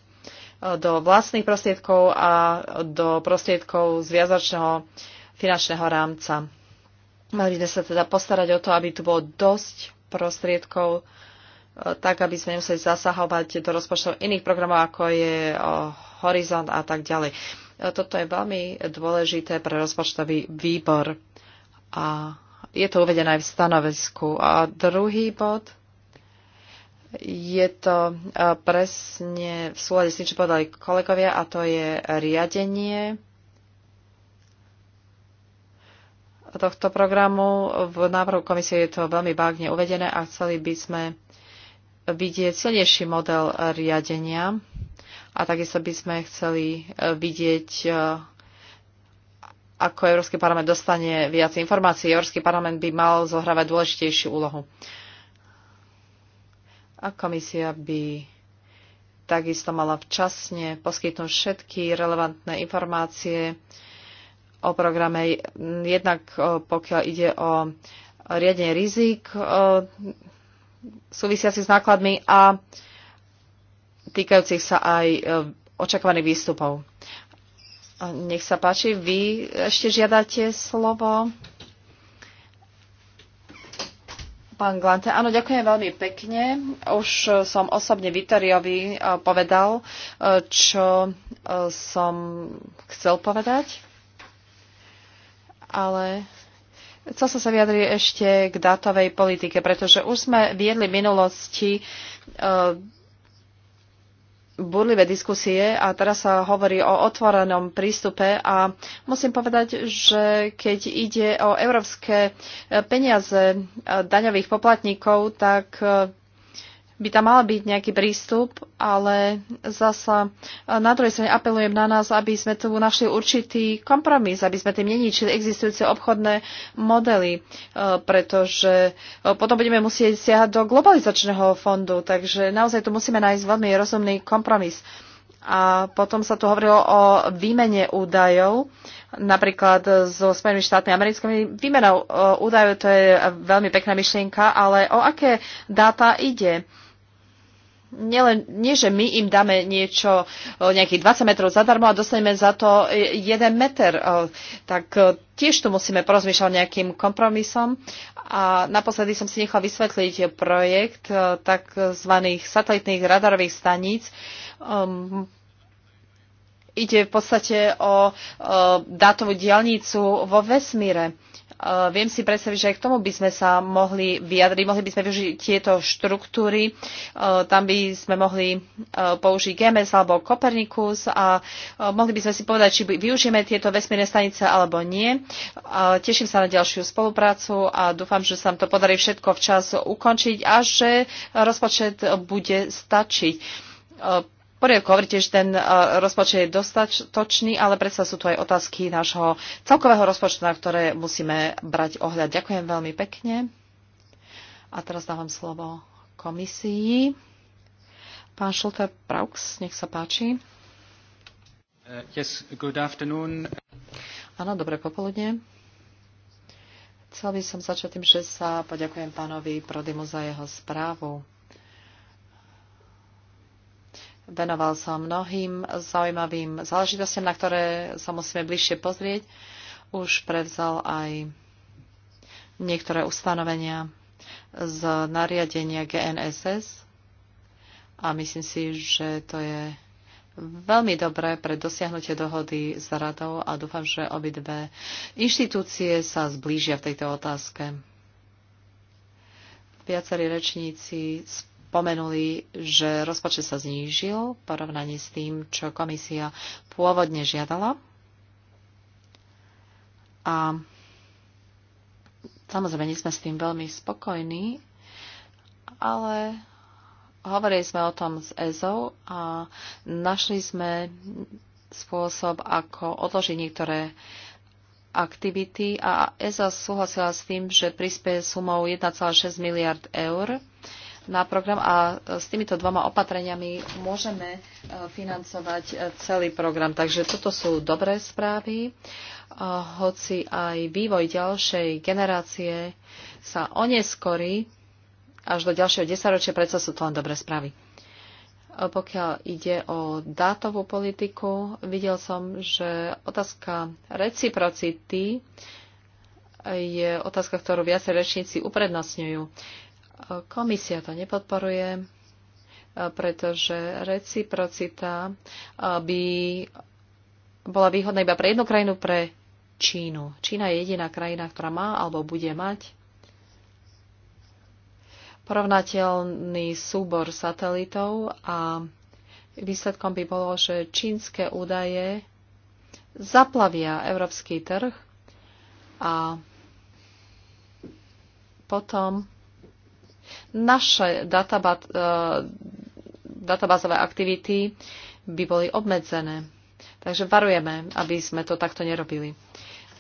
do vlastných prostriedkov a do prostriedkov z viazačného finančného rámca. Mali by sme sa teda postarať o to, aby tu bolo dosť prostriedkov, e, tak aby sme museli zasahovať do rozpočtov iných programov, ako je e, Horizont a tak ďalej. Toto je veľmi dôležité pre rozpočtový výbor. A je to uvedené aj v stanovisku. A druhý bod je to e, presne v súlade s tým, čo povedali kolegovia, a to je riadenie tohto programu. V návrhu komisie je to veľmi vágne uvedené a chceli by sme vidieť silnejší model riadenia a takisto by sme chceli e, vidieť, e, ako Európsky parlament dostane viac informácií. Európsky parlament by mal zohrávať dôležitejšiu úlohu a komisia by takisto mala včasne poskytnúť všetky relevantné informácie o programe, jednak pokiaľ ide o riadenie rizik súvisiaci s nákladmi a týkajúcich sa aj očakávaných výstupov. Nech sa páči, vy ešte žiadate slovo. Pán Glante, áno, ďakujem veľmi pekne. Už e, som osobne Vitoriovi e, povedal, e, čo som chcel povedať, ale chcel som sa vyjadriť ešte k datovej politike, pretože už sme viedli v minulosti burlivé diskusie a teraz sa hovorí o otvorenom prístupe a musím povedať, že keď ide o európske peniaze daňových poplatníkov, tak by tam mal byť nejaký prístup, ale zasa eh, na druhej strane apelujem na nás, aby sme tu našli určitý kompromis, aby sme tým neničili existujúce obchodné modely, eh, pretože eh, potom budeme musieť siahať do globalizačného fondu, takže naozaj tu musíme nájsť veľmi rozumný kompromis. A potom sa tu hovorilo o výmene údajov, napríklad so Spojenými štátmi americkými. Výmenou údajov to je veľmi pekná myšlienka, ale o aké dáta ide? nielen, nie, že my im dáme niečo, nejakých 20 metrov zadarmo a dostaneme za to 1 e, meter, tak e, tiež tu musíme porozmýšľať nejakým kompromisom. A naposledy som si nechal vysvetliť projekt e, tzv. satelitných radarových staníc. Ehm, ide v podstate o dátovú dielnicu vo vesmíre Eh, viem si predstaviť, že aj k tomu by sme sa mohli vyjadriť, mohli by sme využiť tieto štruktúry, eh, tam by sme mohli eh, použiť GMS alebo Copernicus a mohli by sme si povedať, či využijeme tieto vesmírne stanice alebo nie. Teším sa na ďalšiu spoluprácu a dúfam, že sa nám to podarí všetko včas ukončiť a že rozpočet bude stačiť poriadku, hovoríte, že ten e, rozpočet je dostatočný, ale predsa sú tu aj otázky nášho celkového rozpočtu, na ktoré musíme brať ohľad. Ďakujem veľmi pekne. A teraz dávam slovo komisii. Pán Šulter Praux, nech sa páči. Uh, yes, good afternoon. Áno, dobré popoludne. Chcel by som začať tým, že sa poďakujem pánovi Prodimu za jeho správu. Venoval sa mnohým zaujímavým záležitostiam, na ktoré sa musíme bližšie pozrieť. Už prevzal aj niektoré ustanovenia z nariadenia GNSS a myslím si, že to je veľmi dobré pre dosiahnutie dohody s radou a dúfam, že obidve inštitúcie sa zblížia v tejto otázke. Viacerí rečníci pomenuli, že rozpočet sa znížil v porovnaní s tým, čo komisia pôvodne žiadala. A samozrejme, nie sme s tým veľmi spokojní, ale hovorili sme o tom s EZO a našli sme spôsob, ako odložiť niektoré aktivity a ESA súhlasila s tým, že prispieje sumou 1,6 miliard eur na program a s týmito dvoma opatreniami môžeme e, financovať e, celý program. Takže toto sú dobré správy, e, hoci aj vývoj ďalšej generácie sa oneskorí až do ďalšieho desaťročia, predsa sú to len dobré správy. Pokiaľ ide o dátovú politiku, videl som, že otázka reciprocity je otázka, ktorú viacej rečníci uprednostňujú. Komisia to nepodporuje, e, pretože reciprocita e, by bola výhodná iba pre jednu krajinu, pre Čínu. Čína je jediná krajina, ktorá má alebo bude mať porovnateľný súbor satelitov a výsledkom by bolo, že čínske údaje zaplavia európsky trh a potom naše e, databázové aktivity by boli obmedzené. Takže varujeme, aby sme to takto nerobili.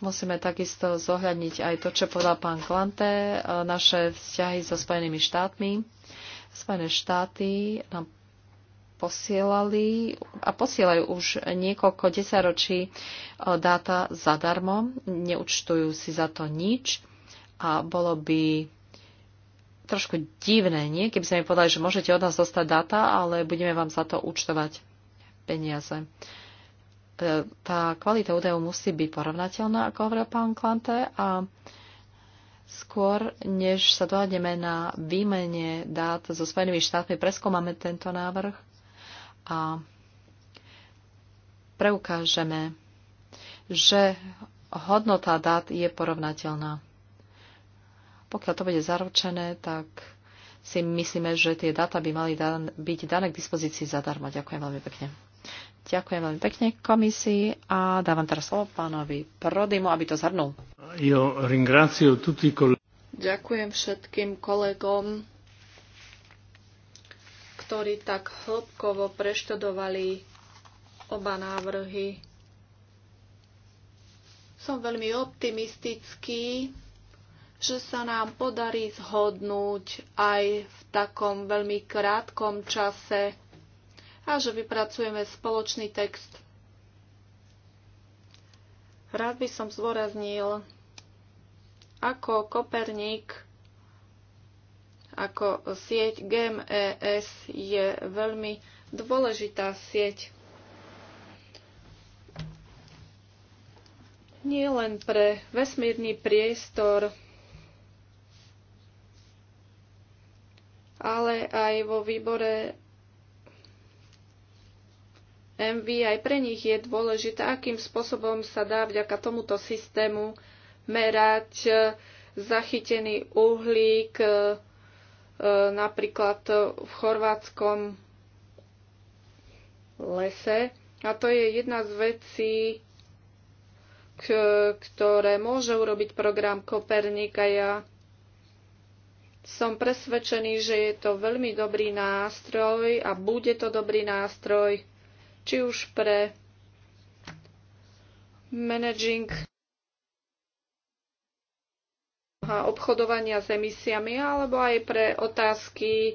Musíme takisto zohľadniť aj to, čo povedal pán Klante, e, naše vzťahy so Spojenými štátmi. Spojené štáty nám posielali a posielajú už niekoľko desaťročí e, dáta zadarmo, neúčtujú si za to nič a bolo by trošku divné, nie? Keby sme mi povedali, že môžete od nás dostať data, ale budeme vám za to účtovať peniaze. E, tá kvalita údajov musí byť porovnateľná, ako hovoril pán Klante, a skôr, než sa dohodneme na výmene dát so Spojenými štátmi, preskúmame tento návrh a preukážeme, že hodnota dát je porovnateľná. Pokiaľ to bude zaručené, tak si myslíme, že tie dáta by mali dan- byť dané k dispozícii zadarmo. Ďakujem veľmi pekne. Ďakujem veľmi pekne komisii a dávam teraz slovo pánovi Prodimu, aby to zhrnul. Ďakujem všetkým kolegom, ktorí tak hĺbkovo preštudovali oba návrhy. Som veľmi optimistický že sa nám podarí zhodnúť aj v takom veľmi krátkom čase a že vypracujeme spoločný text. Rád by som zdôraznil, ako Koperník, ako sieť GMES je veľmi dôležitá sieť. Nie len pre vesmírny priestor, ale aj vo výbore MV, aj pre nich je dôležité, akým spôsobom sa dá vďaka tomuto systému merať e, zachytený uhlík, e, e, napríklad v chorvátskom lese. A to je jedna z vecí, ktoré môže urobiť program a Ja som presvedčený, že je to veľmi dobrý nástroj a bude to dobrý nástroj, či už pre managing a obchodovania s emisiami, alebo aj pre otázky e,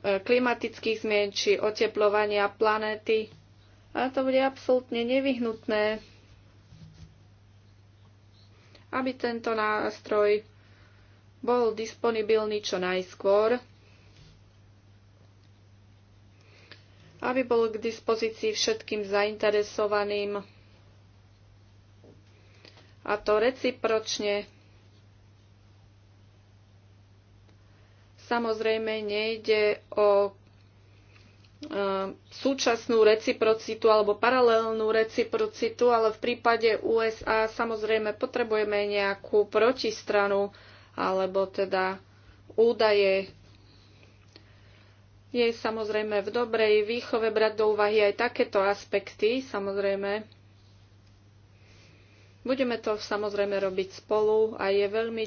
klimatických zmien či oteplovania planéty. A to bude absolútne nevyhnutné, aby tento nástroj bol disponibilný čo najskôr, aby bol k dispozícii všetkým zainteresovaným a to recipročne. Samozrejme nejde o e, súčasnú reciprocitu alebo paralelnú reciprocitu, ale v prípade USA samozrejme potrebujeme nejakú protistranu, alebo teda údaje. Je samozrejme v dobrej výchove brať do úvahy aj takéto aspekty, samozrejme. Budeme to samozrejme robiť spolu a je veľmi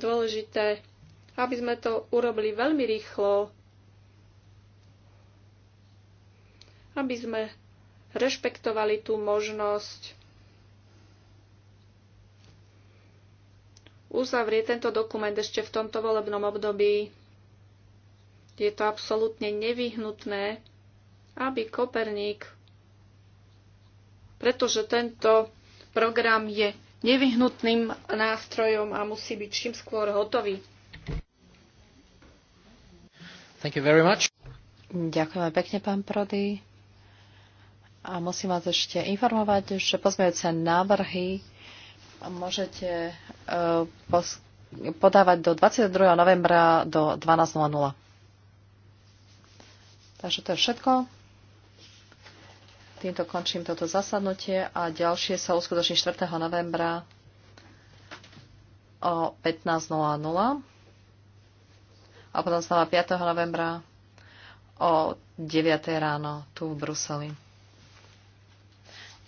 dôležité, aby sme to urobili veľmi rýchlo, aby sme rešpektovali tú možnosť uzavrie tento dokument ešte v tomto volebnom období. Je to absolútne nevyhnutné, aby Koperník, pretože tento program je nevyhnutným nástrojom a musí byť čím skôr hotový. Thank you very much. Ďakujeme pekne, pán Prody. A musím vás ešte informovať, že pozmejúce návrhy môžete Eh, podávať do 22. novembra do 12.00. Takže to je všetko. Týmto končím toto zasadnutie a ďalšie sa uskutoční 4. novembra o 15.00 a potom znova 5. novembra o 9. ráno tu v Bruseli.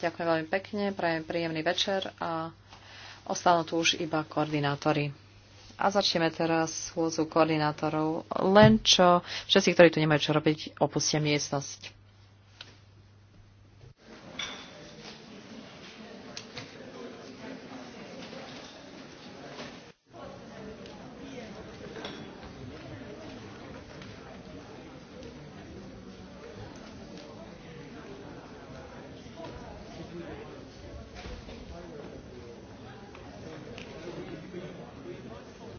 Ďakujem veľmi pekne, prajem príjemný večer a Ostanú tu už iba koordinátori. A začneme teraz schôdzu koordinátorov. Len čo všetci, ktorí tu nemajú čo robiť, opustia miestnosť.